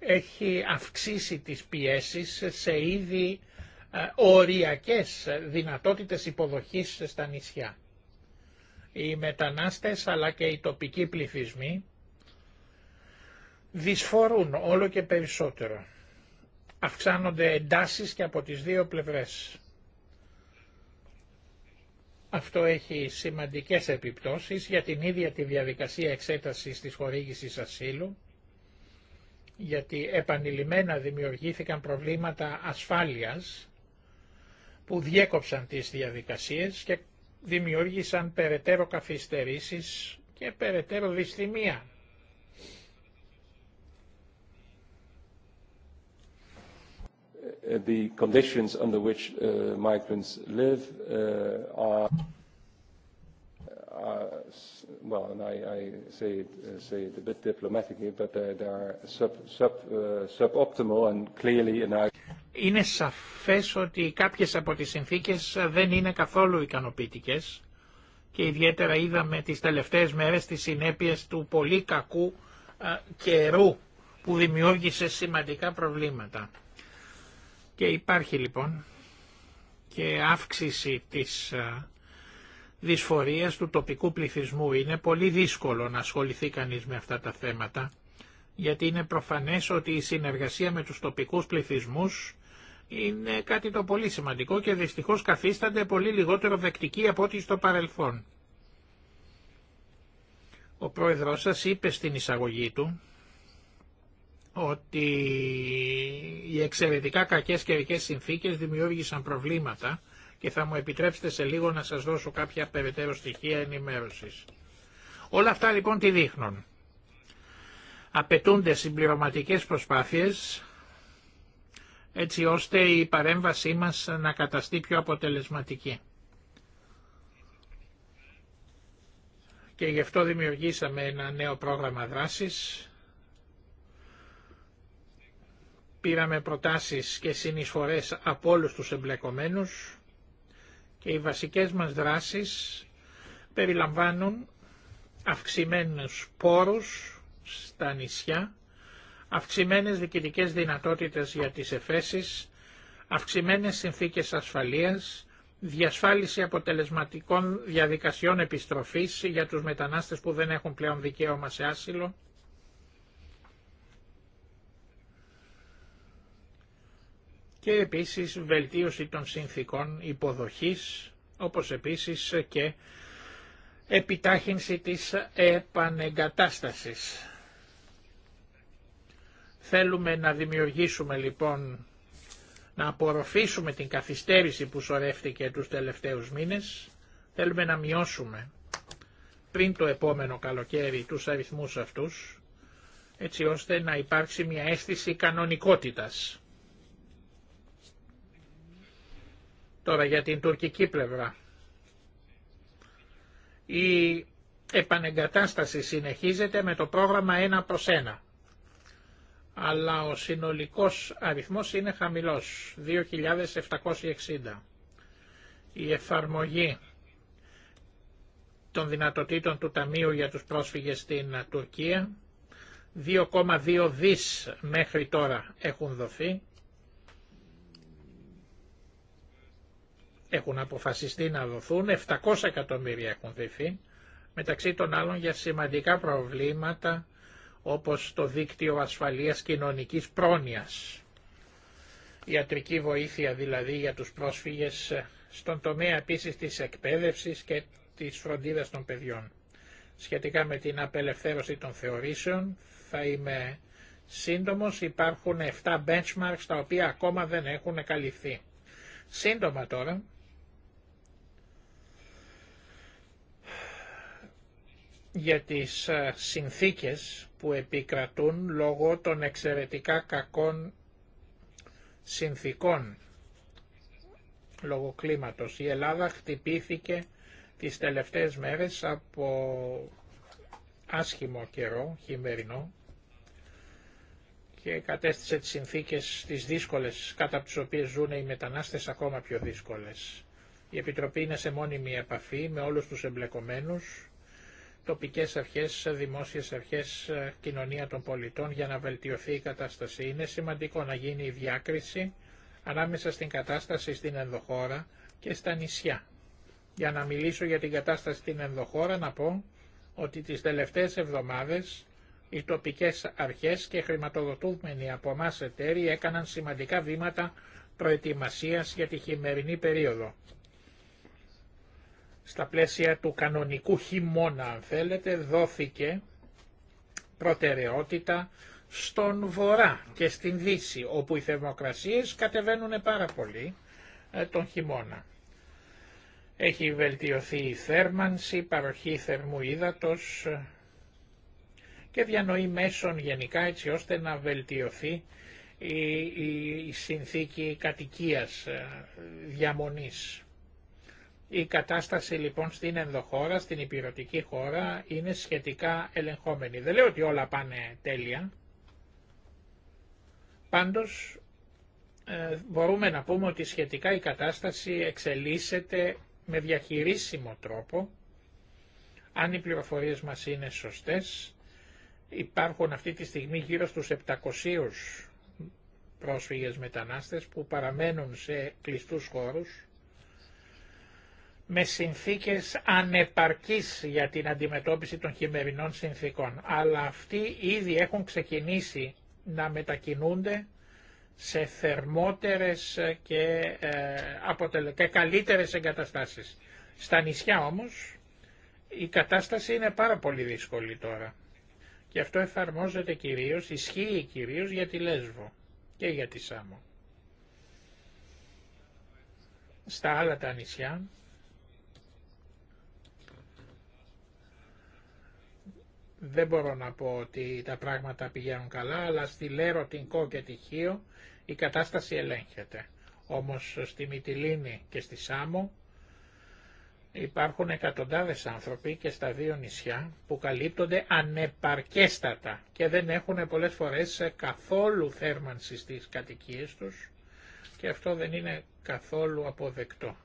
έχει αυξήσει τις πιέσεις σε ήδη ε, οριακές δυνατότητες υποδοχής στα νησιά. Οι μετανάστες αλλά και οι τοπικοί πληθυσμοί δυσφορούν όλο και περισσότερο. Αυξάνονται εντάσεις και από τις δύο πλευρές. Αυτό έχει σημαντικές επιπτώσεις για την ίδια τη διαδικασία εξέτασης της χορήγησης ασύλου γιατί επανειλημμένα δημιουργήθηκαν προβλήματα ασφάλειας που διέκοψαν τις διαδικασίες και δημιούργησαν περαιτέρω καθυστερήσεις και περαιτέρω δυστημία. The uh, uh, είναι σαφές ότι κάποιες από τις συνθήκες uh, δεν είναι καθόλου ικανοποιητικές και ιδιαίτερα είδαμε τις τελευταίες μέρες τις συνέπειες του πολύ κακού uh, καιρού που δημιούργησε σημαντικά προβλήματα. Και υπάρχει λοιπόν και αύξηση της uh, δυσφορίας του τοπικού πληθυσμού. Είναι πολύ δύσκολο να ασχοληθεί κανείς με αυτά τα θέματα, γιατί είναι προφανές ότι η συνεργασία με τους τοπικούς πληθυσμούς είναι κάτι το πολύ σημαντικό και δυστυχώς καθίστανται πολύ λιγότερο δεκτικοί από ό,τι στο παρελθόν. Ο πρόεδρος σας είπε στην εισαγωγή του ότι οι εξαιρετικά κακές καιρικές συνθήκες δημιούργησαν προβλήματα και θα μου επιτρέψετε σε λίγο να σας δώσω κάποια περαιτέρω στοιχεία ενημέρωσης. Όλα αυτά λοιπόν τι δείχνουν. Απαιτούνται συμπληρωματικές προσπάθειες έτσι ώστε η παρέμβασή μας να καταστεί πιο αποτελεσματική. Και γι' αυτό δημιουργήσαμε ένα νέο πρόγραμμα δράσης. Πήραμε προτάσεις και συνεισφορές από όλους τους εμπλεκομένους και οι βασικές μας δράσεις περιλαμβάνουν αυξημένους πόρους στα νησιά, αυξημένες διοικητικές δυνατότητες για τις εφέσεις, αυξημένες συνθήκες ασφαλείας, διασφάλιση αποτελεσματικών διαδικασιών επιστροφής για τους μετανάστες που δεν έχουν πλέον δικαίωμα σε άσυλο, και επίσης βελτίωση των συνθήκων υποδοχής, όπως επίσης και επιτάχυνση της επανεγκατάστασης. Θέλουμε να δημιουργήσουμε λοιπόν, να απορροφήσουμε την καθυστέρηση που σωρεύτηκε τους τελευταίους μήνες, θέλουμε να μειώσουμε πριν το επόμενο καλοκαίρι τους αριθμούς αυτούς, έτσι ώστε να υπάρξει μια αίσθηση κανονικότητας Τώρα για την τουρκική πλευρά. Η επανεγκατάσταση συνεχίζεται με το πρόγραμμα 1 προς 1. Αλλά ο συνολικός αριθμός είναι χαμηλός, 2.760. Η εφαρμογή των δυνατοτήτων του Ταμείου για τους πρόσφυγες στην Τουρκία, 2,2 δις μέχρι τώρα έχουν δοθεί, έχουν αποφασιστεί να δοθούν, 700 εκατομμύρια έχουν δοθεί, μεταξύ των άλλων για σημαντικά προβλήματα όπως το δίκτυο ασφαλείας κοινωνικής πρόνοιας. Ιατρική βοήθεια δηλαδή για τους πρόσφυγες στον τομέα επίσης της εκπαίδευσης και της φροντίδας των παιδιών. Σχετικά με την απελευθέρωση των θεωρήσεων θα είμαι σύντομος, υπάρχουν 7 benchmarks τα οποία ακόμα δεν έχουν καλυφθεί. Σύντομα τώρα για τις ε, συνθήκες που επικρατούν λόγω των εξαιρετικά κακών συνθήκων λόγω κλίματος. Η Ελλάδα χτυπήθηκε τις τελευταίες μέρες από άσχημο καιρό, χειμερινό, και κατέστησε τις συνθήκες τις δύσκολες κατά τις οποίες ζουν οι μετανάστες ακόμα πιο δύσκολες. Η Επιτροπή είναι σε μόνιμη επαφή με όλους τους εμπλεκομένους τοπικές αρχές, δημόσιες αρχές, κοινωνία των πολιτών για να βελτιωθεί η κατάσταση. Είναι σημαντικό να γίνει η διάκριση ανάμεσα στην κατάσταση στην ενδοχώρα και στα νησιά. Για να μιλήσω για την κατάσταση στην ενδοχώρα να πω ότι τις τελευταίες εβδομάδες οι τοπικές αρχές και χρηματοδοτούμενοι από εμά εταίροι έκαναν σημαντικά βήματα προετοιμασίας για τη χειμερινή περίοδο στα πλαίσια του κανονικού χειμώνα αν θέλετε δόθηκε προτεραιότητα στον βορρά και στην δύση όπου οι θερμοκρασίες κατεβαίνουν πάρα πολύ ε, τον χειμώνα. Έχει βελτιωθεί η θέρμανση, η παροχή θερμού ε, και διανοή μέσων γενικά έτσι ώστε να βελτιωθεί η, η συνθήκη κατοικίας ε, διαμονής. Η κατάσταση λοιπόν στην ενδοχώρα, στην υπηρετική χώρα είναι σχετικά ελεγχόμενη. Δεν λέω ότι όλα πάνε τέλεια. Πάντως ε, μπορούμε να πούμε ότι σχετικά η κατάσταση εξελίσσεται με διαχειρίσιμο τρόπο. Αν οι πληροφορίες μας είναι σωστές, υπάρχουν αυτή τη στιγμή γύρω στους 700 πρόσφυγες μετανάστες που παραμένουν σε κλειστούς χώρους με συνθήκες ανεπαρκής για την αντιμετώπιση των χειμερινών συνθήκων. Αλλά αυτοί ήδη έχουν ξεκινήσει να μετακινούνται σε θερμότερες και, ε, αποτελε... καλύτερες εγκαταστάσεις. Στα νησιά όμως η κατάσταση είναι πάρα πολύ δύσκολη τώρα. Και αυτό εφαρμόζεται κυρίως, ισχύει κυρίως για τη Λέσβο και για τη Σάμο. Στα άλλα τα νησιά Δεν μπορώ να πω ότι τα πράγματα πηγαίνουν καλά, αλλά στη Λέρο, Κό και Χίο η κατάσταση ελέγχεται. Όμως στη Μυτιλίνη και στη Σάμο υπάρχουν εκατοντάδες άνθρωποι και στα δύο νησιά που καλύπτονται ανεπαρκέστατα και δεν έχουν πολλές φορές καθόλου θέρμανση στις κατοικίες τους και αυτό δεν είναι καθόλου αποδεκτό.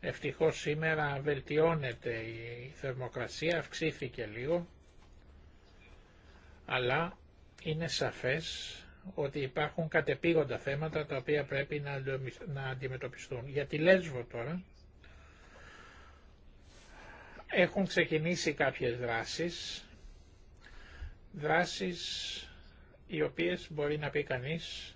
Ευτυχώς σήμερα βελτιώνεται η θερμοκρασία, αυξήθηκε λίγο αλλά είναι σαφές ότι υπάρχουν κατεπήγοντα θέματα τα οποία πρέπει να αντιμετωπιστούν. Για τη Λέσβο τώρα έχουν ξεκινήσει κάποιες δράσεις, δράσεις οι οποίες μπορεί να πει κανείς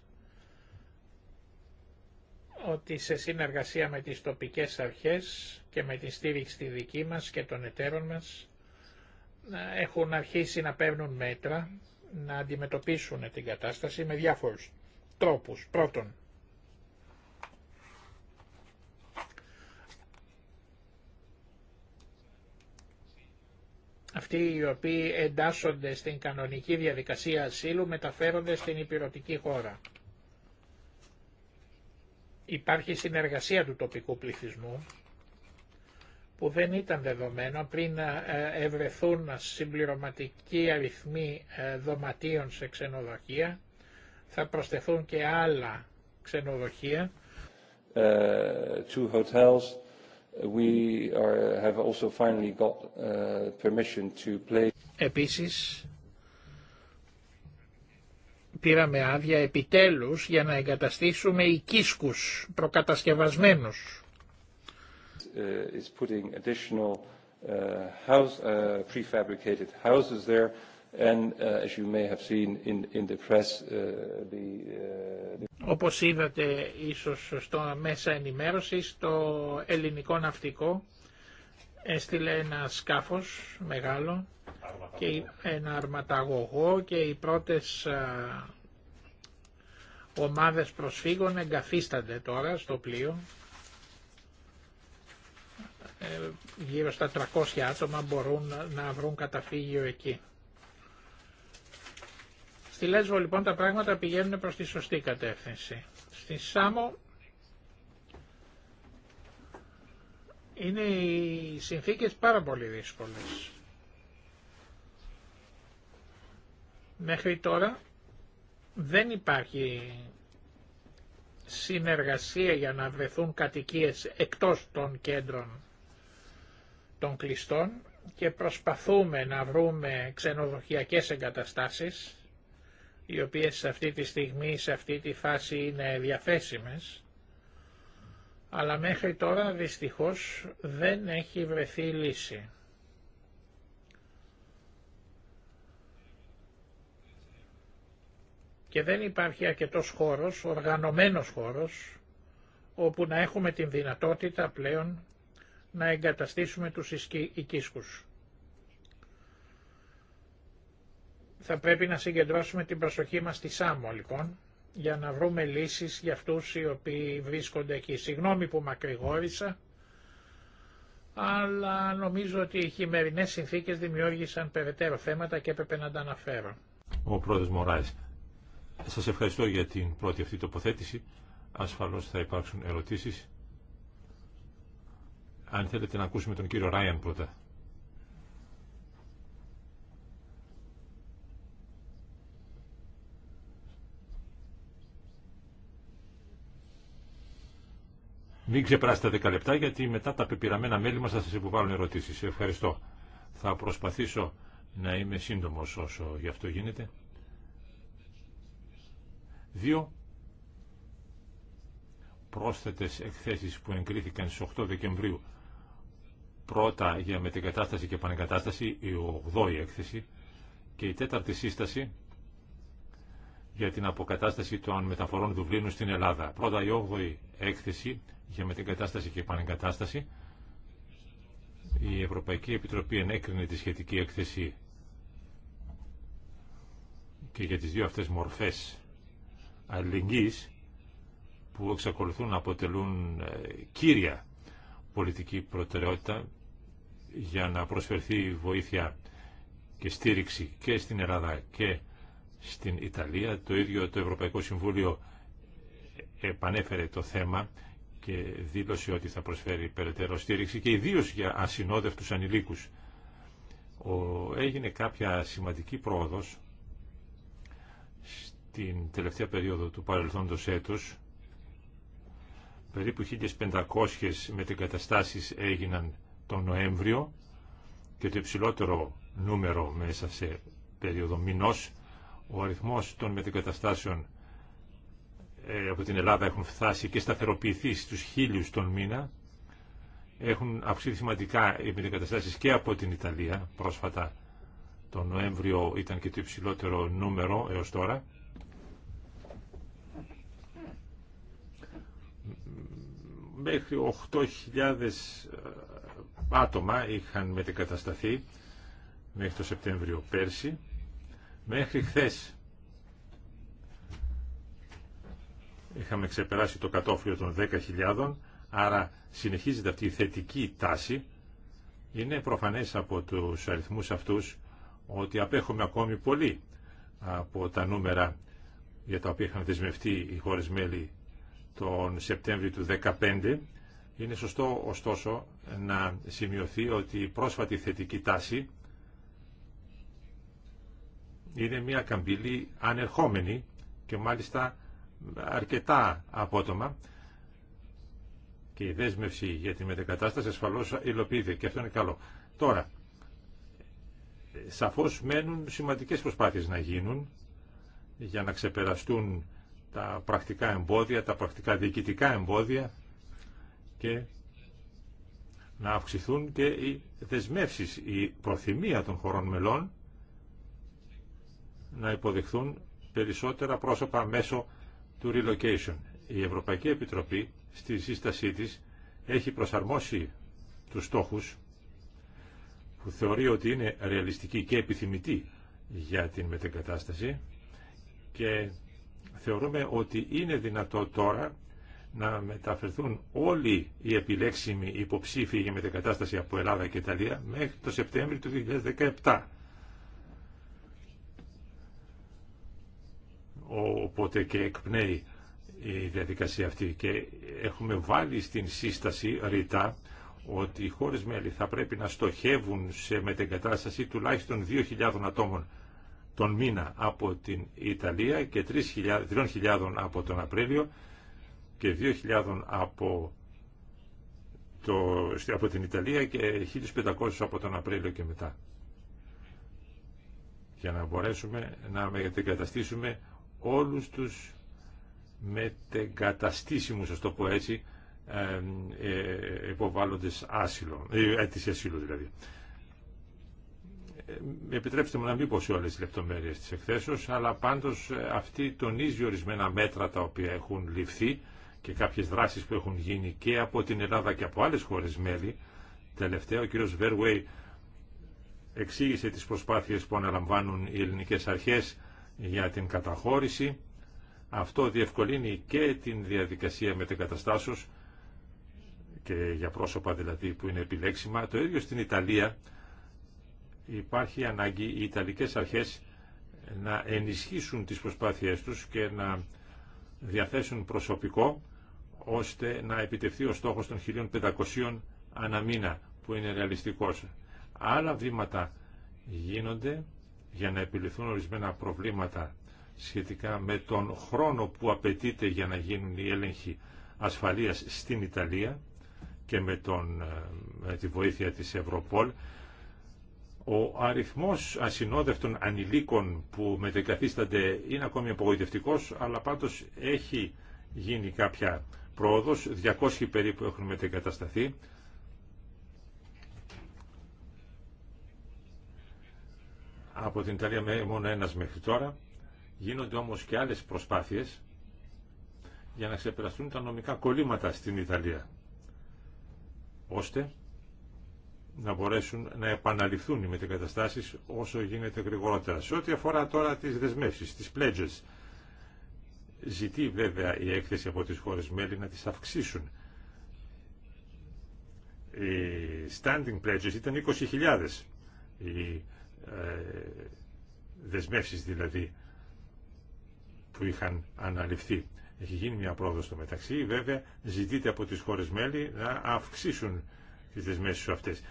ότι σε συνεργασία με τις τοπικές αρχές και με τη στήριξη τη δική μας και των εταίρων μας έχουν αρχίσει να παίρνουν μέτρα να αντιμετωπίσουν την κατάσταση με διάφορους τρόπους. Πρώτον, αυτοί οι οποίοι εντάσσονται στην κανονική διαδικασία ασύλου μεταφέρονται στην υπηρετική χώρα. Υπάρχει συνεργασία του τοπικού πληθυσμού που δεν ήταν δεδομένο πριν ε, ε, ευρεθούν συμπληρωματικοί αριθμοί ε, δωματίων σε ξενοδοχεία, θα προσθεθούν και άλλα ξενοδοχεία. Uh, Επίσης, πήραμε άδεια επιτέλους για να εγκαταστήσουμε οικίσκους προκατασκευασμένους Uh, is putting additional uh, house uh, prefabricated houses there and as you may have seen in in the press the Όπως είδατε ίσως στο μέσα ενημέρωσης το ελληνικό ναυτικό έστειλε ένα σκάφος μεγάλο και ένα αρματαγωγό και οι πρώτες ομάδες προσφύγων εγκαθίστανται τώρα στο πλοίο ε, γύρω στα 300 άτομα μπορούν να βρουν καταφύγιο εκεί. Στη Λέσβο λοιπόν τα πράγματα πηγαίνουν προς τη σωστή κατεύθυνση. Στη Σάμο είναι οι συνθήκες πάρα πολύ δύσκολες. Μέχρι τώρα δεν υπάρχει συνεργασία για να βρεθούν κατοικίες εκτός των κέντρων των κλειστών και προσπαθούμε να βρούμε ξενοδοχειακές εγκαταστάσεις οι οποίες σε αυτή τη στιγμή, σε αυτή τη φάση είναι διαθέσιμες αλλά μέχρι τώρα δυστυχώς δεν έχει βρεθεί λύση. Και δεν υπάρχει αρκετός χώρος, οργανωμένος χώρος, όπου να έχουμε την δυνατότητα πλέον να εγκαταστήσουμε τους οικίσκους. Θα πρέπει να συγκεντρώσουμε την προσοχή μας στη Σάμμο λοιπόν, για να βρούμε λύσεις για αυτούς οι οποίοι βρίσκονται εκεί. Συγγνώμη που μακρηγόρησα, αλλά νομίζω ότι οι χειμερινέ συνθήκες δημιούργησαν περαιτέρω θέματα και έπρεπε να τα αναφέρω. Ο πρόεδρος Μωράης, σας ευχαριστώ για την πρώτη αυτή τοποθέτηση. Ασφαλώς θα υπάρξουν ερωτήσεις. Αν θέλετε να ακούσουμε τον κύριο Ράιαν πρώτα. Μην ξεπεράσετε τα 10 λεπτά γιατί μετά τα πεπειραμένα μέλη μας θα σας υποβάλουν ερωτήσεις. Ευχαριστώ. Θα προσπαθήσω να είμαι σύντομος όσο γι' αυτό γίνεται. Δύο πρόσθετες εκθέσεις που εγκρίθηκαν στις 8 Δεκεμβρίου πρώτα για μετεγκατάσταση και επανεγκατάσταση, η 8η έκθεση και η τέταρτη σύσταση για την αποκατάσταση των μεταφορών Δουβλίνου στην Ελλάδα. Πρώτα η 8η έκθεση για μετεγκατάσταση και επανεγκατάσταση. Η Ευρωπαϊκή Επιτροπή ενέκρινε τη σχετική έκθεση και για τις δύο αυτές μορφές αλληλεγγύης που εξακολουθούν να αποτελούν ε, κύρια πολιτική προτεραιότητα για να προσφερθεί βοήθεια και στήριξη και στην Ελλάδα και στην Ιταλία. Το ίδιο το Ευρωπαϊκό Συμβούλιο επανέφερε το θέμα και δήλωσε ότι θα προσφέρει περαιτέρω στήριξη και ιδίω για ασυνόδευτους ανηλίκους. Ο, έγινε κάποια σημαντική πρόοδος στην τελευταία περίοδο του παρελθόντος έτους. Περίπου 1.500 μετεγκαταστάσεις έγιναν τον Νοέμβριο και το υψηλότερο νούμερο μέσα σε περίοδο μηνός. Ο αριθμός των μετεγκαταστάσεων ε, από την Ελλάδα έχουν φτάσει και σταθεροποιηθεί στους χίλιους τον μήνα. Έχουν αυξηθεί σημαντικά οι μετεγκαταστάσεις και από την Ιταλία πρόσφατα. Τον Νοέμβριο ήταν και το υψηλότερο νούμερο έως τώρα. μέχρι 8.000 άτομα είχαν μετεκατασταθεί μέχρι το Σεπτέμβριο πέρσι. Μέχρι χθε είχαμε ξεπεράσει το κατόφλιο των 10.000, άρα συνεχίζεται αυτή η θετική τάση. Είναι προφανές από τους αριθμούς αυτούς ότι απέχουμε ακόμη πολύ από τα νούμερα για τα οποία είχαν δεσμευτεί οι χώρες μέλη τον Σεπτέμβριο του 2015 είναι σωστό ωστόσο να σημειωθεί ότι η πρόσφατη θετική τάση είναι μια καμπύλη ανερχόμενη και μάλιστα αρκετά απότομα και η δέσμευση για τη μετεκατάσταση ασφαλώς υλοποιείται και αυτό είναι καλό. Τώρα, σαφώς μένουν σημαντικές προσπάθειες να γίνουν για να ξεπεραστούν τα πρακτικά εμπόδια, τα πρακτικά διοικητικά εμπόδια και να αυξηθούν και οι δεσμεύσεις, η προθυμία των χωρών μελών να υποδεχθούν περισσότερα πρόσωπα μέσω του relocation. Η Ευρωπαϊκή Επιτροπή στη σύστασή της έχει προσαρμόσει τους στόχους που θεωρεί ότι είναι ρεαλιστικοί και επιθυμητοί για την μετεγκατάσταση και θεωρούμε ότι είναι δυνατό τώρα να μεταφερθούν όλοι οι επιλέξιμοι υποψήφοι για μετεκατάσταση από Ελλάδα και Ιταλία μέχρι το Σεπτέμβριο του 2017. Οπότε και εκπνέει η διαδικασία αυτή και έχουμε βάλει στην σύσταση ρητά ότι οι χώρες μέλη θα πρέπει να στοχεύουν σε μετεγκατάσταση τουλάχιστον 2.000 ατόμων τον μήνα από την Ιταλία και 3.000 από τον Απρίλιο και 2.000 από, το, από την Ιταλία και 1.500 από τον Απρίλιο και μετά. Για να μπορέσουμε να μετεγκαταστήσουμε όλους τους μετεγκαταστήσιμους, ας το πω έτσι, ε, υποβάλλοντες άσυλο, ε, αίτηση ασύλου δηλαδή. Ε, επιτρέψτε μου να μην πω σε όλες τις λεπτομέρειες της εκθέσεως, αλλά πάντως ε, αυτή τονίζει ορισμένα μέτρα τα οποία έχουν ληφθεί και κάποιες δράσεις που έχουν γίνει και από την Ελλάδα και από άλλες χώρες μέλη. Τελευταία, ο κύριος Βέρουεϊ εξήγησε τις προσπάθειες που αναλαμβάνουν οι ελληνικές αρχές για την καταχώρηση. Αυτό διευκολύνει και την διαδικασία μετεγκαταστάσεως και για πρόσωπα δηλαδή που είναι επιλέξιμα. Το ίδιο στην Ιταλία υπάρχει ανάγκη οι Ιταλικές αρχές να ενισχύσουν τις προσπάθειές τους και να διαθέσουν προσωπικό ώστε να επιτευχθεί ο στόχος των 1.500 αναμήνα που είναι ρεαλιστικός. Άλλα βήματα γίνονται για να επιληθούν ορισμένα προβλήματα σχετικά με τον χρόνο που απαιτείται για να γίνουν οι έλεγχοι ασφαλείας στην Ιταλία και με, τον, ε, τη βοήθεια της Ευρωπόλ. Ο αριθμός ασυνόδευτων ανηλίκων που μετεκαθίστανται είναι ακόμη απογοητευτικός, αλλά πάντως έχει γίνει κάποια πρόοδος, 200 περίπου έχουν μετεγκατασταθεί. Από την Ιταλία μόνο ένας μέχρι τώρα. Γίνονται όμως και άλλες προσπάθειες για να ξεπεραστούν τα νομικά κολλήματα στην Ιταλία, ώστε να μπορέσουν να επαναληφθούν οι μετεγκαταστάσεις όσο γίνεται γρηγορότερα. Σε ό,τι αφορά τώρα τις δεσμεύσεις, τις pledges, Ζητεί βέβαια η έκθεση από τις χώρες μέλη να τις αυξήσουν. Οι standing pledges ήταν 20.000 οι ε, δεσμεύσεις δηλαδή που είχαν αναλυφθεί. Έχει γίνει μια πρόοδο στο μεταξύ. Βέβαια, ζητείται από τις χώρες μέλη να αυξήσουν τις δεσμεύσεις αυτές.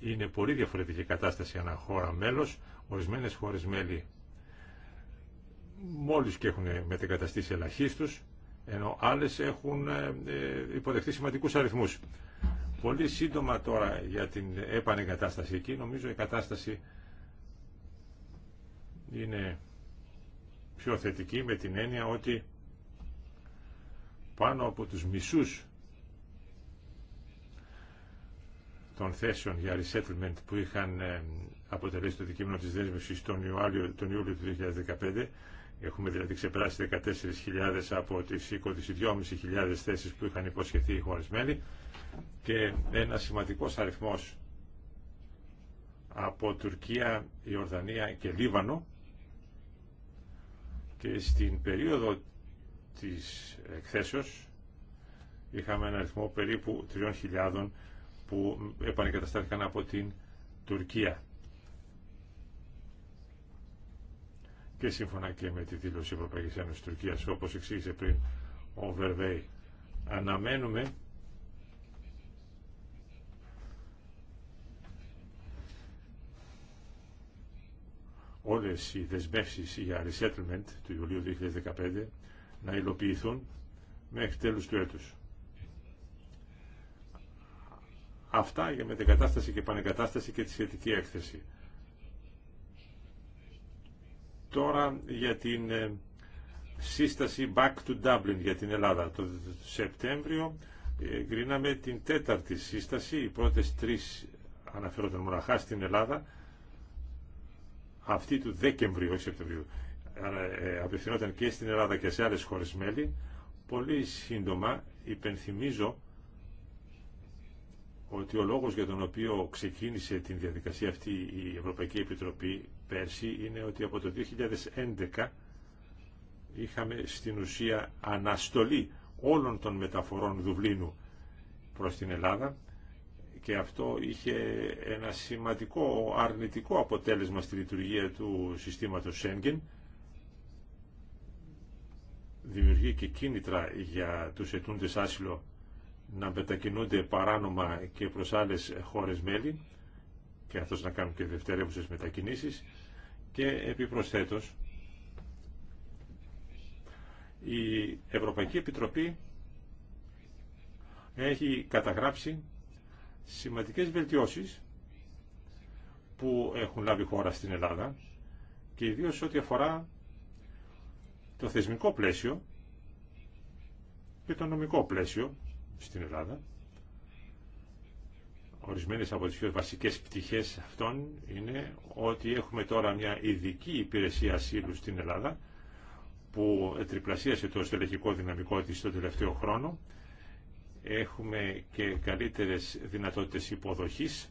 Είναι πολύ διαφορετική κατάσταση ένα χώρα μέλος. Ορισμένες χώρες μέλη μόλις και έχουν μετεγκαταστήσει ελαχίστους, ενώ άλλες έχουν ε, ε, υποδεχτεί σημαντικούς αριθμούς. Πολύ σύντομα τώρα για την επανεγκατάσταση εκεί, νομίζω η κατάσταση είναι πιο θετική με την έννοια ότι πάνω από τους μισούς των θέσεων για resettlement που είχαν ε, αποτελέσει το δικείμενο της δέσμευσης τον Ιούλιο, Ιούλιο του 2015 Έχουμε δηλαδή ξεπεράσει 14.000 από τις 22.500 θέσεις που είχαν υποσχεθεί οι χώρες μέλη και ένα σημαντικός αριθμός από Τουρκία, Ιορδανία και Λίβανο και στην περίοδο της εκθέσεως είχαμε ένα αριθμό περίπου 3.000 που επανεκαταστάθηκαν από την Τουρκία. και σύμφωνα και με τη δήλωση Ευρωπαϊκής Ένωσης Τουρκίας όπως εξήγησε πριν ο Βερβέη. Αναμένουμε όλες οι δεσμεύσεις για resettlement του Ιουλίου 2015 να υλοποιηθούν μέχρι τέλους του έτους. Αυτά για μετεγκατάσταση και πανεγκατάσταση και τη σχετική έκθεση. Τώρα για την ε, σύσταση Back to Dublin για την Ελλάδα. Το Σεπτέμβριο γκρίναμε την τέταρτη σύσταση. Οι πρώτες τρεις αναφέρονται μοναχά στην Ελλάδα. Αυτή του Δεκεμβρίου, όχι Σεπτεμβρίου, ε, απευθυνόταν και στην Ελλάδα και σε άλλες χώρες μέλη. Πολύ σύντομα υπενθυμίζω ότι ο λόγος για τον οποίο ξεκίνησε την διαδικασία αυτή η Ευρωπαϊκή Επιτροπή πέρσι είναι ότι από το 2011 είχαμε στην ουσία αναστολή όλων των μεταφορών Δουβλίνου προς την Ελλάδα και αυτό είχε ένα σημαντικό αρνητικό αποτέλεσμα στη λειτουργία του συστήματος Σέγγεν δημιουργεί και κίνητρα για τους ετούντες άσυλο να μετακινούνται παράνομα και προς άλλες χώρες μέλη και αυτός να κάνουν και δευτερεύουσες μετακινήσεις και επιπροσθέτως η Ευρωπαϊκή Επιτροπή έχει καταγράψει σημαντικές βελτιώσεις που έχουν λάβει χώρα στην Ελλάδα και ιδίως ό,τι αφορά το θεσμικό πλαίσιο και το νομικό πλαίσιο στην Ελλάδα Ορισμένες από τις πιο βασικές πτυχές αυτών είναι ότι έχουμε τώρα μια ειδική υπηρεσία ασύλου στην Ελλάδα που τριπλασίασε το στελεχικό δυναμικό της στο τελευταίο χρόνο. Έχουμε και καλύτερες δυνατότητες υποδοχής,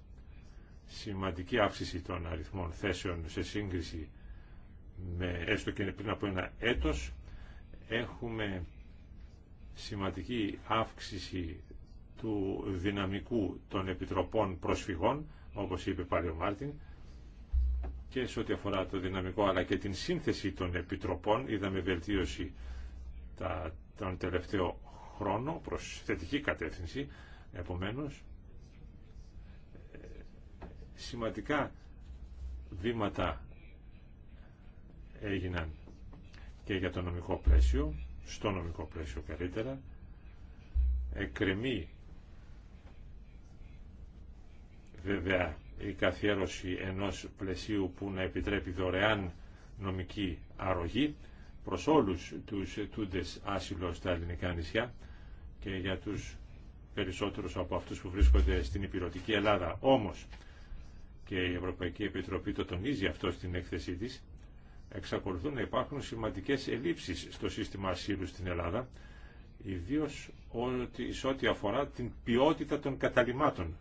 σημαντική αύξηση των αριθμών θέσεων σε σύγκριση με έστω και πριν από ένα έτος. Έχουμε σημαντική αύξηση του δυναμικού των επιτροπών προσφυγών, όπως είπε πάλι ο Μάρτιν, και σε ό,τι αφορά το δυναμικό αλλά και την σύνθεση των επιτροπών είδαμε βελτίωση τα, τον τελευταίο χρόνο προς θετική κατεύθυνση επομένως σημαντικά βήματα έγιναν και για το νομικό πλαίσιο στο νομικό πλαίσιο καλύτερα εκκρεμεί Βέβαια, η καθιέρωση ενός πλαισίου που να επιτρέπει δωρεάν νομική αρρωγή προς όλους τους τούντες άσυλο στα ελληνικά νησιά και για τους περισσότερους από αυτούς που βρίσκονται στην υπηρετική Ελλάδα. Όμως, και η Ευρωπαϊκή Επιτροπή το τονίζει αυτό στην έκθεσή της, εξακολουθούν να υπάρχουν σημαντικές ελλείψεις στο σύστημα ασύλου στην Ελλάδα, ιδίως σε ό,τι αφορά την ποιότητα των καταλημάτων.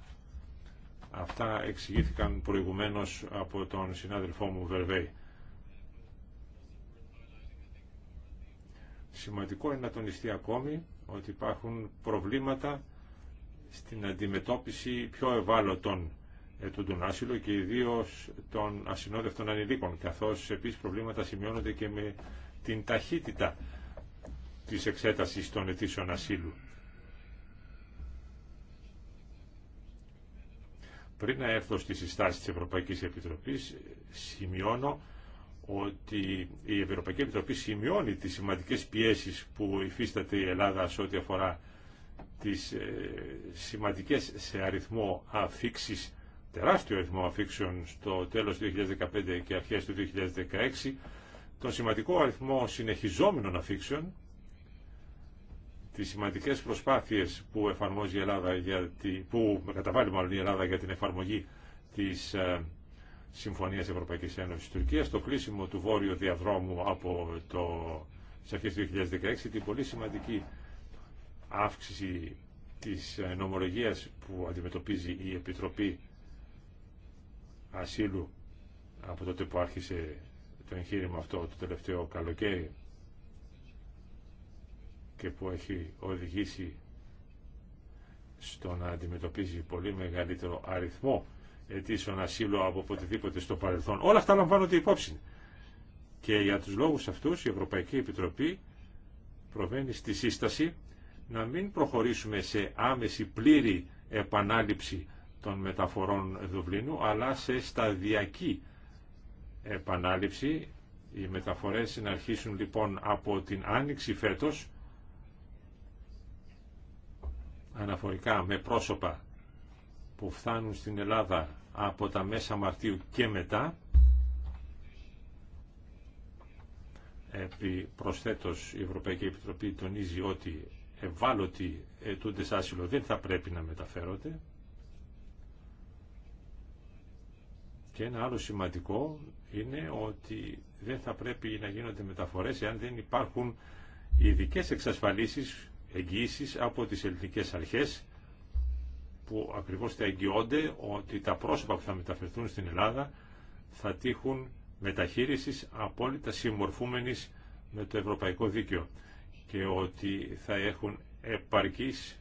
Αυτά εξηγήθηκαν προηγουμένως από τον συνάδελφό μου Βερβέη. Σημαντικό είναι να τονιστεί ακόμη ότι υπάρχουν προβλήματα στην αντιμετώπιση πιο ευάλωτων ε, του άσυλο και ιδίω των ασυνόδευτων ανηλίκων, καθώς επίσης προβλήματα σημειώνονται και με την ταχύτητα της εξέτασης των αιτήσεων ασύλου. Πριν να έρθω στις συστάσεις της Ευρωπαϊκής Επιτροπής, σημειώνω ότι η Ευρωπαϊκή Επιτροπή σημειώνει τις σημαντικές πιέσεις που υφίσταται η Ελλάδα σε ό,τι αφορά τις ε, σημαντικές σε αριθμό αφήξεις, τεράστιο αριθμό αφήξεων στο τέλος του 2015 και αρχές του 2016, τον σημαντικό αριθμό συνεχιζόμενων αφήξεων τις σημαντικές προσπάθειες που εφαρμόζει η Ελλάδα για που καταβάλει μάλλον η Ελλάδα για την εφαρμογή της ε, Συμφωνίας Ευρωπαϊκής Ένωσης Τουρκία, το κλείσιμο του βόρειου διαδρόμου από το αρχέ του 2016, την πολύ σημαντική αύξηση της ε, νομολογίας που αντιμετωπίζει η Επιτροπή Ασύλου από τότε που άρχισε το εγχείρημα αυτό το τελευταίο καλοκαίρι και που έχει οδηγήσει στο να αντιμετωπίζει πολύ μεγαλύτερο αριθμό αιτήσεων ασύλου από οποτεδήποτε στο παρελθόν. Όλα αυτά λαμβάνονται υπόψη. Και για τους λόγους αυτούς η Ευρωπαϊκή Επιτροπή προβαίνει στη σύσταση να μην προχωρήσουμε σε άμεση πλήρη επανάληψη των μεταφορών Δουβλίνου, αλλά σε σταδιακή επανάληψη. Οι μεταφορές αρχίσουν λοιπόν από την Άνοιξη φέτος αναφορικά με πρόσωπα που φτάνουν στην Ελλάδα από τα μέσα Μαρτίου και μετά επί προσθέτως η Ευρωπαϊκή Επιτροπή τονίζει ότι ευάλωτοι ετούντες άσυλο δεν θα πρέπει να μεταφέρονται και ένα άλλο σημαντικό είναι ότι δεν θα πρέπει να γίνονται μεταφορές εάν δεν υπάρχουν ειδικέ εξασφαλίσεις από τις ελληνικές αρχές που ακριβώς θα εγγυώνται ότι τα πρόσωπα που θα μεταφερθούν στην Ελλάδα θα τύχουν μεταχείρισης απόλυτα συμμορφούμενης με το ευρωπαϊκό δίκαιο και ότι θα έχουν επαρκείς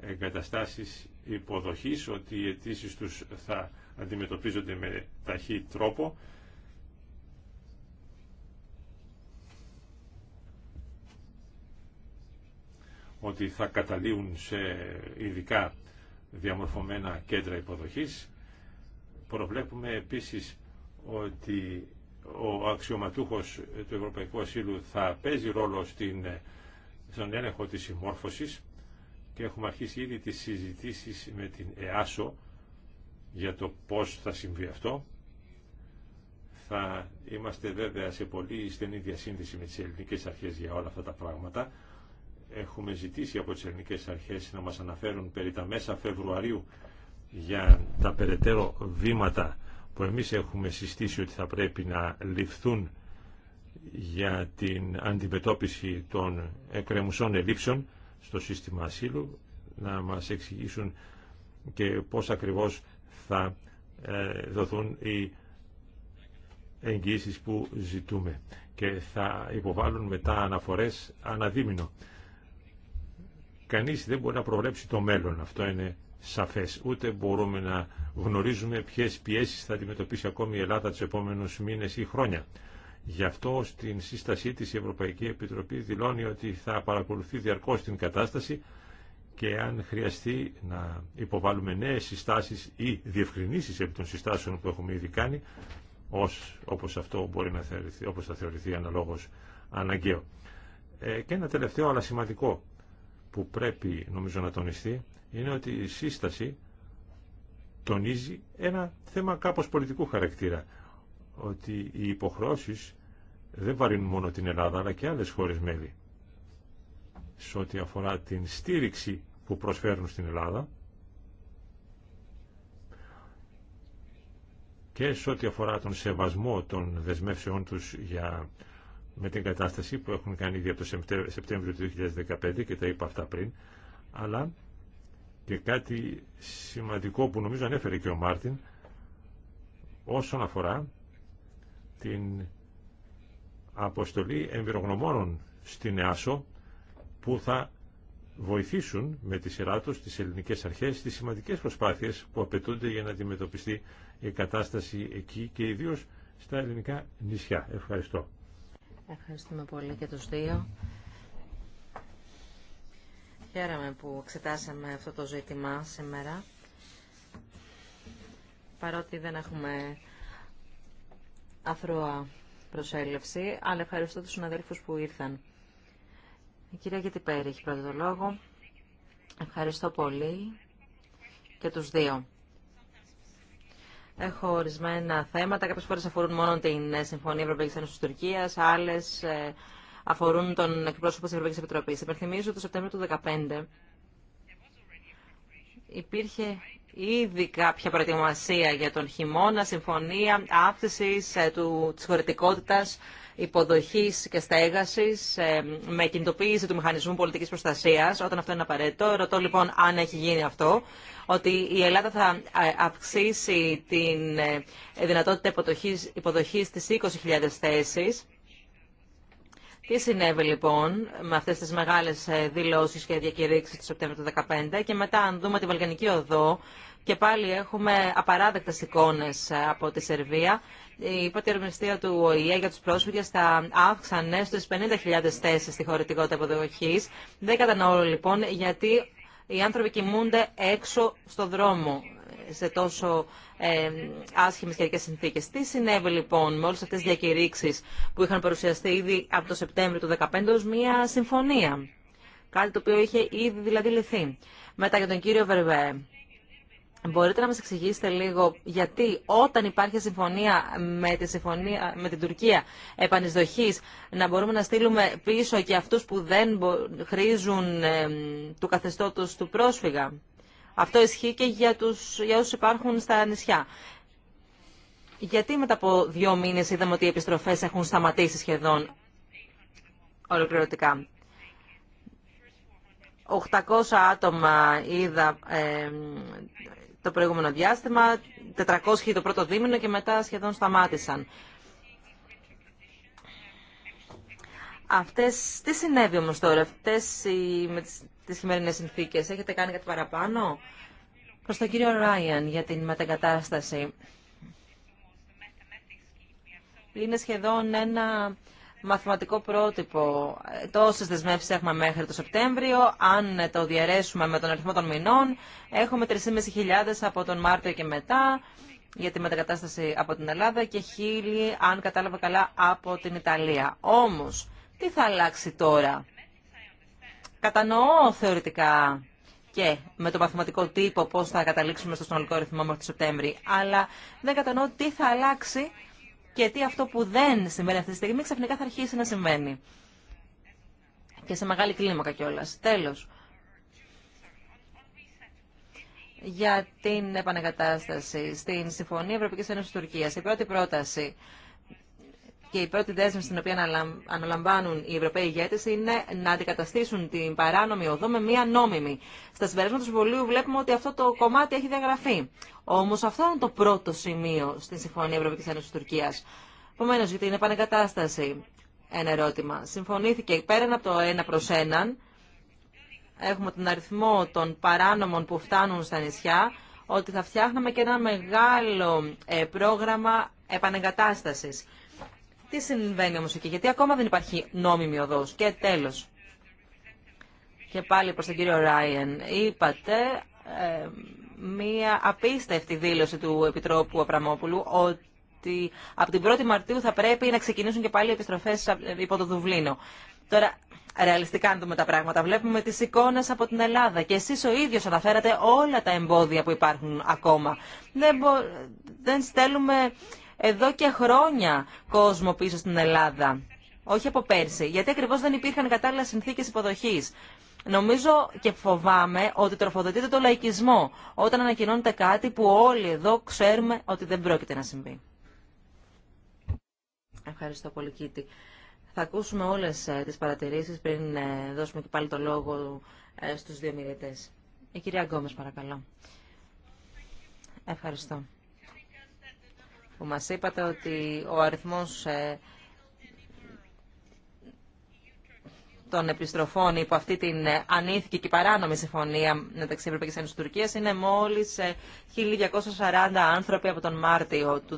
εγκαταστάσεις υποδοχής, ότι οι αιτήσει τους θα αντιμετωπίζονται με ταχύ τρόπο ότι θα καταλήγουν σε ειδικά διαμορφωμένα κέντρα υποδοχής. Προβλέπουμε επίσης ότι ο αξιωματούχος του Ευρωπαϊκού Ασύλου θα παίζει ρόλο στην, στον έλεγχο της συμμόρφωσης και έχουμε αρχίσει ήδη τις συζητήσεις με την ΕΑΣΟ για το πώς θα συμβεί αυτό. Θα είμαστε βέβαια σε πολύ στενή διασύνδεση με τις ελληνικές αρχές για όλα αυτά τα πράγματα. Έχουμε ζητήσει από τις ελληνικές αρχές να μας αναφέρουν περί τα μέσα Φεβρουαρίου για τα περαιτέρω βήματα που εμείς έχουμε συστήσει ότι θα πρέπει να ληφθούν για την αντιμετώπιση των εκκρεμουσών ελήψεων στο σύστημα ασύλου, να μας εξηγήσουν και πώς ακριβώς θα ε, δοθούν οι εγγύησεις που ζητούμε και θα υποβάλουν μετά αναφορές αναδίμηνο Κανείς δεν μπορεί να προβλέψει το μέλλον, αυτό είναι σαφές. Ούτε μπορούμε να γνωρίζουμε ποιες πιέσεις θα αντιμετωπίσει ακόμη η Ελλάδα τους επόμενους μήνες ή χρόνια. Γι' αυτό στην σύστασή της η Ευρωπαϊκή Επιτροπή δηλώνει ότι θα παρακολουθεί διαρκώς την κατάσταση και αν χρειαστεί να υποβάλουμε νέες συστάσεις ή διευκρινήσεις επί των συστάσεων που έχουμε ήδη κάνει, ως, όπως αυτό μπορεί να θεωρηθεί, όπως θα θεωρηθεί αναλόγως αναγκαίο. Ε, και ένα τελευταίο αλλά σημαντικό που πρέπει νομίζω να τονιστεί είναι ότι η σύσταση τονίζει ένα θέμα κάπως πολιτικού χαρακτήρα ότι οι υποχρώσεις δεν βαρύνουν μόνο την Ελλάδα αλλά και άλλες χώρες μέλη σε ό,τι αφορά την στήριξη που προσφέρουν στην Ελλάδα και σε ό,τι αφορά τον σεβασμό των δεσμεύσεών τους για με την κατάσταση που έχουν κάνει ήδη από το Σεπτέμβριο του 2015 και τα είπα αυτά πριν, αλλά και κάτι σημαντικό που νομίζω ανέφερε και ο Μάρτιν όσον αφορά την αποστολή εμπειρογνωμόνων στην ΕΑΣΟ που θα βοηθήσουν με τη σειρά τους τις ελληνικές αρχές τις σημαντικές προσπάθειες που απαιτούνται για να αντιμετωπιστεί η κατάσταση εκεί και ιδίως στα ελληνικά νησιά. Ευχαριστώ. Ευχαριστούμε πολύ και τους δύο. Χαίρομαι που εξετάσαμε αυτό το ζήτημα σήμερα. Παρότι δεν έχουμε αθρώα προσέλευση, αλλά ευχαριστώ τους συναδέλφους που ήρθαν. Η κυρία Γετυπέρη έχει πρώτο λόγο. Ευχαριστώ πολύ και τους δύο. Έχω ορισμένα θέματα. Κάποιε φορέ αφορούν μόνο την ε, Συμφωνία Ευρωπαϊκή Ένωση Τουρκία, άλλε ε, αφορούν τον εκπρόσωπο τη Ευρωπαϊκή Επιτροπή. ότι το Σεπτέμβριο του 2015 υπήρχε ήδη κάποια προετοιμασία για τον χειμώνα, συμφωνία αύξηση ε, τη χωρητικότητα υποδοχή και ε, με κινητοποίηση του μηχανισμού πολιτική Προστασία, όταν αυτό είναι απαραίτητο. Ρωτώ λοιπόν αν έχει γίνει αυτό, ότι η Ελλάδα θα ε, αυξήσει την ε, δυνατότητα υποδοχή στι 20.000 θέσει. Τι συνέβη λοιπόν με αυτές τις μεγάλες ε, δηλώσεις και διακηρύξεις του Σεπτέμβριο του 2015 και μετά αν δούμε τη Βαλκανική Οδό και πάλι έχουμε απαράδεκτες εικόνες από τη Σερβία η πρώτη του ΟΗΕ για του Πρόσφυγε θα αύξανε στι 50.000 θέσει στη χωρητικότητα αποδοχής. Δεν κατανοώ λοιπόν γιατί οι άνθρωποι κοιμούνται έξω στο δρόμο σε τόσο ε, άσχημες καιρικές συνθήκες. Τι συνέβη λοιπόν με όλες αυτές τις διακηρύξεις που είχαν παρουσιαστεί ήδη από το Σεπτέμβριο του 2015 ως μια συμφωνία. Κάτι το οποίο είχε ήδη δηλαδή λυθεί. Μετά για τον κύριο Βερβέ. Μπορείτε να μας εξηγήσετε λίγο γιατί όταν υπάρχει συμφωνία με, τη συμφωνία με την Τουρκία επανεισδοχής να μπορούμε να στείλουμε πίσω και αυτούς που δεν χρήζουν του καθεστώτος του πρόσφυγα. Αυτό ισχύει και για, τους, για όσους υπάρχουν στα νησιά. Γιατί μετά από δύο μήνες είδαμε ότι οι επιστροφές έχουν σταματήσει σχεδόν ολοκληρωτικά. 800 άτομα είδα το προηγούμενο διάστημα, 400 το πρώτο δίμηνο και μετά σχεδόν σταμάτησαν. Αυτές, τι συνέβη όμως τώρα, αυτές οι, με τις, τις χειμερινές συνθήκες, έχετε κάνει κάτι παραπάνω. Προς τον κύριο Ράιαν για την μετακατάσταση. Είναι σχεδόν ένα μαθηματικό πρότυπο. Ε, τόσες δεσμεύσεις έχουμε μέχρι το Σεπτέμβριο. Αν ε, το διαιρέσουμε με τον αριθμό των μηνών, έχουμε 3.500 από τον Μάρτιο και μετά για τη μετακατάσταση από την Ελλάδα και 1.000, αν κατάλαβα καλά, από την Ιταλία. Όμως, τι θα αλλάξει τώρα. Κατανοώ θεωρητικά και με το μαθηματικό τύπο πώς θα καταλήξουμε στο συνολικό ρυθμό μέχρι το Σεπτέμβριο, αλλά δεν κατανοώ τι θα αλλάξει και τι αυτό που δεν συμβαίνει αυτή τη στιγμή ξαφνικά θα αρχίσει να συμβαίνει. Και σε μεγάλη κλίμακα κιόλα. Τέλο. Για την επανεγκατάσταση στην Συμφωνία Ευρωπαϊκή Ένωση Τουρκία, η πρώτη πρόταση και η πρώτη δέσμευση την οποία αναλαμβάνουν οι Ευρωπαίοι ηγέτε είναι να αντικαταστήσουν την παράνομη οδό με μία νόμιμη. Στα συμπεράσματα του Συμβουλίου βλέπουμε ότι αυτό το κομμάτι έχει διαγραφεί. Όμω αυτό είναι το πρώτο σημείο στην Συμφωνία Ευρωπαϊκή Ένωση Τουρκία. Επομένω, γιατί είναι επανεγκατάσταση ένα ερώτημα. Συμφωνήθηκε πέραν από το ένα προ έναν. Έχουμε τον αριθμό των παράνομων που φτάνουν στα νησιά ότι θα φτιάχναμε και ένα μεγάλο ε, πρόγραμμα επανεγκατάστασης τι συμβαίνει όμως εκεί, γιατί ακόμα δεν υπάρχει νόμιμη οδός. Και τέλος, και πάλι προς τον κύριο Ράιεν, είπατε ε, μία απίστευτη δήλωση του Επιτρόπου Απραμόπουλου ότι από την 1η Μαρτίου θα πρέπει να ξεκινήσουν και πάλι οι επιστροφές ε, υπό το Δουβλίνο. Τώρα, ρεαλιστικά αν δούμε τα πράγματα, βλέπουμε τις εικόνες από την Ελλάδα και εσείς ο ίδιος αναφέρατε όλα τα εμπόδια που υπάρχουν ακόμα. Δεν, δεν στέλνουμε εδώ και χρόνια κόσμο πίσω στην Ελλάδα. Όχι από πέρσι. Γιατί ακριβώ δεν υπήρχαν κατάλληλα συνθήκε υποδοχή. Νομίζω και φοβάμαι ότι τροφοδοτείται το λαϊκισμό όταν ανακοινώνεται κάτι που όλοι εδώ ξέρουμε ότι δεν πρόκειται να συμβεί. Ευχαριστώ πολύ, Κίτη. Θα ακούσουμε όλες ε, τις παρατηρήσεις πριν ε, δώσουμε και πάλι το λόγο ε, στους δύο Η κυρία Γκόμες, παρακαλώ. Ευχαριστώ που μας είπατε ότι ο αριθμός ε, των επιστροφών υπό αυτή την ε, ανήθικη και παράνομη συμφωνία μεταξύ Ευρωπαϊκής Ένωσης και Τουρκίας είναι μόλις 1.240 ε, άνθρωποι από τον Μάρτιο του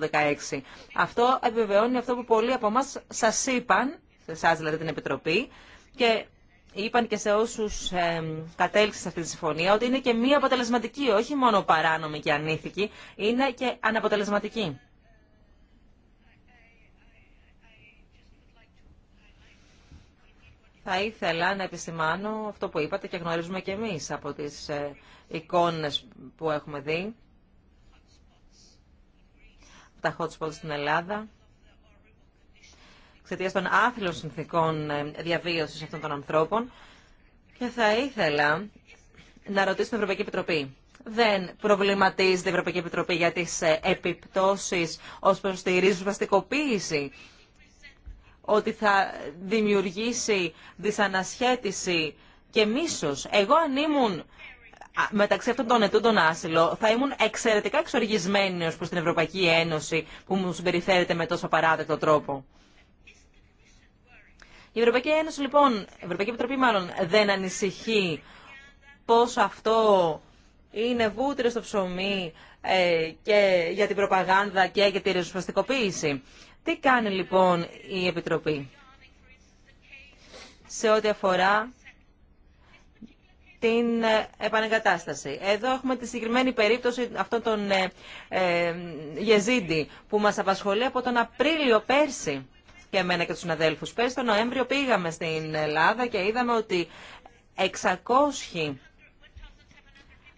2016. Αυτό επιβεβαιώνει αυτό που πολλοί από μας σας είπαν, σε εσάς δηλαδή την Επιτροπή, και είπαν και σε όσους κατέληξαν σε αυτή τη συμφωνία ότι είναι και μη αποτελεσματική, όχι μόνο παράνομη και ανήθικη, είναι και αναποτελεσματική. Θα ήθελα να επισημάνω αυτό που είπατε και γνωρίζουμε και εμείς από τις ε, εικόνες που έχουμε δει. Τα hot spots στην Ελλάδα. Εξαιτία των άθλων συνθήκων ε, διαβίωσης αυτών των ανθρώπων. Και θα ήθελα να ρωτήσω την Ευρωπαϊκή Επιτροπή. Δεν προβληματίζεται η Ευρωπαϊκή Επιτροπή για τις ε, επιπτώσεις ως προς τη ριζοσπαστικοποίηση ότι θα δημιουργήσει δυσανασχέτιση και μίσος. Εγώ αν ήμουν μεταξύ αυτών των ετούντων άσυλο, θα ήμουν εξαιρετικά εξοργισμένη προς την Ευρωπαϊκή Ένωση που μου συμπεριφέρεται με τόσο παράδεκτο τρόπο. Η Ευρωπαϊκή Ένωση λοιπόν, η Ευρωπαϊκή Επιτροπή μάλλον, δεν ανησυχεί πώς αυτό είναι βούτυρο στο ψωμί ε, και για την προπαγάνδα και για τη ριζοσπαστικοποίηση. Τι κάνει λοιπόν η Επιτροπή σε ό,τι αφορά την ε, επανεγκατάσταση. Εδώ έχουμε τη συγκεκριμένη περίπτωση αυτών των ε, ε, Γεζίντι που μας απασχολεί από τον Απρίλιο πέρσι και εμένα και τους συναδέλφους. Πέρσι τον Νοέμβριο πήγαμε στην Ελλάδα και είδαμε ότι 600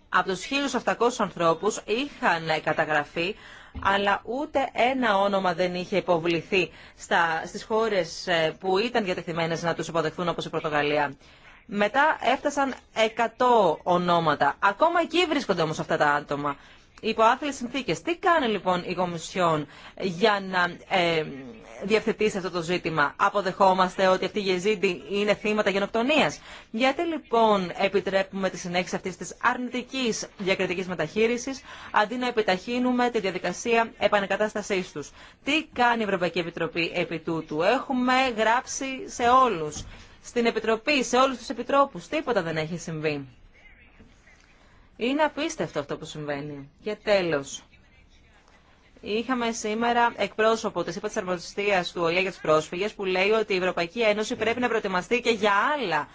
από τους 1.800 ανθρώπους είχαν καταγραφεί αλλά ούτε ένα όνομα δεν είχε υποβληθεί στα, στις χώρες ε, που ήταν διατεθειμένες να τους υποδεχθούν όπως η Πορτογαλία. Μετά έφτασαν 100 ονόματα. Ακόμα εκεί βρίσκονται όμως αυτά τα άτομα υπό άθλες συνθήκες. Τι κάνει λοιπόν η Κομισιόν για να ε, διευθετήσει αυτό το ζήτημα. Αποδεχόμαστε ότι αυτή η γεζίτη είναι θύματα γενοκτονίας. Γιατί λοιπόν επιτρέπουμε τη συνέχιση αυτής της αρνητικής διακριτικής μεταχείρισης αντί να επιταχύνουμε τη διαδικασία επανεκατάστασής τους. Τι κάνει η Ευρωπαϊκή Επιτροπή επί τούτου. Έχουμε γράψει σε όλους. Στην Επιτροπή, σε όλους τους επιτρόπους. Τίποτα δεν έχει συμβεί. Είναι απίστευτο αυτό που συμβαίνει. Και τέλος, είχαμε σήμερα εκπρόσωπο της ΥΠΑ της Αρμοστίας του ΟΗΕ για τους πρόσφυγες που λέει ότι η Ευρωπαϊκή Ένωση πρέπει να προετοιμαστεί και για άλλα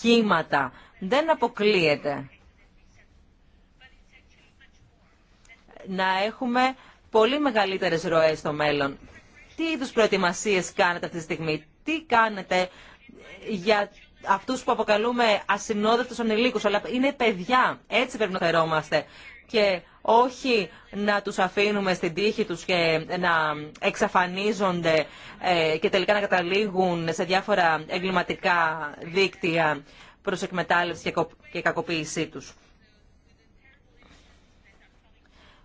κύματα. Δεν αποκλείεται. Να έχουμε πολύ μεγαλύτερες ροές στο μέλλον. Τι είδους προετοιμασίες κάνετε αυτή τη στιγμή, τι κάνετε για αυτούς που αποκαλούμε ασυνόδευτους ανηλίκους, αλλά είναι παιδιά. Έτσι πρέπει να φερόμαστε και όχι να τους αφήνουμε στην τύχη τους και να εξαφανίζονται ε, και τελικά να καταλήγουν σε διάφορα εγκληματικά δίκτυα προς εκμετάλλευση και κακοποίησή τους.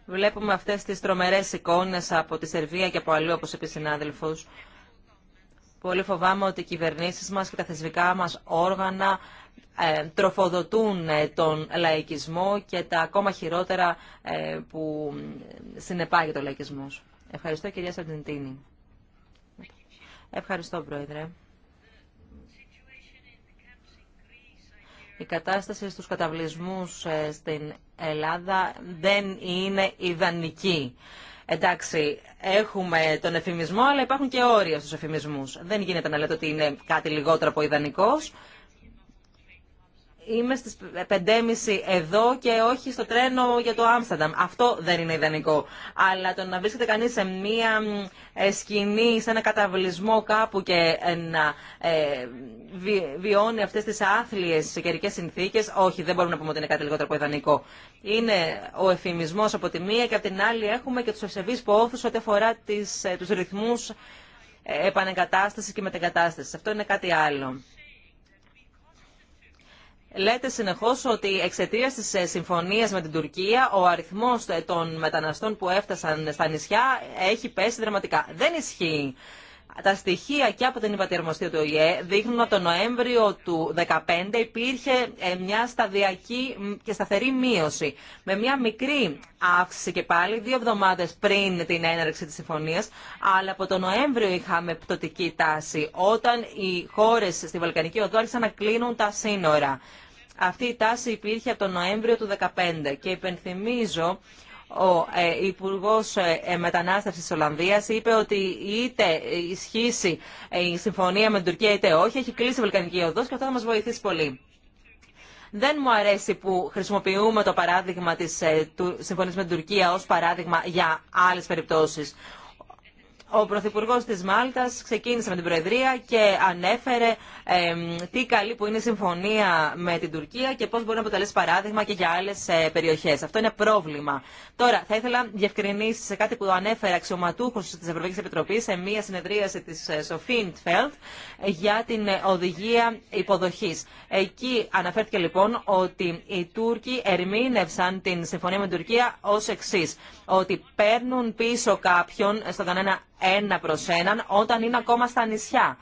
Βλέπουμε αυτές τις τρομερές εικόνες από τη Σερβία και από αλλού, όπως είπε συνάδελφος, Πολύ φοβάμαι ότι οι κυβερνήσει μας και τα θεσμικά μας όργανα ε, τροφοδοτούν ε, τον λαϊκισμό και τα ακόμα χειρότερα ε, που συνεπάγει το λαϊκισμός. Ευχαριστώ κυρία Σαρτιντίνη. Ευχαριστώ πρόεδρε. Η κατάσταση στους καταβλισμούς στην Ελλάδα δεν είναι ιδανική. Εντάξει, έχουμε τον εφημισμό, αλλά υπάρχουν και όρια στους εφημισμούς. Δεν γίνεται να λέτε ότι είναι κάτι λιγότερο από ιδανικός είμαι στις 5.30 εδώ και όχι στο τρένο για το Άμστανταμ. Αυτό δεν είναι ιδανικό. Αλλά το να βρίσκεται κανείς σε μία ε, σκηνή, σε ένα καταβλισμό κάπου και ε, να ε, βιώνει αυτές τις άθλιες καιρικέ συνθήκες, όχι, δεν μπορούμε να πούμε ότι είναι κάτι λιγότερο από ιδανικό. Είναι ο εφημισμός από τη μία και από την άλλη έχουμε και τους ευσεβείς πόθους ό,τι αφορά τις, τους ρυθμούς επανεγκατάστασης και μετεγκατάστασης. Αυτό είναι κάτι άλλο. Λέτε συνεχώ ότι εξαιτία τη ε, συμφωνία με την Τουρκία ο αριθμό ε, των μεταναστών που έφτασαν στα νησιά έχει πέσει δραματικά. Δεν ισχύει τα στοιχεία και από την υπατηρμοστή του ΟΗΕ δείχνουν ότι το Νοέμβριο του 2015 υπήρχε ε, μια σταδιακή και σταθερή μείωση. Με μια μικρή αύξηση και πάλι δύο εβδομάδες πριν την έναρξη της συμφωνία, αλλά από τον Νοέμβριο είχαμε πτωτική τάση, όταν οι χώρες στη Βαλκανική Οδό άρχισαν να κλείνουν τα σύνορα. Αυτή η τάση υπήρχε από τον Νοέμβριο του 2015 και υπενθυμίζω ο ε, Υπουργό ε, ε, Μετανάστευση τη Ολλανδία είπε ότι είτε ισχύσει ε, η συμφωνία με την Τουρκία είτε όχι, έχει κλείσει η Βαλκανική Οδό και αυτό θα μα βοηθήσει πολύ. Δεν μου αρέσει που χρησιμοποιούμε το παράδειγμα της συμφωνίας με την Τουρκία ως παράδειγμα για άλλες περιπτώσεις. Ο Πρωθυπουργό τη Μάλτα ξεκίνησε με την Προεδρία και ανέφερε ε, τι καλή που είναι η συμφωνία με την Τουρκία και πώ μπορεί να αποτελέσει παράδειγμα και για άλλε ε, περιοχέ. Αυτό είναι πρόβλημα. Τώρα, θα ήθελα διευκρινήσει σε κάτι που ανέφερε αξιωματούχο τη Ευρωπαϊκή Επιτροπή σε μία συνεδρίαση τη ε, Σοφίντ Φελτ για την ε, οδηγία υποδοχή. Εκεί αναφέρθηκε λοιπόν ότι οι Τούρκοι ερμήνευσαν την συμφωνία με την Τουρκία ω εξή. Ότι παίρνουν πίσω κάποιον στον κανένα ένα προς έναν όταν είναι ακόμα στα νησιά.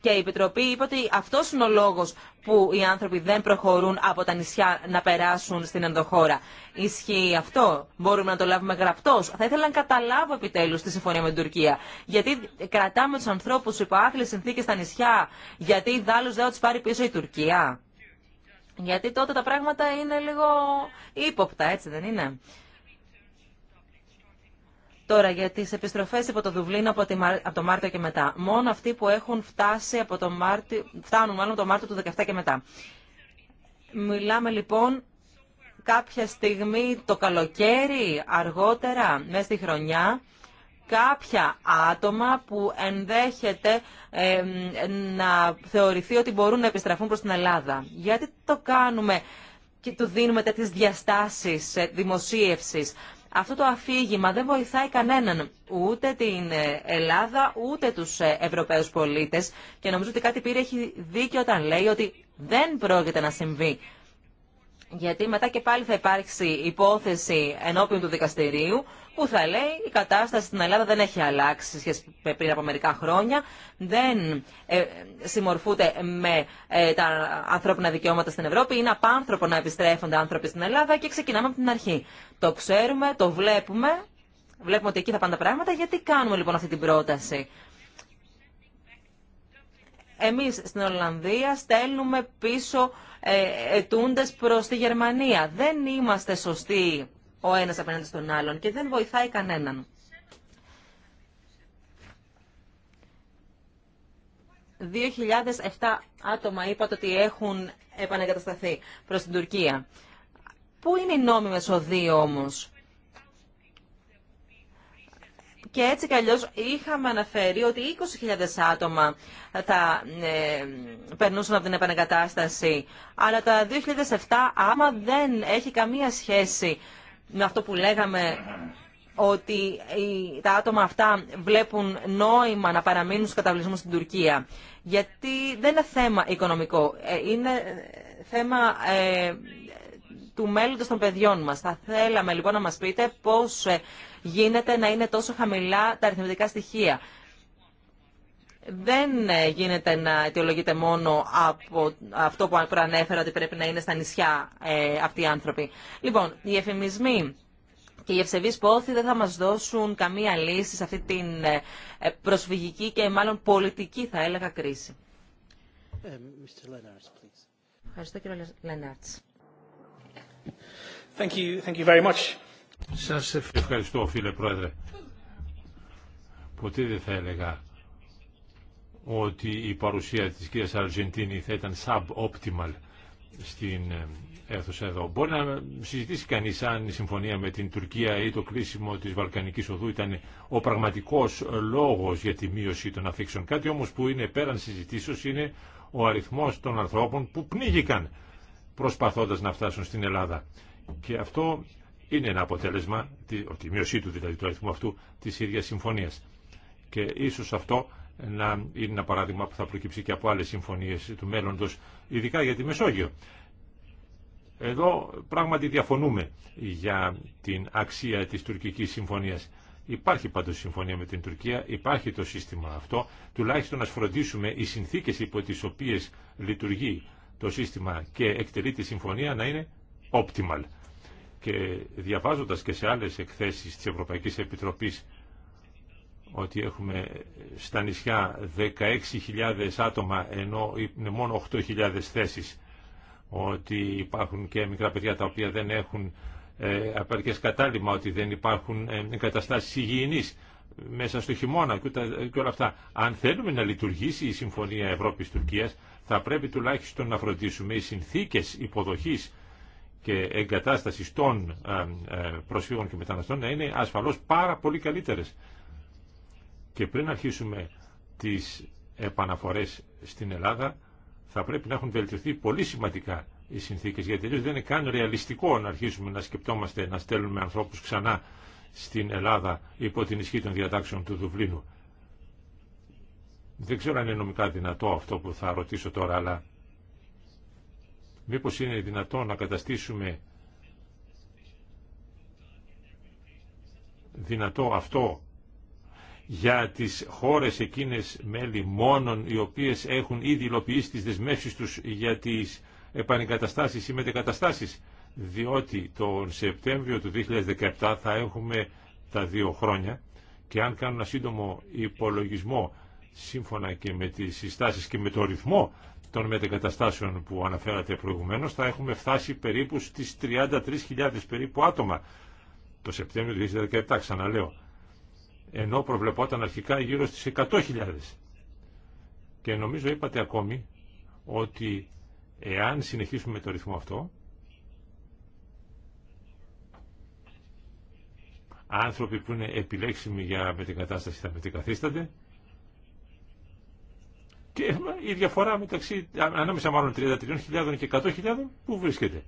Και η Επιτροπή είπε ότι αυτό είναι ο λόγο που οι άνθρωποι δεν προχωρούν από τα νησιά να περάσουν στην ενδοχώρα. Ισχύει αυτό. Μπορούμε να το λάβουμε γραπτό. Θα ήθελα να καταλάβω επιτέλου τη συμφωνία με την Τουρκία. Γιατί κρατάμε του ανθρώπου υπό άθλιε συνθήκε στα νησιά, γιατί δάλου δεν θα του πάρει πίσω η Τουρκία. Γιατί τότε τα πράγματα είναι λίγο ύποπτα, έτσι δεν είναι. Τώρα για τις επιστροφές από το Δουβλίνο από, από το Μάρτιο και μετά. Μόνο αυτοί που έχουν φτάσει από το Μάρτιο, φτάνουν μάλλον το Μάρτιο του 2017 και μετά. Μιλάμε λοιπόν κάποια στιγμή το καλοκαίρι, αργότερα, μέσα στη χρονιά, κάποια άτομα που ενδέχεται να θεωρηθεί ότι μπορούν να επιστραφούν προς την Ελλάδα. Γιατί το κάνουμε και του δίνουμε τέτοιες διαστάσεις ε, δημοσίευσης. Αυτό το αφήγημα δεν βοηθάει κανέναν, ούτε την Ελλάδα, ούτε τους ε, Ευρωπαίους πολίτες και νομίζω ότι κάτι πήρε έχει δίκιο όταν λέει ότι δεν πρόκειται να συμβεί. Γιατί μετά και πάλι θα υπάρξει υπόθεση ενώπιον του δικαστηρίου που θα λέει η κατάσταση στην Ελλάδα δεν έχει αλλάξει σχέση με πριν από μερικά χρόνια, δεν ε, συμμορφούνται με ε, τα ανθρώπινα δικαιώματα στην Ευρώπη, είναι απάνθρωπο να επιστρέφονται άνθρωποι στην Ελλάδα και ξεκινάμε από την αρχή. Το ξέρουμε, το βλέπουμε, βλέπουμε ότι εκεί θα πάνε τα πράγματα, γιατί κάνουμε λοιπόν αυτή την πρόταση. Εμείς στην Ολλανδία στέλνουμε πίσω ε, ετούντες προς τη Γερμανία. Δεν είμαστε σωστοί ο ένας απέναντι στον άλλον και δεν βοηθάει κανέναν. ...2.007 άτομα είπατε ότι έχουν επανεγκατασταθεί προς την Τουρκία. Πού είναι οι νόμιμες οδοί όμως... Και έτσι κι αλλιώς είχαμε αναφέρει ότι 20.000 άτομα θα ε, περνούσαν από την επανεγκατάσταση. Αλλά τα 2007 άμα δεν έχει καμία σχέση με αυτό που λέγαμε ότι τα άτομα αυτά βλέπουν νόημα να παραμείνουν στους καταβλισμούς στην Τουρκία. Γιατί δεν είναι θέμα οικονομικό, ε, είναι ε, θέμα ε, του μέλλοντος των παιδιών μας. Θα θέλαμε λοιπόν να μας πείτε πώς γίνεται να είναι τόσο χαμηλά τα αριθμητικά στοιχεία δεν ε, γίνεται να αιτιολογείται μόνο από αυτό που προανέφερα ότι πρέπει να είναι στα νησιά ε, αυτοί οι άνθρωποι. Λοιπόν, οι εφημισμοί και οι ευσεβείς πόθη δεν θα μας δώσουν καμία λύση σε αυτή την ε, προσφυγική και μάλλον πολιτική, θα έλεγα, κρίση. Ευχαριστώ, κύριε Λενάρτς. Thank you, thank you very much. Σας ευχαριστώ, φίλε Πρόεδρε. Ποτέ δεν θα έλεγα ότι η παρουσία της κυρίας Αργεντίνη θα ήταν sub-optimal στην ε, αίθουσα εδώ. Μπορεί να συζητήσει κανείς αν η συμφωνία με την Τουρκία ή το κρίσιμο της Βαλκανικής Οδού ήταν ο πραγματικός λόγος για τη μείωση των αφήξεων. Κάτι όμως που είναι πέραν συζητήσεως είναι ο αριθμός των ανθρώπων που πνίγηκαν προσπαθώντας να φτάσουν στην Ελλάδα. Και αυτό είναι ένα αποτέλεσμα, τη μείωσή του δηλαδή του αριθμού αυτού, της ίδιας συμφωνίας. Και ίσως αυτό να είναι ένα παράδειγμα που θα προκύψει και από άλλες συμφωνίες του μέλλοντος, ειδικά για τη Μεσόγειο. Εδώ πράγματι διαφωνούμε για την αξία της τουρκικής συμφωνίας. Υπάρχει πάντως συμφωνία με την Τουρκία, υπάρχει το σύστημα αυτό, τουλάχιστον να φροντίσουμε οι συνθήκες υπό τις οποίες λειτουργεί το σύστημα και εκτελεί τη συμφωνία να είναι optimal. Και διαβάζοντας και σε άλλες εκθέσεις της Ευρωπαϊκής Επιτροπής ότι έχουμε στα νησιά 16.000 άτομα ενώ είναι μόνο 8.000 θέσεις ότι υπάρχουν και μικρά παιδιά τα οποία δεν έχουν ε, απαρκές κατάλημα, ότι δεν υπάρχουν ε, εγκαταστάσεις υγιεινής μέσα στο χειμώνα και, όλα αυτά. Αν θέλουμε να λειτουργήσει η Συμφωνία Ευρώπης-Τουρκίας θα πρέπει τουλάχιστον να φροντίσουμε οι συνθήκες υποδοχής και εγκατάστασης των ε, ε, προσφύγων και μεταναστών να είναι ασφαλώς πάρα πολύ καλύτερες. Και πριν αρχίσουμε τις επαναφορές στην Ελλάδα θα πρέπει να έχουν βελτιωθεί πολύ σημαντικά οι συνθήκες γιατί τελείως δεν είναι καν ρεαλιστικό να αρχίσουμε να σκεπτόμαστε να στέλνουμε ανθρώπους ξανά στην Ελλάδα υπό την ισχύ των διατάξεων του Δουβλίνου. Δεν ξέρω αν είναι νομικά δυνατό αυτό που θα ρωτήσω τώρα, αλλά μήπως είναι δυνατό να καταστήσουμε δυνατό αυτό για τις χώρες εκείνες μέλη μόνον οι οποίες έχουν ήδη υλοποιήσει τις δεσμεύσεις τους για τις επανεγκαταστάσεις ή μετεγκαταστάσεις διότι τον Σεπτέμβριο του 2017 θα έχουμε τα δύο χρόνια και αν κάνω ένα σύντομο υπολογισμό σύμφωνα και με τις συστάσεις και με το ρυθμό των μετεγκαταστάσεων που αναφέρατε προηγουμένως θα έχουμε φτάσει περίπου στις 33.000 περίπου άτομα το Σεπτέμβριο του 2017 ξαναλέω ενώ προβλεπόταν αρχικά γύρω στις 100.000. Και νομίζω είπατε ακόμη ότι εάν συνεχίσουμε με το ρυθμό αυτό, άνθρωποι που είναι επιλέξιμοι για μετεγκατάσταση θα μετεκαθίστανται και η διαφορά μεταξύ, ανάμεσα μάλλον 33.000 και 100.000, πού βρίσκεται.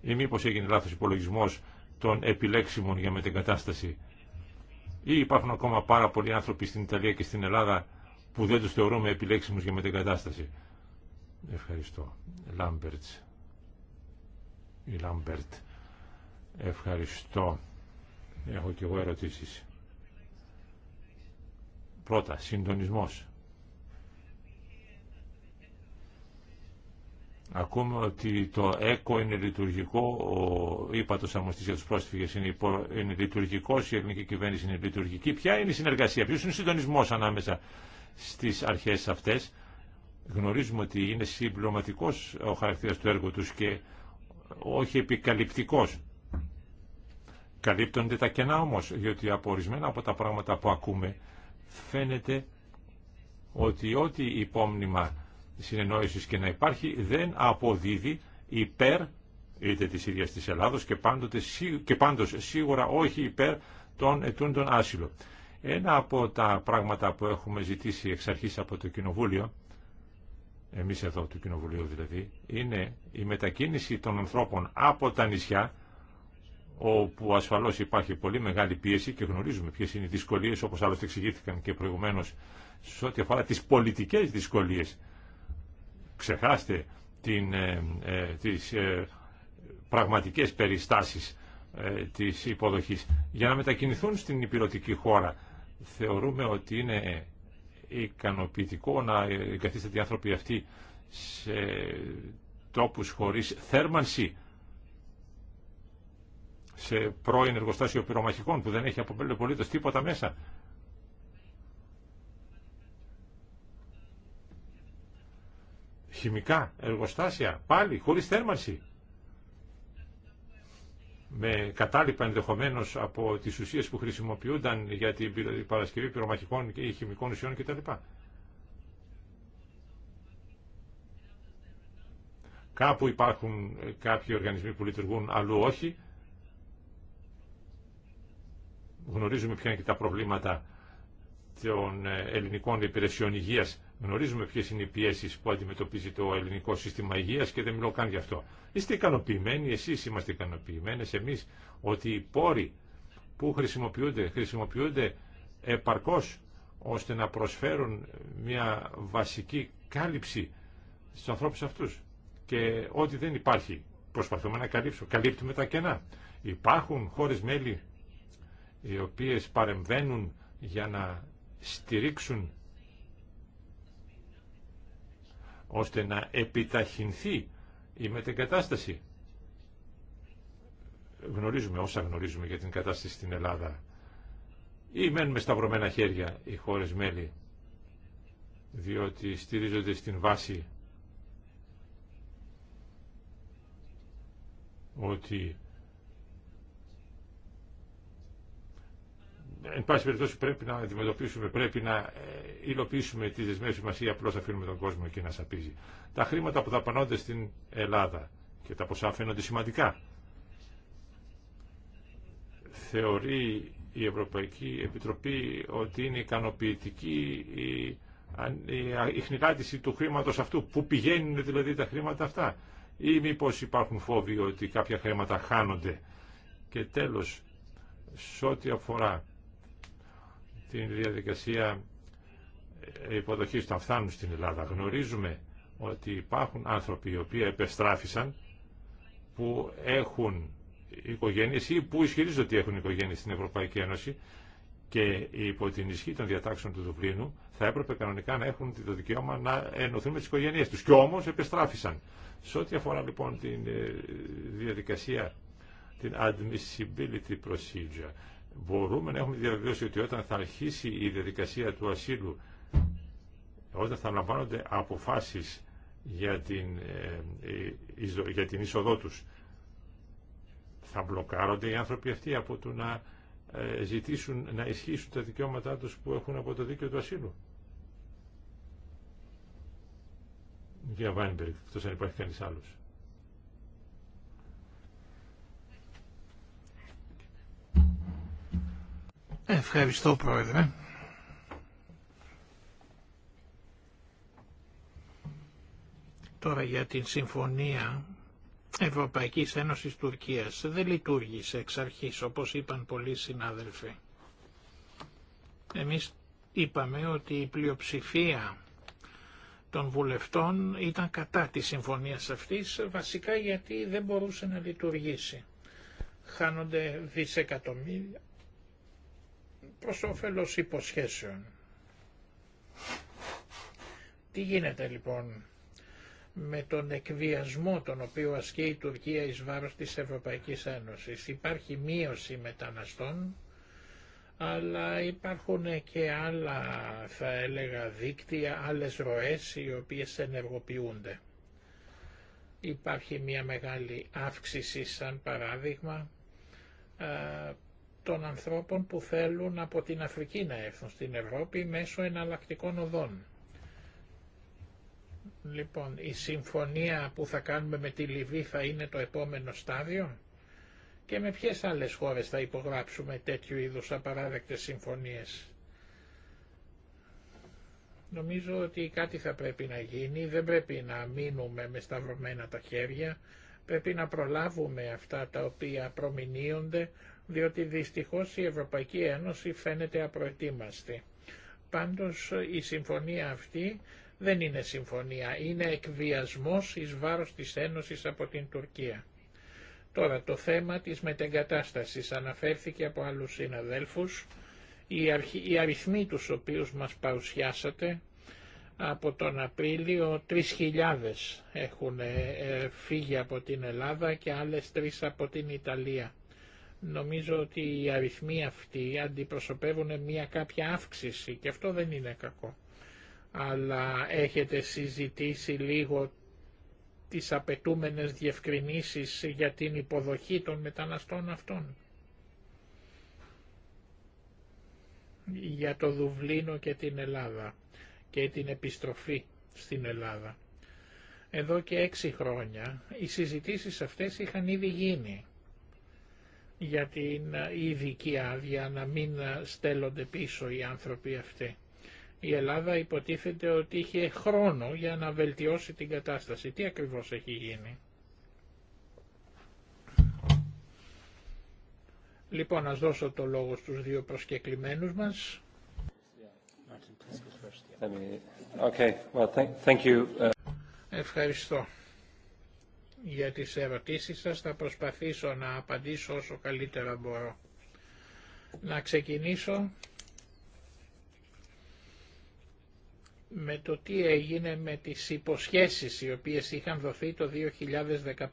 Ή μήπως έγινε λάθος υπολογισμός των επιλέξιμων για μετεγκατάσταση ή υπάρχουν ακόμα πάρα πολλοί άνθρωποι στην Ιταλία και στην Ελλάδα που δεν τους θεωρούμε επιλέξιμους για μετεγκατάσταση. Ευχαριστώ. Λάμπερτς. Η Λάμπερτ. Ευχαριστώ. Έχω και εγώ ερωτήσεις. Πρώτα, συντονισμός. Ακούμε ότι το ΕΚΟ είναι λειτουργικό, ο ύπατο αμοστή για του πρόσφυγε είναι, υπο, λειτουργικός, η ελληνική κυβέρνηση είναι λειτουργική. Ποια είναι η συνεργασία, Ποιο είναι ο συντονισμός ανάμεσα στις αρχές αυτές. Γνωρίζουμε ότι είναι συμπληρωματικό ο χαρακτήρας του έργου τους και όχι επικαλυπτικός. Καλύπτονται τα κενά όμω, διότι από ορισμένα από τα πράγματα που ακούμε φαίνεται ότι ό,τι υπόμνημα συνεννόησης και να υπάρχει δεν αποδίδει υπέρ είτε της ίδιας της Ελλάδος και, πάντοτε, και πάντως σίγουρα όχι υπέρ των ετούντων άσυλο. Ένα από τα πράγματα που έχουμε ζητήσει εξ αρχής από το Κοινοβούλιο, εμείς εδώ του Κοινοβουλίου δηλαδή, είναι η μετακίνηση των ανθρώπων από τα νησιά, όπου ασφαλώς υπάρχει πολύ μεγάλη πίεση και γνωρίζουμε ποιες είναι οι δυσκολίες, όπως άλλωστε εξηγήθηκαν και προηγουμένως, σε ό,τι αφορά τις πολιτικές δυσκολίες ξεχάστε την, ε, ε, τις ε, πραγματικές περιστάσεις ε, της υποδοχής. Για να μετακινηθούν στην υπηρετική χώρα θεωρούμε ότι είναι ικανοποιητικό να εγκαθίσταται οι άνθρωποι αυτοί σε τόπους χωρίς θέρμανση σε πρώην εργοστάσιο πυρομαχικών που δεν έχει απολύτως τίποτα μέσα. χημικά εργοστάσια, πάλι χωρίς θέρμανση, με κατάλοιπα ενδεχομένω από τις ουσίες που χρησιμοποιούνταν για την παρασκευή πυρομαχικών και χημικών ουσιών κτλ. Κάπου υπάρχουν κάποιοι οργανισμοί που λειτουργούν, αλλού όχι. Γνωρίζουμε ποια είναι και τα προβλήματα των ε, ελληνικών υπηρεσιών υγείας Γνωρίζουμε ποιε είναι οι πιέσει που αντιμετωπίζει το ελληνικό σύστημα υγεία και δεν μιλώ καν γι' αυτό. Είστε ικανοποιημένοι, εσεί είμαστε ικανοποιημένε, εμεί, ότι οι πόροι που χρησιμοποιούνται, χρησιμοποιούνται επαρκώ ώστε να προσφέρουν μια βασική κάλυψη στου ανθρώπου αυτού. Και ό,τι δεν υπάρχει, προσπαθούμε να καλύψουμε. Καλύπτουμε τα κενά. Υπάρχουν χώρε μέλη οι οποίε παρεμβαίνουν για να στηρίξουν ώστε να επιταχυνθεί η μετεγκατάσταση. Γνωρίζουμε όσα γνωρίζουμε για την κατάσταση στην Ελλάδα. Ή με σταυρωμένα χέρια οι χώρες μέλη, διότι στηρίζονται στην βάση ότι Ε, εν πάση περιπτώσει πρέπει να αντιμετωπίσουμε, πρέπει να ε, υλοποιήσουμε τις δεσμεύσεις μας ή απλώς αφήνουμε τον κόσμο εκεί να σαπίζει. Τα χρήματα που δαπανώνται στην Ελλάδα και τα ποσά φαίνονται σημαντικά. Θεωρεί η Ευρωπαϊκή Επιτροπή ότι είναι ικανοποιητική η, η χνηλάτιση του χρήματος αυτού. Πού πηγαίνουν δηλαδή τα χρήματα αυτά. Ή μήπως υπάρχουν φόβοι ότι κάποια χρήματα χάνονται. Και τέλος, σε ό,τι αφορά την διαδικασία υποδοχής των φθάνων στην Ελλάδα. Γνωρίζουμε ότι υπάρχουν άνθρωποι οι οποίοι επεστράφησαν που έχουν οικογένειες ή που ισχυρίζονται ότι έχουν οικογένειες στην Ευρωπαϊκή Ένωση και υπό την ισχύ των διατάξεων του Δουβλίνου θα έπρεπε κανονικά να έχουν το δικαίωμα να ενωθούν με τις οικογένειές τους. Και όμως επεστράφησαν. Σε ό,τι αφορά λοιπόν την ε, διαδικασία, την admissibility procedure, μπορούμε να έχουμε διαβεβαίωση ότι όταν θα αρχίσει η διαδικασία του ασύλου, όταν θα λαμβάνονται αποφάσεις για την, ε, ε, για είσοδό τους, θα μπλοκάρονται οι άνθρωποι αυτοί από το να ε, ζητήσουν να ισχύσουν τα δικαιώματά τους που έχουν από το δίκαιο του ασύλου. Για Βάινμπεργκ, εκτός αν υπάρχει κανείς άλλος. Ευχαριστώ Πρόεδρε. Τώρα για την Συμφωνία Ευρωπαϊκής Ένωσης Τουρκίας δεν λειτουργήσε εξ αρχής όπως είπαν πολλοί συνάδελφοι. Εμείς είπαμε ότι η πλειοψηφία των βουλευτών ήταν κατά τη συμφωνίας αυτής βασικά γιατί δεν μπορούσε να λειτουργήσει. Χάνονται δισεκατομμύρια προς όφελος υποσχέσεων. Τι γίνεται λοιπόν με τον εκβιασμό τον οποίο ασκεί η Τουρκία εις βάρος της Ευρωπαϊκής Ένωσης. Υπάρχει μείωση μεταναστών, αλλά υπάρχουν και άλλα, θα έλεγα, δίκτυα, άλλες ροές οι οποίες ενεργοποιούνται. Υπάρχει μια μεγάλη αύξηση, σαν παράδειγμα, των ανθρώπων που θέλουν από την Αφρική να έρθουν στην Ευρώπη μέσω εναλλακτικών οδών. Λοιπόν, η συμφωνία που θα κάνουμε με τη Λιβύη θα είναι το επόμενο στάδιο και με ποιες άλλες χώρες θα υπογράψουμε τέτοιου είδους απαράδεκτες συμφωνίες. Νομίζω ότι κάτι θα πρέπει να γίνει, δεν πρέπει να μείνουμε με σταυρωμένα τα χέρια, πρέπει να προλάβουμε αυτά τα οποία προμηνύονται διότι δυστυχώς η Ευρωπαϊκή Ένωση φαίνεται απροετοίμαστη. Πάντως η συμφωνία αυτή δεν είναι συμφωνία, είναι εκβιασμός εις βάρος της Ένωσης από την Τουρκία. Τώρα το θέμα της μετεγκατάστασης αναφέρθηκε από άλλους συναδέλφους. Οι, αριθμοί τους οποίους μας παρουσιάσατε από τον Απρίλιο 3.000 έχουν ε, φύγει από την Ελλάδα και άλλες 3 από την Ιταλία. Νομίζω ότι οι αριθμοί αυτοί αντιπροσωπεύουν μια κάποια αύξηση και αυτό δεν είναι κακό. Αλλά έχετε συζητήσει λίγο τις απαιτούμενες διευκρινήσεις για την υποδοχή των μεταναστών αυτών. Για το Δουβλίνο και την Ελλάδα και την επιστροφή στην Ελλάδα. Εδώ και έξι χρόνια οι συζητήσεις αυτές είχαν ήδη γίνει για την ε, ειδική άδεια να μην ε, στέλνονται πίσω οι άνθρωποι αυτοί. Η Ελλάδα υποτίθεται ότι είχε χρόνο για να βελτιώσει την κατάσταση. Τι ακριβώς έχει γίνει. Λοιπόν, να δώσω το λόγο στους δύο προσκεκλημένους μας. Okay. Uh, Ευχαριστώ για τις ερωτήσεις σας. Θα προσπαθήσω να απαντήσω όσο καλύτερα μπορώ. Να ξεκινήσω με το τι έγινε με τις υποσχέσεις οι οποίες είχαν δοθεί το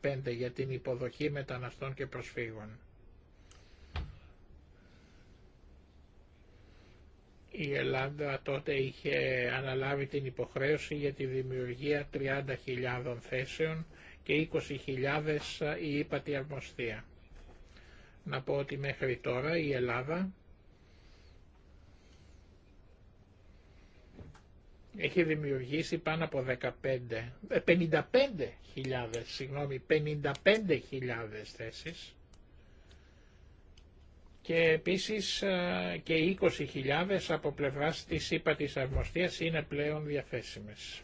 2015 για την υποδοχή μεταναστών και προσφύγων. Η Ελλάδα τότε είχε αναλάβει την υποχρέωση για τη δημιουργία 30.000 θέσεων και 20.000 η ύπατη αρμοστία. Να πω ότι μέχρι τώρα η Ελλάδα έχει δημιουργήσει πάνω από 15, 55.000, ε, συγγνώμη, 55.000 θέσεις και επίσης και 20.000 από πλευράς της ύπατης αρμοστίας είναι πλέον διαθέσιμες.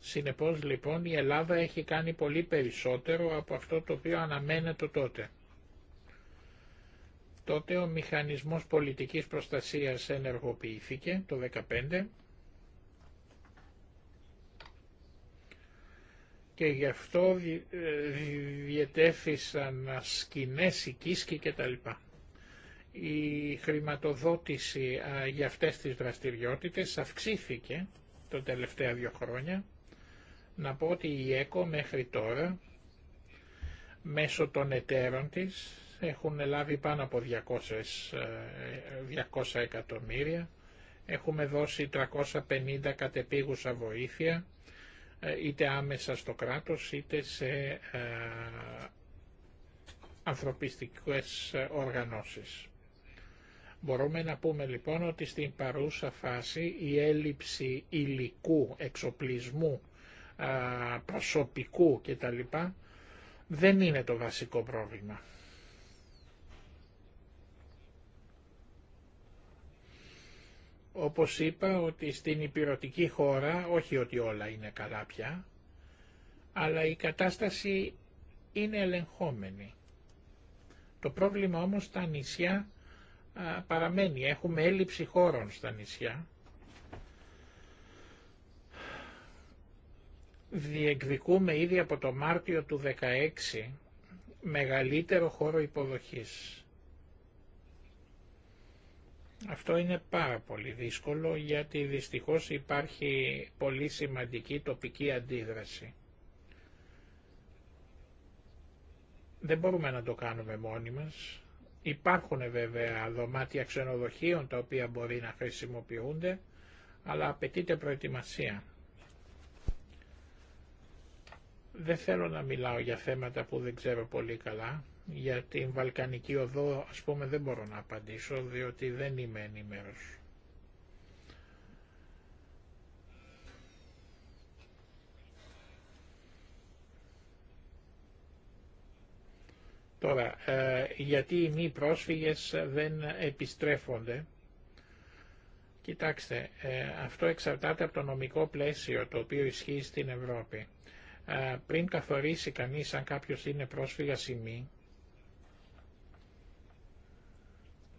Συνεπώς λοιπόν η Ελλάδα έχει κάνει πολύ περισσότερο από αυτό το οποίο αναμένεται τότε. Τότε ο μηχανισμός πολιτικής προστασίας ενεργοποιήθηκε το 2015 και γι' αυτό ε, διετέθησαν σκηνές, οικίσκη κτλ. Η χρηματοδότηση για αυτές τις δραστηριότητες αυξήθηκε τα τελευταία δύο χρόνια να πω ότι η ΕΚΟ μέχρι τώρα μέσω των εταίρων της έχουν λάβει πάνω από 200, 200 ε, εκατομμύρια. Έχουμε δώσει 350 κατεπίγουσα βοήθεια, ε, είτε άμεσα στο κράτος, είτε σε ε, ανθρωπιστικές οργανώσεις. Μπορούμε να πούμε λοιπόν ότι στην παρούσα φάση η έλλειψη υλικού εξοπλισμού προσωπικού κτλ. δεν είναι το βασικό πρόβλημα. Όπως είπα ότι στην υπηρετική χώρα, όχι ότι όλα είναι καλά πια, αλλά η κατάσταση είναι ελεγχόμενη. Το πρόβλημα όμως στα νησιά παραμένει. Έχουμε έλλειψη χώρων στα νησιά διεκδικούμε ήδη από το Μάρτιο του 2016 μεγαλύτερο χώρο υποδοχής. Αυτό είναι πάρα πολύ δύσκολο γιατί δυστυχώς υπάρχει πολύ σημαντική τοπική αντίδραση. Δεν μπορούμε να το κάνουμε μόνοι μας. Υπάρχουν βέβαια δωμάτια ξενοδοχείων τα οποία μπορεί να χρησιμοποιούνται, αλλά απαιτείται προετοιμασία. Δεν θέλω να μιλάω για θέματα που δεν ξέρω πολύ καλά. Για την Βαλκανική οδό, ας πούμε, δεν μπορώ να απαντήσω, διότι δεν είμαι ενημέρος. Τώρα, ε, γιατί οι μη πρόσφυγες δεν επιστρέφονται. Κοιτάξτε, ε, αυτό εξαρτάται από το νομικό πλαίσιο το οποίο ισχύει στην Ευρώπη πριν καθορίσει κανείς αν κάποιος είναι πρόσφυγας ή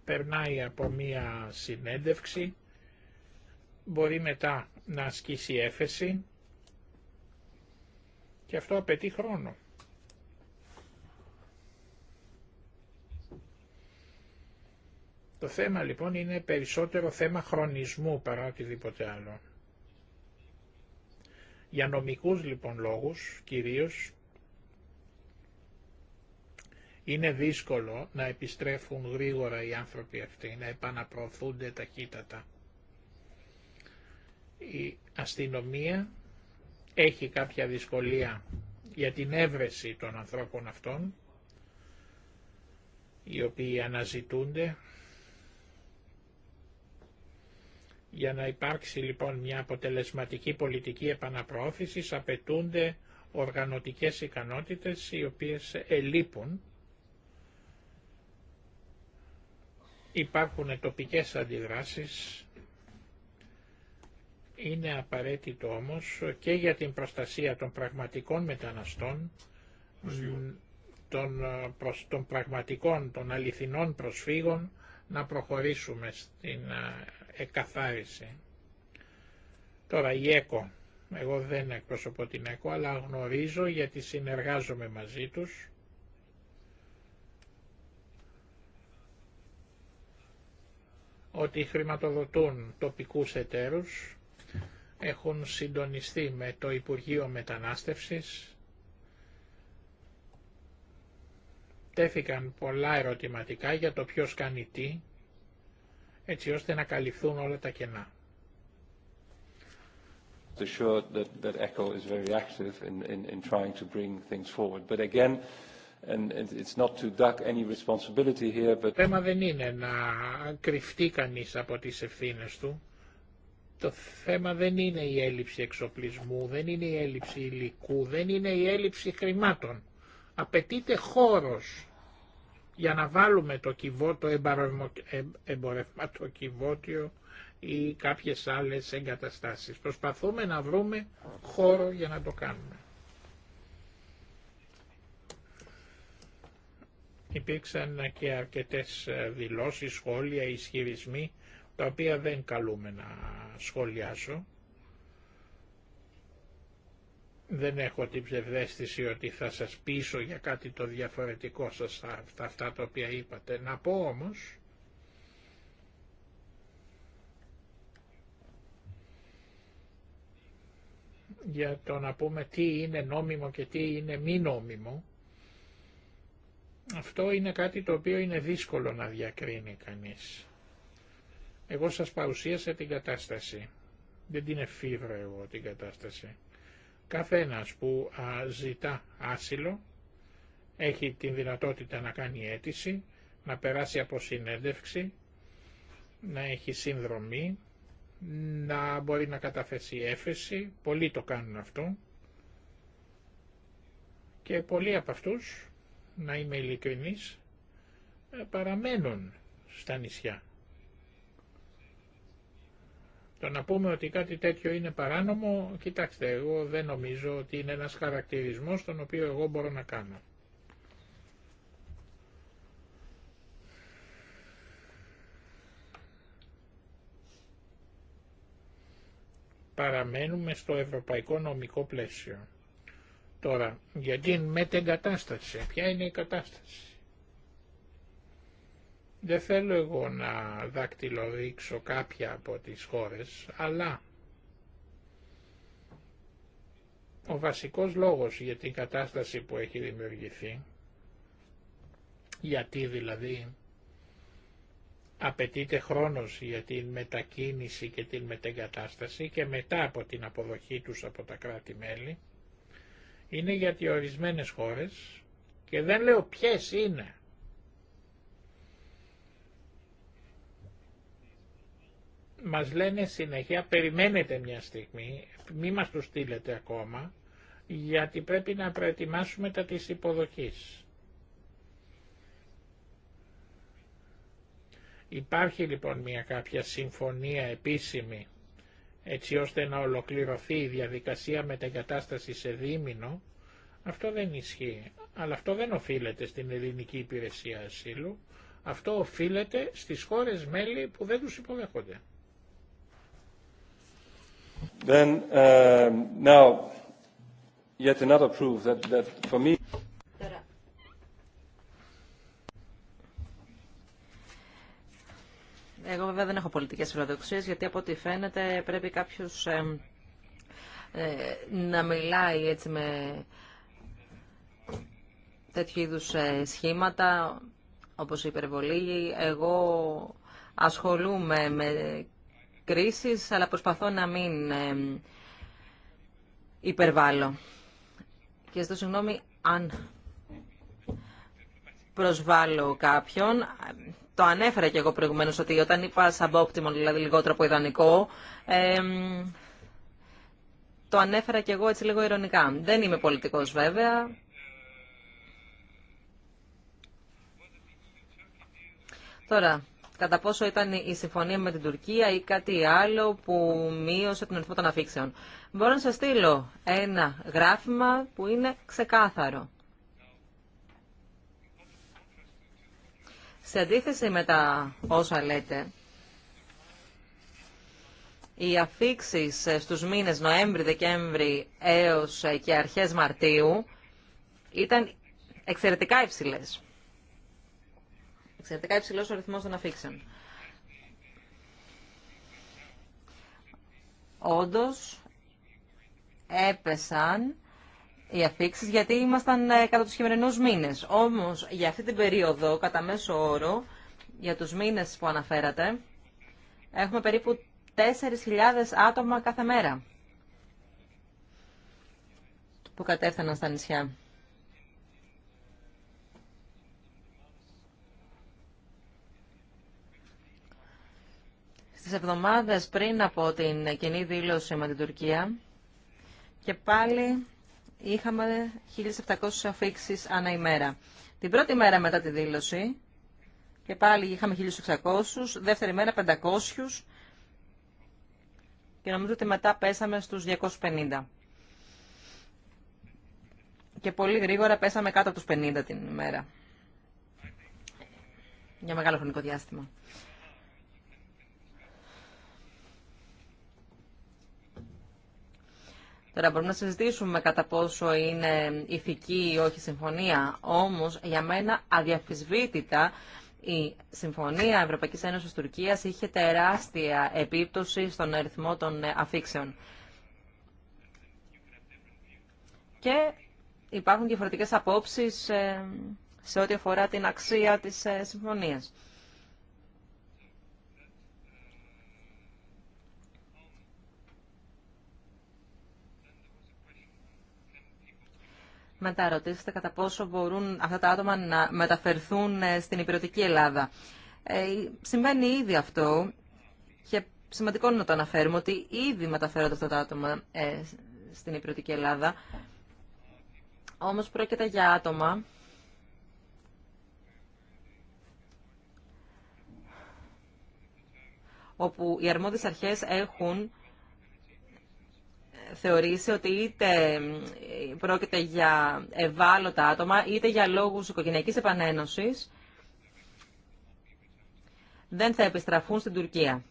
περνάει από μία συνέντευξη, μπορεί μετά να ασκήσει έφεση και αυτό απαιτεί χρόνο. Το θέμα λοιπόν είναι περισσότερο θέμα χρονισμού παρά οτιδήποτε άλλο. Για νομικούς λοιπόν λόγους κυρίως είναι δύσκολο να επιστρέφουν γρήγορα οι άνθρωποι αυτοί, να επαναπροωθούνται ταχύτατα. Η αστυνομία έχει κάποια δυσκολία για την έβρεση των ανθρώπων αυτών, οι οποίοι αναζητούνται για να υπάρξει λοιπόν μια αποτελεσματική πολιτική επαναπροώθησης απαιτούνται οργανωτικές ικανότητες οι οποίες ελείπουν. Υπάρχουν τοπικές αντιδράσεις. Είναι απαραίτητο όμως και για την προστασία των πραγματικών μεταναστών, των, προς, των πραγματικών, των αληθινών προσφύγων, να προχωρήσουμε στην εκαθάρισε. Τώρα η ΕΚΟ, εγώ δεν εκπροσωπώ την ΕΚΟ, αλλά γνωρίζω γιατί συνεργάζομαι μαζί τους. ότι χρηματοδοτούν τοπικούς εταίρους, έχουν συντονιστεί με το Υπουργείο Μετανάστευσης, τέθηκαν πολλά ερωτηματικά για το ποιος κάνει τι, έτσι ώστε να καλυφθούν όλα τα κενά. Το θέμα δεν είναι να κρυφτεί κανείς από τις ευθύνες του. Το θέμα δεν είναι η έλλειψη εξοπλισμού, δεν είναι η έλλειψη υλικού, δεν είναι η έλλειψη χρημάτων. Απαιτείται χώρος για να βάλουμε το κυβότο ε, εμπορευματοκιβώτιο ή κάποιες άλλες εγκαταστάσεις. Προσπαθούμε να βρούμε χώρο για να το κάνουμε. Υπήρξαν και αρκετές ε, δηλώσεις, σχόλια, ισχυρισμοί, τα οποία δεν καλούμε να σχολιάσω. Δεν έχω την ψευδέστηση ότι θα σας πείσω για κάτι το διαφορετικό σας αυτά, αυτά τα οποία είπατε. Να πω όμως για το να πούμε τι είναι νόμιμο και τι είναι μη νόμιμο, αυτό είναι κάτι το οποίο είναι δύσκολο να διακρίνει κανείς. Εγώ σας παρουσίασα την κατάσταση. Δεν την εφήβρα εγώ την κατάσταση. Καθένας που ζητά άσυλο έχει την δυνατότητα να κάνει αίτηση, να περάσει από συνέντευξη, να έχει συνδρομή, να μπορεί να καταθέσει έφεση, πολλοί το κάνουν αυτό και πολλοί από αυτούς, να είμαι ειλικρινής, παραμένουν στα νησιά. Το να πούμε ότι κάτι τέτοιο είναι παράνομο, κοιτάξτε, εγώ δεν νομίζω ότι είναι ένας χαρακτηρισμός τον οποίο εγώ μπορώ να κάνω. Παραμένουμε στο ευρωπαϊκό νομικό πλαίσιο. Τώρα, για την μετεγκατάσταση. Ποια είναι η κατάσταση. Δεν θέλω εγώ να δακτυλοδείξω κάποια από τις χώρες, αλλά ο βασικός λόγος για την κατάσταση που έχει δημιουργηθεί, γιατί δηλαδή απαιτείται χρόνος για την μετακίνηση και την μετεγκατάσταση και μετά από την αποδοχή τους από τα κράτη-μέλη, είναι γιατί ορισμένες χώρες, και δεν λέω ποιες είναι, μας λένε συνεχεία περιμένετε μια στιγμή, μη μας το στείλετε ακόμα, γιατί πρέπει να προετοιμάσουμε τα της υποδοχής. Υπάρχει λοιπόν μια κάποια συμφωνία επίσημη έτσι ώστε να ολοκληρωθεί η διαδικασία μετεγκατάσταση σε δίμηνο, αυτό δεν ισχύει. Αλλά αυτό δεν οφείλεται στην ελληνική υπηρεσία ασύλου, αυτό οφείλεται στις χώρες μέλη που δεν τους υποδέχονται. Then, um, now, yet another proof that, that Εγώ βέβαια δεν έχω πολιτικές φιλοδοξίες, γιατί από ό,τι φαίνεται πρέπει κάποιος ε, να μιλάει έτσι με τέτοιου είδους ε, σχήματα, όπως η υπερβολή. Εγώ ασχολούμαι με αλλά προσπαθώ να μην υπερβάλλω. Και ζητώ συγγνώμη αν προσβάλλω κάποιον. Το ανέφερα και εγώ προηγουμένως ότι όταν είπα suboptimal, δηλαδή λιγότερο από ιδανικό, το ανέφερα και εγώ έτσι λίγο ηρωνικά. Δεν είμαι πολιτικός βέβαια. Τώρα, κατά πόσο ήταν η συμφωνία με την Τουρκία ή κάτι άλλο που μείωσε τον αριθμό των αφήξεων. Μπορώ να σας στείλω ένα γράφημα που είναι ξεκάθαρο. Σε αντίθεση με τα όσα λέτε, οι αφήξει στους μήνες Νοέμβρη-Δεκέμβρη έως και αρχές Μαρτίου ήταν εξαιρετικά υψηλές. Εξαιρετικά υψηλό ο ρυθμός των αφήξεων. Όντω, έπεσαν οι αφήξει γιατί ήμασταν ε, κατά του χειμερινού μήνε. Όμω, για αυτή την περίοδο, κατά μέσο όρο, για του μήνε που αναφέρατε, έχουμε περίπου 4.000 άτομα κάθε μέρα που κατέφθαναν στα νησιά. Στις εβδομάδες πριν από την κοινή δήλωση με την Τουρκία και πάλι είχαμε 1.700 αφήξεις ανά ημέρα. Την πρώτη μέρα μετά τη δήλωση και πάλι είχαμε 1.600, δεύτερη μέρα 500 και νομίζω ότι μετά πέσαμε στους 250. Και πολύ γρήγορα πέσαμε κάτω από τους 50 την ημέρα. Για μεγάλο χρονικό διάστημα. Τώρα μπορούμε να συζητήσουμε κατά πόσο είναι ηθική ή όχι συμφωνία, όμως για μένα αδιαφυσβήτητα η Συμφωνία Ευρωπαϊκής Ένωσης Τουρκίας είχε τεράστια επίπτωση στον αριθμό των ε, αφήξεων. Και υπάρχουν διαφορετικές απόψεις ε, σε ό,τι αφορά την αξία της ε, συμφωνίας. Μετά ρωτήσατε κατά πόσο μπορούν αυτά τα άτομα να μεταφερθούν ε, στην υπηρετική Ελλάδα. Ε, συμβαίνει ήδη αυτό και σημαντικό είναι να το αναφέρουμε ότι ήδη μεταφέρονται αυτά τα άτομα ε, στην υπηρετική Ελλάδα. Όμως πρόκειται για άτομα όπου οι αρμόδιες αρχές έχουν θεωρήσει ότι είτε πρόκειται για ευάλωτα άτομα, είτε για λόγους οικογενειακής επανένωσης, δεν θα επιστραφούν στην Τουρκία.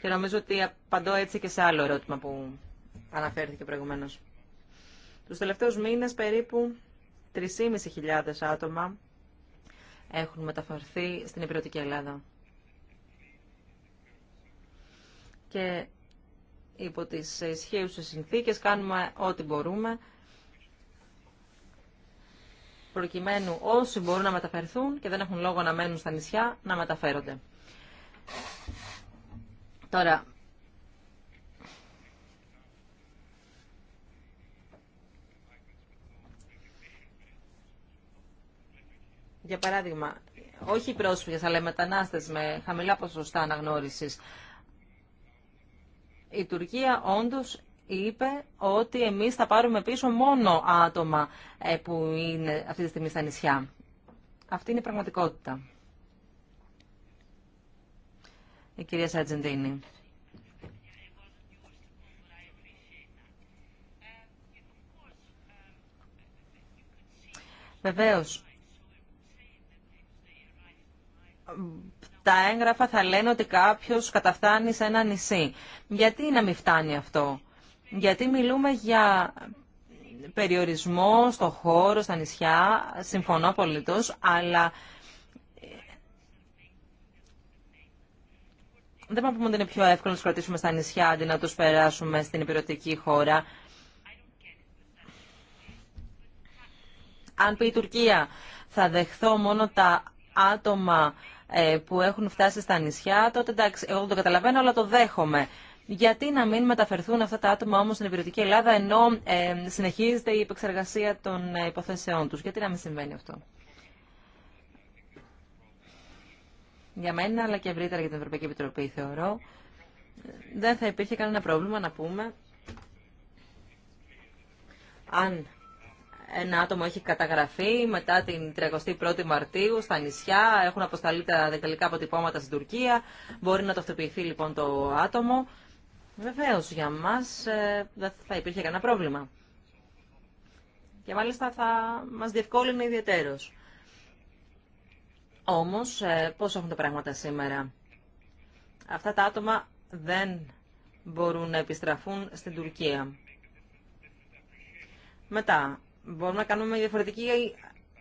Και νομίζω ότι απαντώ έτσι και σε άλλο ερώτημα που αναφέρθηκε προηγουμένως. Τους τελευταίους μήνες περίπου 3.500 άτομα έχουν μεταφερθεί στην υπηρετική Ελλάδα. και υπό τις ισχύουσες συνθήκες κάνουμε ό,τι μπορούμε προκειμένου όσοι μπορούν να μεταφερθούν και δεν έχουν λόγο να μένουν στα νησιά να μεταφέρονται. Τώρα, για παράδειγμα, όχι οι πρόσφυγες αλλά οι μετανάστες με χαμηλά ποσοστά αναγνώρισης η Τουρκία όντως είπε ότι εμείς θα πάρουμε πίσω μόνο άτομα ε, που είναι αυτή τη στιγμή στα νησιά. Αυτή είναι η πραγματικότητα. Η κυρία Σατζεντίνη. Βεβαίως, τα έγγραφα θα λένε ότι κάποιος καταφτάνει σε ένα νησί. Γιατί να μην φτάνει αυτό. Γιατί μιλούμε για περιορισμό στο χώρο, στα νησιά, συμφωνώ απολύτως, αλλά ε, δεν πάμε να πούμε ότι είναι πιο εύκολο να τους κρατήσουμε στα νησιά αντί να τους περάσουμε στην υπηρετική χώρα. Αν πει η Τουρκία θα δεχθώ μόνο τα άτομα ε, που έχουν φτάσει στα νησιά, τότε εντάξει, εγώ το καταλαβαίνω, αλλά το δέχομαι. Γιατί να μην μεταφερθούν αυτά τα άτομα όμως στην Υπηρετική Ελλάδα, ενώ ε, συνεχίζεται η επεξεργασία των ε, υποθέσεών τους. Γιατί να μην συμβαίνει αυτό. Για μένα, αλλά και ευρύτερα για την Ευρωπαϊκή Επιτροπή, θεωρώ, δεν θα υπήρχε κανένα πρόβλημα να πούμε αν ένα άτομο έχει καταγραφεί μετά την 31η Μαρτίου στα νησιά, έχουν αποσταλεί τα δεκαλικά αποτυπώματα στην Τουρκία, μπορεί να το αυτοποιηθεί λοιπόν το άτομο. Βεβαίω για μα ε, δεν θα υπήρχε κανένα πρόβλημα. Και μάλιστα θα μας διευκόλυνε ιδιαίτερος. Όμως, ε, πώ έχουν τα πράγματα σήμερα. Αυτά τα άτομα δεν μπορούν να επιστραφούν στην Τουρκία. Μετά, μπορούμε να κάνουμε διαφορετική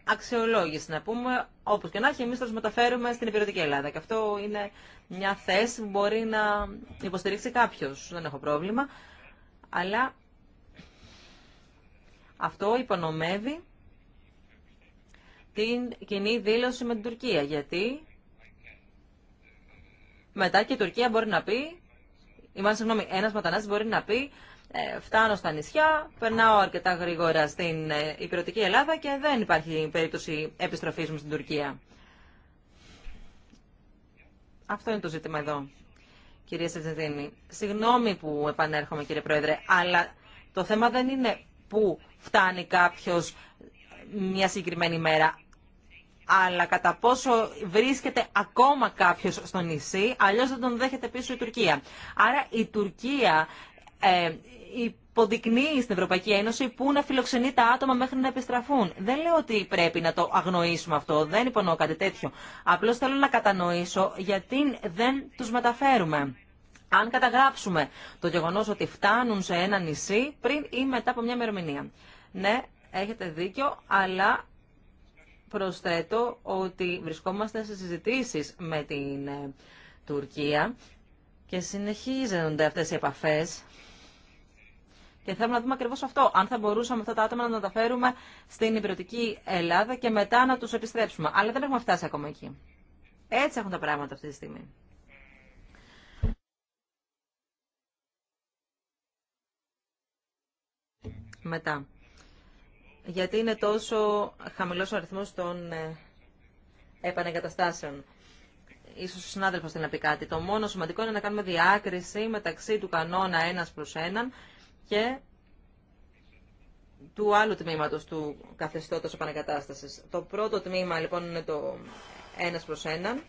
αξιολόγηση. Να πούμε, όπω και να έχει, εμεί θα του μεταφέρουμε στην υπηρετική Ελλάδα. Και αυτό είναι μια θέση που μπορεί να υποστηρίξει κάποιο. Δεν έχω πρόβλημα. Αλλά αυτό υπονομεύει την κοινή δήλωση με την Τουρκία. Γιατί μετά και η Τουρκία μπορεί να πει, ή μάλλον συγγνώμη, ένα μετανάστη μπορεί να πει, ε, φτάνω στα νησιά, περνάω αρκετά γρήγορα στην ε, υπηρετική Ελλάδα και δεν υπάρχει περίπτωση επιστροφής μου στην Τουρκία. Αυτό είναι το ζήτημα εδώ, κυρία Σετζεντίνη. Συγγνώμη που επανέρχομαι, κύριε Πρόεδρε, αλλά το θέμα δεν είναι πού φτάνει κάποιος μια συγκεκριμένη μέρα, αλλά κατά πόσο βρίσκεται ακόμα κάποιος στο νησί, αλλιώς δεν τον δέχεται πίσω η Τουρκία. Άρα η Τουρκία ε, υποδεικνύει στην Ευρωπαϊκή Ένωση πού να φιλοξενεί τα άτομα μέχρι να επιστραφούν. Δεν λέω ότι πρέπει να το αγνοήσουμε αυτό, δεν υπονοώ κάτι τέτοιο. Απλώς θέλω να κατανοήσω γιατί δεν τους μεταφέρουμε. Αν καταγράψουμε το γεγονός ότι φτάνουν σε ένα νησί πριν ή μετά από μια μερομηνία. Ναι, έχετε δίκιο, αλλά προσθέτω ότι βρισκόμαστε σε συζητήσεις με την ε, Τουρκία και συνεχίζονται αυτές οι επαφές και θέλουμε να δούμε ακριβώ αυτό. Αν θα μπορούσαμε αυτά τα άτομα να τα φέρουμε στην υπηρετική Ελλάδα και μετά να του επιστρέψουμε. Αλλά δεν έχουμε φτάσει ακόμα εκεί. Έτσι έχουν τα πράγματα αυτή τη στιγμή. Μετά. Γιατί είναι τόσο χαμηλός ο αριθμός των ε, επανεγκαταστάσεων. Ίσως ο συνάδελφος θέλει να πει κάτι. Το μόνο σημαντικό είναι να κάνουμε διάκριση μεταξύ του κανόνα ένας προς έναν και του άλλου τμήματος του καθεστώτος επανακατάστασης. Το πρώτο τμήμα λοιπόν είναι το ένας προς έναν,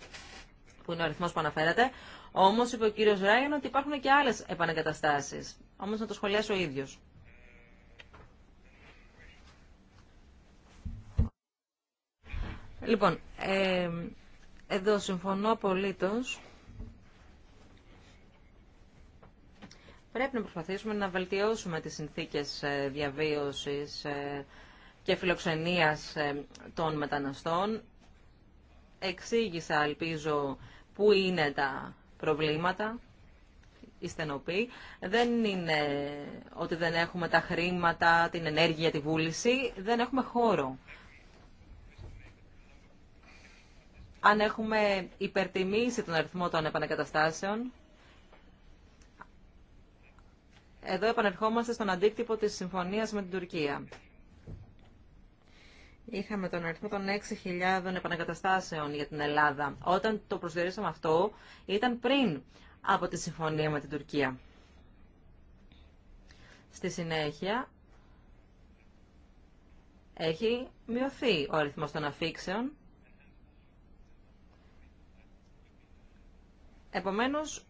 που είναι ο αριθμός που αναφέρατε. Όμως είπε ο κύριος Ράιον ότι υπάρχουν και άλλες επανακαταστάσεις. Όμως να το σχολιάσω ο ίδιος. Λοιπόν, ε, εδώ συμφωνώ απολύτως. Πρέπει να προσπαθήσουμε να βελτιώσουμε τις συνθήκες ε, διαβίωσης ε, και φιλοξενίας ε, των μεταναστών. Εξήγησα, ελπίζω, πού είναι τα προβλήματα, η στενοπή. Δεν είναι ότι δεν έχουμε τα χρήματα, την ενέργεια, τη βούληση. Δεν έχουμε χώρο. Αν έχουμε υπερτιμήσει τον αριθμό των επανακαταστάσεων, εδώ επανερχόμαστε στον αντίκτυπο της συμφωνίας με την Τουρκία. Είχαμε τον αριθμό των 6.000 επανακαταστάσεων για την Ελλάδα. Όταν το προσδιορίσαμε αυτό, ήταν πριν από τη συμφωνία με την Τουρκία. Στη συνέχεια, έχει μειωθεί ο αριθμός των αφήξεων. Επομένως,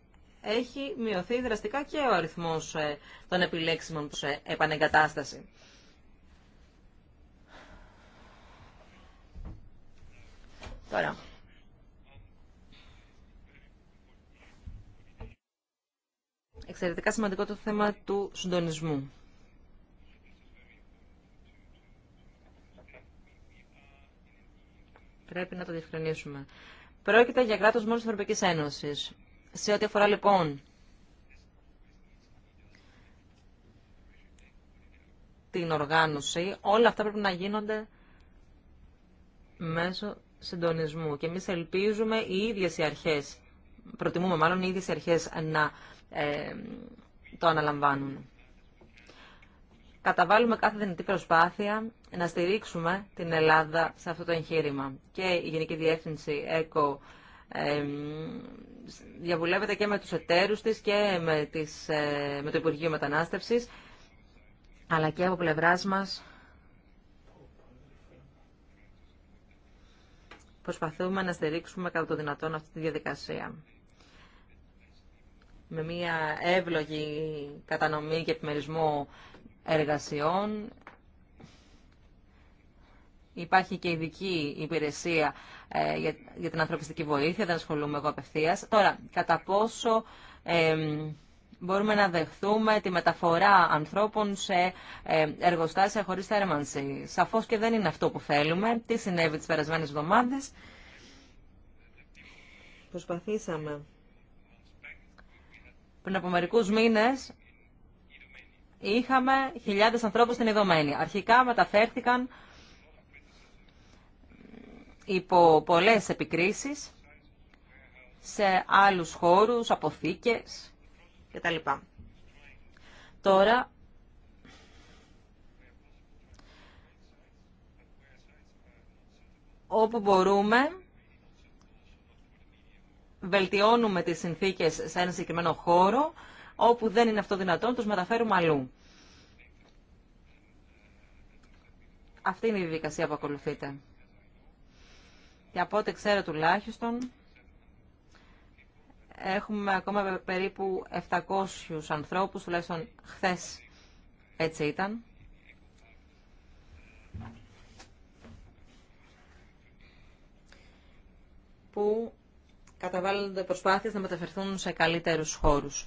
έχει μειωθεί δραστικά και ο αριθμός ε, των επιλέξιμων σε επανεγκατάσταση. Τώρα. Εξαιρετικά σημαντικό το θέμα του συντονισμού. Πρέπει να το διευκρινίσουμε. Πρόκειται για κράτος μόνος της Ευρωπαϊκής Ένωσης. Σε ό,τι αφορά λοιπόν την οργάνωση, όλα αυτά πρέπει να γίνονται μέσω συντονισμού. Και εμείς ελπίζουμε οι ίδιες οι αρχές, προτιμούμε μάλλον οι ίδιες οι αρχές να ε, το αναλαμβάνουν. Καταβάλουμε κάθε δυνατή προσπάθεια να στηρίξουμε την Ελλάδα σε αυτό το εγχείρημα. Και η Γενική Διεύθυνση ΕΚΟ διαβουλεύεται και με τους εταίρους της και με, τις, ε, με το Υπουργείο Μετανάστευσης, αλλά και από πλευράς μας προσπαθούμε να στηρίξουμε κατά το δυνατόν αυτή τη διαδικασία. Με μια εύλογη κατανομή και επιμερισμό εργασιών, Υπάρχει και ειδική υπηρεσία ε, για, την ανθρωπιστική βοήθεια, δεν ασχολούμαι εγώ απευθείας. Τώρα, κατά πόσο μπορούμε να δεχθούμε τη μεταφορά ανθρώπων σε ε, εργοστάσια χωρίς θέρμανση. Σαφώς και δεν είναι αυτό που θέλουμε. Τι συνέβη τις περασμένες εβδομάδες. Προσπαθήσαμε πριν από μερικούς μήνες είχαμε χιλιάδες ανθρώπους στην Ιδωμένη. Αρχικά μεταφέρθηκαν υπό πολλές επικρίσεις σε άλλους χώρους, αποθήκες κτλ. Τώρα όπου μπορούμε βελτιώνουμε τις συνθήκες σε ένα συγκεκριμένο χώρο, όπου δεν είναι αυτό δυνατόν, τους μεταφέρουμε αλλού. Αυτή είναι η δικασία που ακολουθείτε. Και από ό,τι ξέρω τουλάχιστον, έχουμε ακόμα περίπου 700 ανθρώπους, τουλάχιστον χθες έτσι ήταν. που καταβάλλονται προσπάθειες να μεταφερθούν σε καλύτερους χώρους.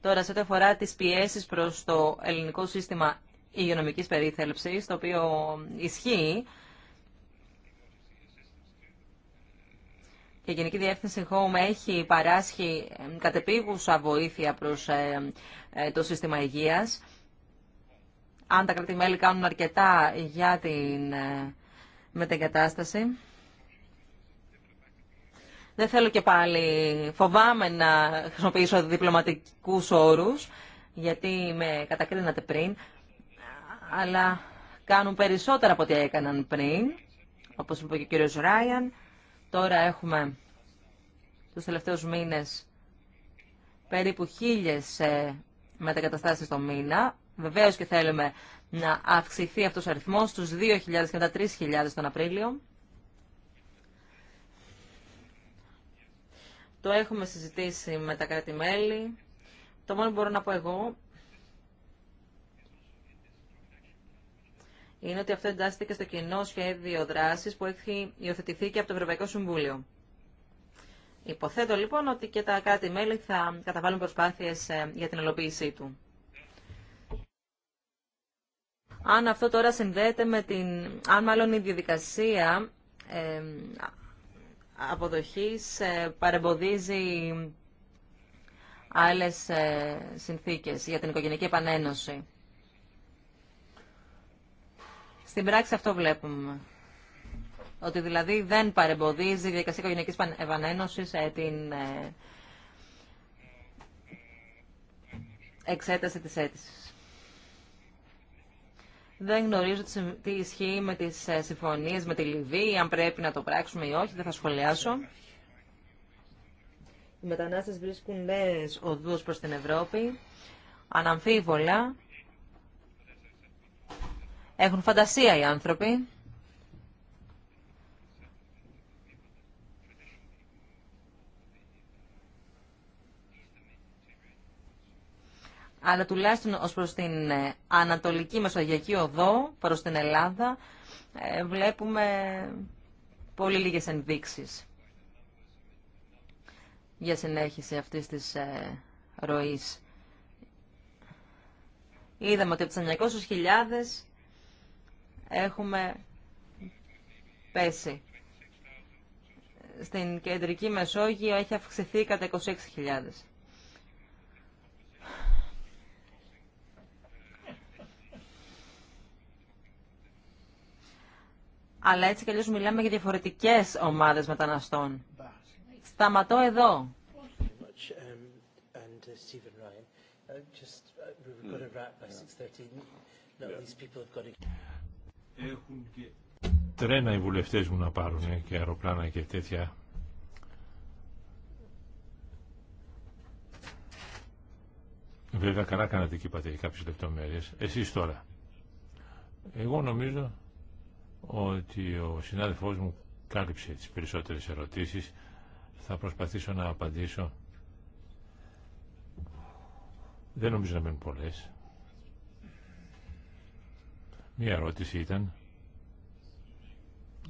Τώρα, σε ό,τι αφορά τις πιέσεις προς το ελληνικό σύστημα υγειονομικής περίθελψης, το οποίο ισχύει. Και η Γενική Διεύθυνση Home έχει παράσχει ε, κατεπίγουσα βοήθεια προς ε, ε, το σύστημα υγείας. Αν τα κρατημέλη κάνουν αρκετά για την μετεγκατάσταση. Δεν θέλω και πάλι, φοβάμαι να χρησιμοποιήσω διπλωματικούς όρους, γιατί με κατακρίνατε πριν αλλά κάνουν περισσότερα από ό,τι έκαναν πριν, όπως είπε και ο κύριος Ράιαν. Τώρα έχουμε τους τελευταίους μήνες περίπου χίλιες ε, μετακαταστάσεις το μήνα. Βεβαίως και θέλουμε να αυξηθεί αυτός ο αριθμός στους 2.000 και τα 3.000 τον Απρίλιο. Το έχουμε συζητήσει με τα κράτη-μέλη. Το μόνο που μπορώ να πω εγώ είναι ότι αυτό εντάσσεται και στο κοινό σχέδιο δράση που έχει υιοθετηθεί και από το Ευρωπαϊκό Συμβούλιο. Υποθέτω λοιπόν ότι και τα κράτη-μέλη θα καταβάλουν προσπάθειες ε, για την ολοποίησή του. Αν αυτό τώρα συνδέεται με την... Αν μάλλον η διαδικασία ε, αποδοχής ε, παρεμποδίζει άλλες ε, συνθήκες για την οικογενειακή επανένωση. Στην πράξη αυτό βλέπουμε. Ότι δηλαδή δεν παρεμποδίζει η διαδικασία επανένωση ή ε, την ε, εξέταση τη αίτηση. Δεν γνωρίζω τι ισχύει με τις ε, συμφωνίες με τη Λιβύη, αν πρέπει να το πράξουμε ή όχι, δεν θα σχολιάσω. Οι μετανάστες βρίσκουν νέες οδούς προς την Ευρώπη, αναμφίβολα, έχουν φαντασία οι άνθρωποι. αλλά τουλάχιστον ως προς την ε, Ανατολική Μεσογειακή Οδό, προς την Ελλάδα, ε, βλέπουμε πολύ λίγες ενδείξεις για συνέχιση αυτής της ε, ροής. Είδαμε ότι από τις 900.000 έχουμε πέσει. Στην κεντρική Μεσόγειο έχει αυξηθεί κατά 26.000. Αλλά έτσι κι αλλιώς μιλάμε για διαφορετικές ομάδες μεταναστών. Σταματώ εδώ έχουν τρένα οι βουλευτές μου να πάρουν ε, και αεροπλάνα και τέτοια. Βέβαια καλά κάνατε και είπατε για κάποιες λεπτομέρειες. Εσείς τώρα. Εγώ νομίζω ότι ο συνάδελφός μου κάλυψε τις περισσότερες ερωτήσεις. Θα προσπαθήσω να απαντήσω. Δεν νομίζω να μείνουν πολλές. Μία ερώτηση ήταν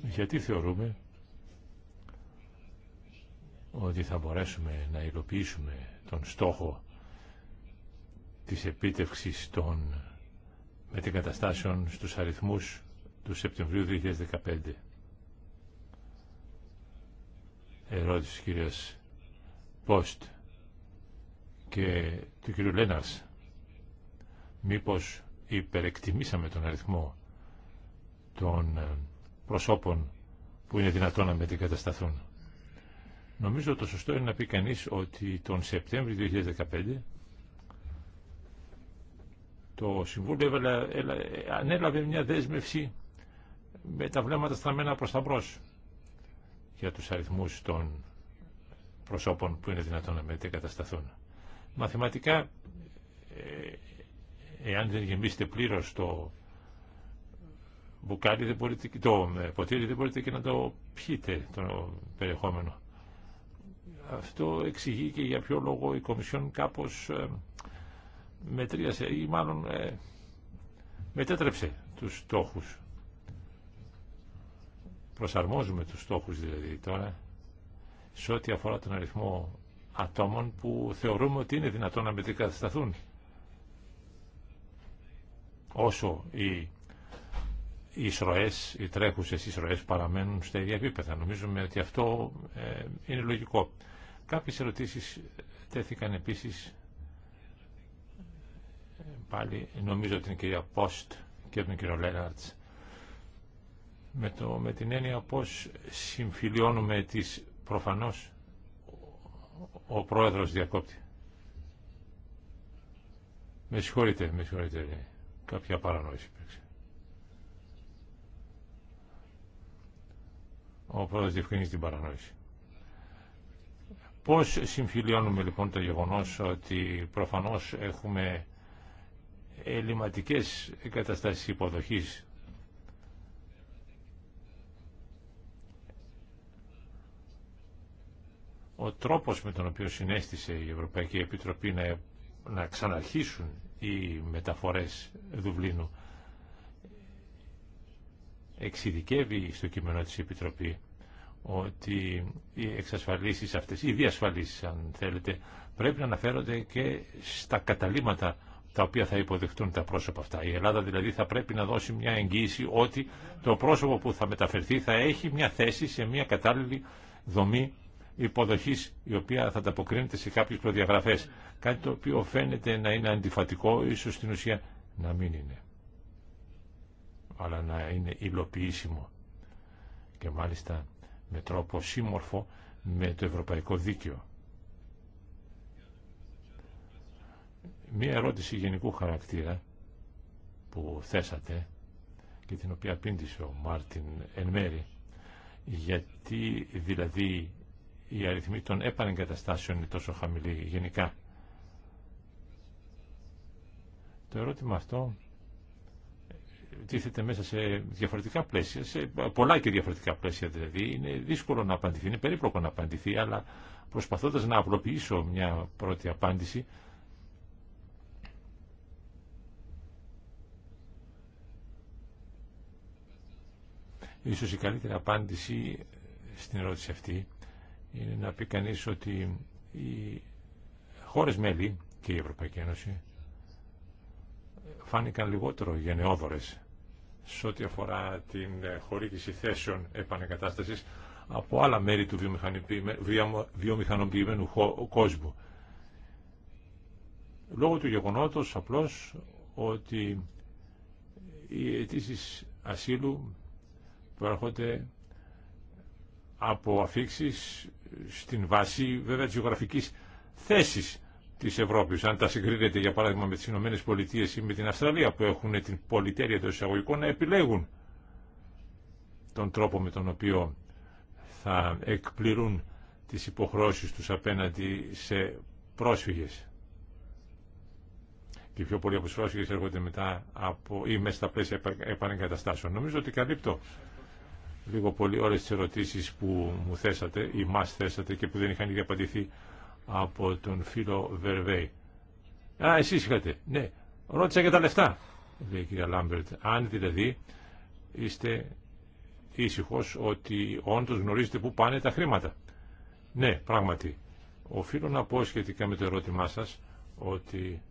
γιατί θεωρούμε ότι θα μπορέσουμε να υλοποιήσουμε τον στόχο της επίτευξης των μετεγκαταστάσεων στους αριθμούς του Σεπτεμβρίου 2015. Ερώτηση κυρίας Πόστ και του κύριου Λέναρς. Μήπως υπερεκτιμήσαμε τον αριθμό των ε, προσώπων που είναι δυνατόν να μετεγκατασταθούν. Νομίζω το σωστό είναι να πει κανείς ότι τον Σεπτέμβριο 2015 το Συμβούλιο ανέλαβε μια δέσμευση με τα βλέμματα στραμμένα προς τα μπρος για τους αριθμούς των προσώπων που είναι δυνατόν να μετεγκατασταθούν. Μαθηματικά ε, εάν δεν γεμίσετε πλήρω το μπουκάλι δεν μπορείτε, το ε, ποτήρι δεν μπορείτε και να το πιείτε το περιεχόμενο. Αυτό εξηγεί και για ποιο λόγο η Κομισιόν κάπως ε, μετρίασε ή μάλλον ε, μετέτρεψε τους στόχους. Προσαρμόζουμε τους στόχους δηλαδή τώρα σε ό,τι αφορά τον αριθμό ατόμων που θεωρούμε ότι είναι δυνατόν να μετρικασταθούν όσο οι εισρωές, οι τρέχουσες εισρωές παραμένουν στα ίδια επίπεδα. Νομίζουμε ότι αυτό ε, είναι λογικό. Κάποιες ερωτήσεις τέθηκαν επίσης πάλι νομίζω την κυρία Πόστ και τον κύριο με, το, με την έννοια πως συμφιλιώνουμε τις προφανώς ο πρόεδρος διακόπτη. Με συγχωρείτε, με συγχωρείτε κάποια παρανόηση υπήρξε. Ο πρόεδρος διευκρινίζει την παρανόηση. Πώς συμφιλιώνουμε λοιπόν το γεγονός ότι προφανώς έχουμε ελληματικές εγκαταστάσεις υποδοχής ο τρόπος με τον οποίο συνέστησε η Ευρωπαϊκή Επιτροπή να, να ξαναρχίσουν οι μεταφορές Δουβλίνου. Εξειδικεύει στο κείμενο της Επιτροπή ότι οι εξασφαλίσεις αυτές, οι διασφαλίσεις αν θέλετε, πρέπει να αναφέρονται και στα καταλήματα τα οποία θα υποδεχτούν τα πρόσωπα αυτά. Η Ελλάδα δηλαδή θα πρέπει να δώσει μια εγγύηση ότι το πρόσωπο που θα μεταφερθεί θα έχει μια θέση σε μια κατάλληλη δομή υποδοχής η οποία θα ανταποκρίνεται σε κάποιες προδιαγραφές. Κάτι το οποίο φαίνεται να είναι αντιφατικό, ίσως στην ουσία να μην είναι. Αλλά να είναι υλοποιήσιμο και μάλιστα με τρόπο σύμμορφο με το ευρωπαϊκό δίκαιο. Μία ερώτηση γενικού χαρακτήρα που θέσατε και την οποία πίντησε ο Μάρτιν εν μέρη γιατί δηλαδή οι αριθμοί των επανεγκαταστάσεων είναι τόσο χαμηλή γενικά Το ερώτημα αυτό τίθεται μέσα σε διαφορετικά πλαίσια, σε πολλά και διαφορετικά πλαίσια δηλαδή. Είναι δύσκολο να απαντηθεί, είναι περίπλοκο να απαντηθεί, αλλά προσπαθώντας να απλοποιήσω μια πρώτη απάντηση, Ίσως η καλύτερη απάντηση στην ερώτηση αυτή είναι να πει κανείς ότι οι χώρες μέλη και η Ευρωπαϊκή Ένωση φάνηκαν λιγότερο γενναιόδορες σε ό,τι αφορά την ε, χορήγηση θέσεων επανεκατάστασης από άλλα μέρη του βιομηχανοποιημένου κόσμου. Λόγω του γεγονότος απλώς ότι οι αιτήσει ασύλου προέρχονται από αφήξεις στην βάση βέβαια της γεωγραφικής θέσης Τη Ευρώπη, Αν τα συγκρίνετε για παράδειγμα με τι Ηνωμένε Πολιτείε ή με την Αυστραλία που έχουν την πολυτέλεια των εισαγωγικών να επιλέγουν τον τρόπο με τον οποίο θα εκπληρούν τις υποχρώσεις τους απέναντι σε πρόσφυγες. Και πιο πολλοί από τους πρόσφυγες έρχονται μετά από, ή μέσα στα πλαίσια επανεγκαταστάσεων. Νομίζω ότι καλύπτω λίγο πολύ όλες τις ερωτήσεις που μου θέσατε ή μας θέσατε και που δεν είχαν ήδη απαντηθεί από τον φίλο Βερβέη. Α, εσείς είχατε. Ναι, ρώτησα για τα λεφτά, λέει η κυρία Λάμπερτ. Αν δηλαδή είστε ήσυχο ότι όντως γνωρίζετε πού πάνε τα χρήματα. Ναι, πράγματι. Οφείλω να πω σχετικά με το ερώτημά σας ότι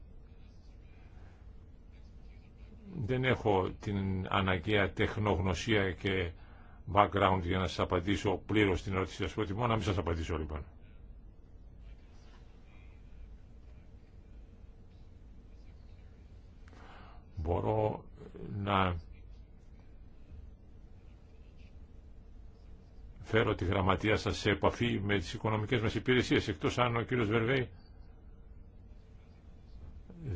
δεν έχω την αναγκαία τεχνογνωσία και background για να σας απαντήσω πλήρως την ερώτηση σας. Προτιμώ να μην σας απαντήσω λοιπόν. μπορώ να φέρω τη γραμματεία σας σε επαφή με τις οικονομικές μας υπηρεσίες, εκτός αν ο κύριος Βερβέη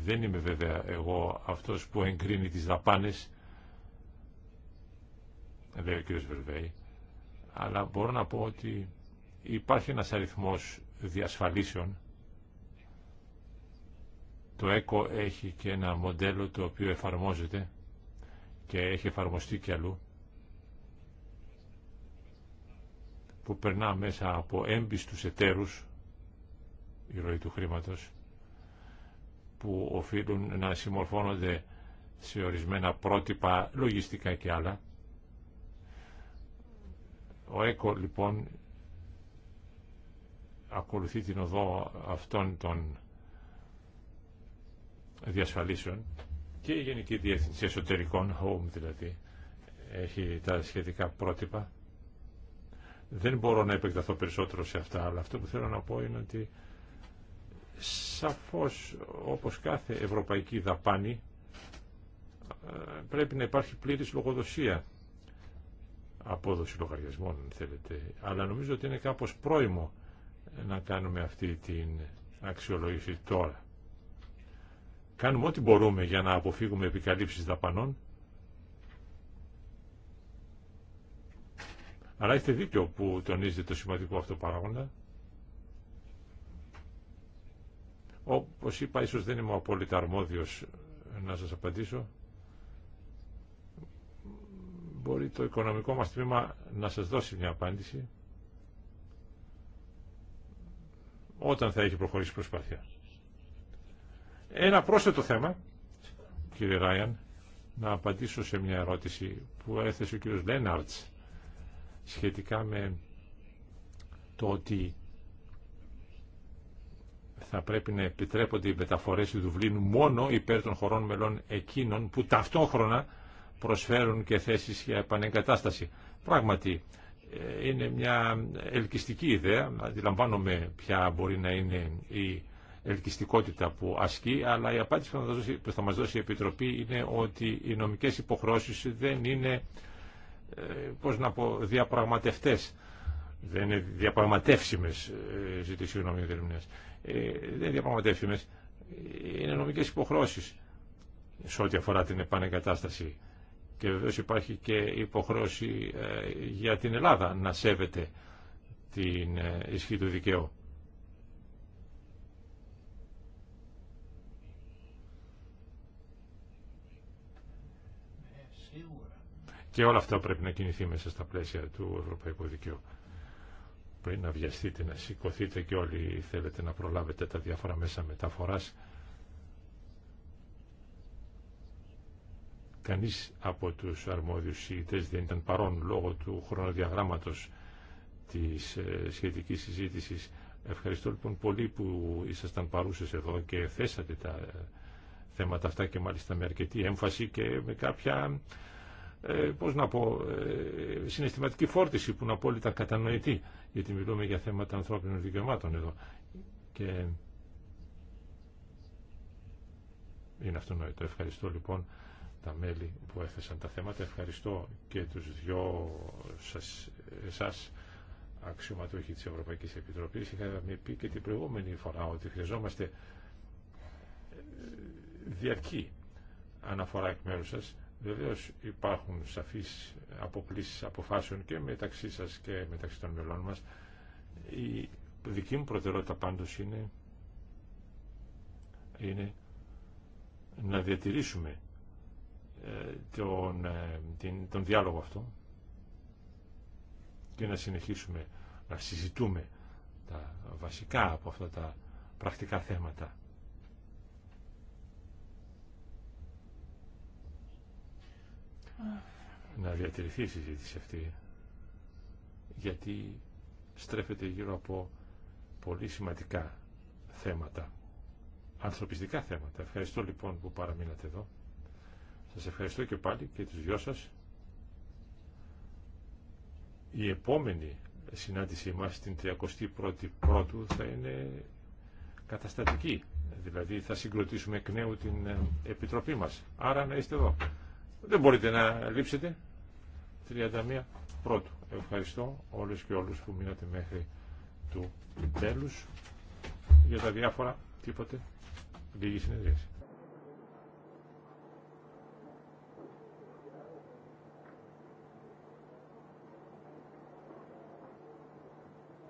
δεν είμαι βέβαια εγώ αυτός που εγκρίνει τις δαπάνες, λέει ο κύριος Βερβέη, αλλά μπορώ να πω ότι υπάρχει ένας αριθμός διασφαλίσεων το ΕΚΟ έχει και ένα μοντέλο το οποίο εφαρμόζεται και έχει εφαρμοστεί και αλλού που περνά μέσα από έμπιστους εταίρους η ροή του χρήματος που οφείλουν να συμμορφώνονται σε ορισμένα πρότυπα λογιστικά και άλλα. Ο ΕΚΟ λοιπόν ακολουθεί την οδό αυτών των διασφαλίσεων και η Γενική Διεύθυνση Εσωτερικών, home δηλαδή, έχει τα σχετικά πρότυπα. Δεν μπορώ να επεκταθώ περισσότερο σε αυτά, αλλά αυτό που θέλω να πω είναι ότι σαφώς όπως κάθε ευρωπαϊκή δαπάνη ε, πρέπει να υπάρχει πλήρης λογοδοσία απόδοση λογαριασμών αν θέλετε αλλά νομίζω ότι είναι κάπως πρόημο να κάνουμε αυτή την αξιολόγηση τώρα Κάνουμε ό,τι μπορούμε για να αποφύγουμε επικαλύψεις δαπανών. Αλλά έχετε δίκιο που τονίζετε το σημαντικό αυτό παράγοντα. Όπως είπα, ίσως δεν είμαι απόλυτα αρμόδιος να σας απαντήσω. Μπορεί το οικονομικό μας τμήμα να σας δώσει μια απάντηση όταν θα έχει προχωρήσει προσπάθειας προσπάθεια. Ένα πρόσθετο θέμα, κύριε Ράιαν, να απαντήσω σε μια ερώτηση που έθεσε ο κύριος Λέναρτς σχετικά με το ότι θα πρέπει να επιτρέπονται οι μεταφορές του Δουβλίνου μόνο υπέρ των χωρών μελών εκείνων που ταυτόχρονα προσφέρουν και θέσεις για επανεγκατάσταση. Πράγματι, ε, είναι μια ελκυστική ιδέα, αντιλαμβάνομαι ποια μπορεί να είναι η ελκυστικότητα που ασκεί, αλλά η απάντηση που θα μας δώσει, μας δώσει η Επιτροπή είναι ότι οι νομικές υποχρώσεις δεν είναι, ε, πώς να πω, διαπραγματευτές. Δεν είναι διαπραγματεύσιμες, ε, ζητή συγγνώμη για ε, δεν είναι διαπραγματεύσιμες, είναι νομικές υποχρώσεις σε ό,τι αφορά την επανεγκατάσταση. Και βεβαίω υπάρχει και υποχρέωση για την Ελλάδα να σέβεται την ισχύ του δικαίου. Και όλα αυτά πρέπει να κινηθεί μέσα στα πλαίσια του Ευρωπαϊκού Δικαίου. Πριν να βιαστείτε, να σηκωθείτε και όλοι θέλετε να προλάβετε τα διάφορα μέσα μεταφοράς. Κανείς από τους αρμόδιους ηγητές δεν ήταν παρόν λόγω του χρονοδιαγράμματος της ε, σχετικής συζήτησης. Ευχαριστώ λοιπόν πολύ που ήσασταν παρούσες εδώ και θέσατε τα ε, θέματα αυτά και μάλιστα με αρκετή έμφαση και με κάποια ε, πώς να πω, ε, συναισθηματική φόρτιση που είναι απόλυτα κατανοητή, γιατί μιλούμε για θέματα ανθρώπινων δικαιωμάτων εδώ. Και είναι αυτονόητο. Ευχαριστώ λοιπόν τα μέλη που έθεσαν τα θέματα. Ευχαριστώ και τους δυο σας, εσάς αξιωματούχοι της Ευρωπαϊκής Επιτροπής. Είχαμε πει και την προηγούμενη φορά ότι χρειαζόμαστε ε, διαρκή αναφορά εκ μέρους σας Βεβαίως υπάρχουν σαφείς αποκλήσεις αποφάσεων και μεταξύ σας και μεταξύ των μελών μας. Η δική μου προτεραιότητα πάντως είναι, είναι να διατηρήσουμε ε, τον, ε, τον διάλογο αυτό και να συνεχίσουμε να συζητούμε τα βασικά από αυτά τα πρακτικά θέματα να διατηρηθεί η συζήτηση αυτή γιατί στρέφεται γύρω από πολύ σημαντικά θέματα ανθρωπιστικά θέματα. Ευχαριστώ λοιπόν που παραμείνατε εδώ. Σας ευχαριστώ και πάλι και τους δυο σας. Η επόμενη συνάντησή μας την 31η Πρώτου θα είναι καταστατική. Δηλαδή θα συγκροτήσουμε εκ νέου την ε, Επιτροπή μας. Άρα να είστε εδώ. Δεν μπορείτε να λείψετε. 31 πρώτου. Ευχαριστώ όλους και όλους που μείνατε μέχρι του τέλους. Για τα διάφορα τίποτε. Λίγη συνεδρίαση.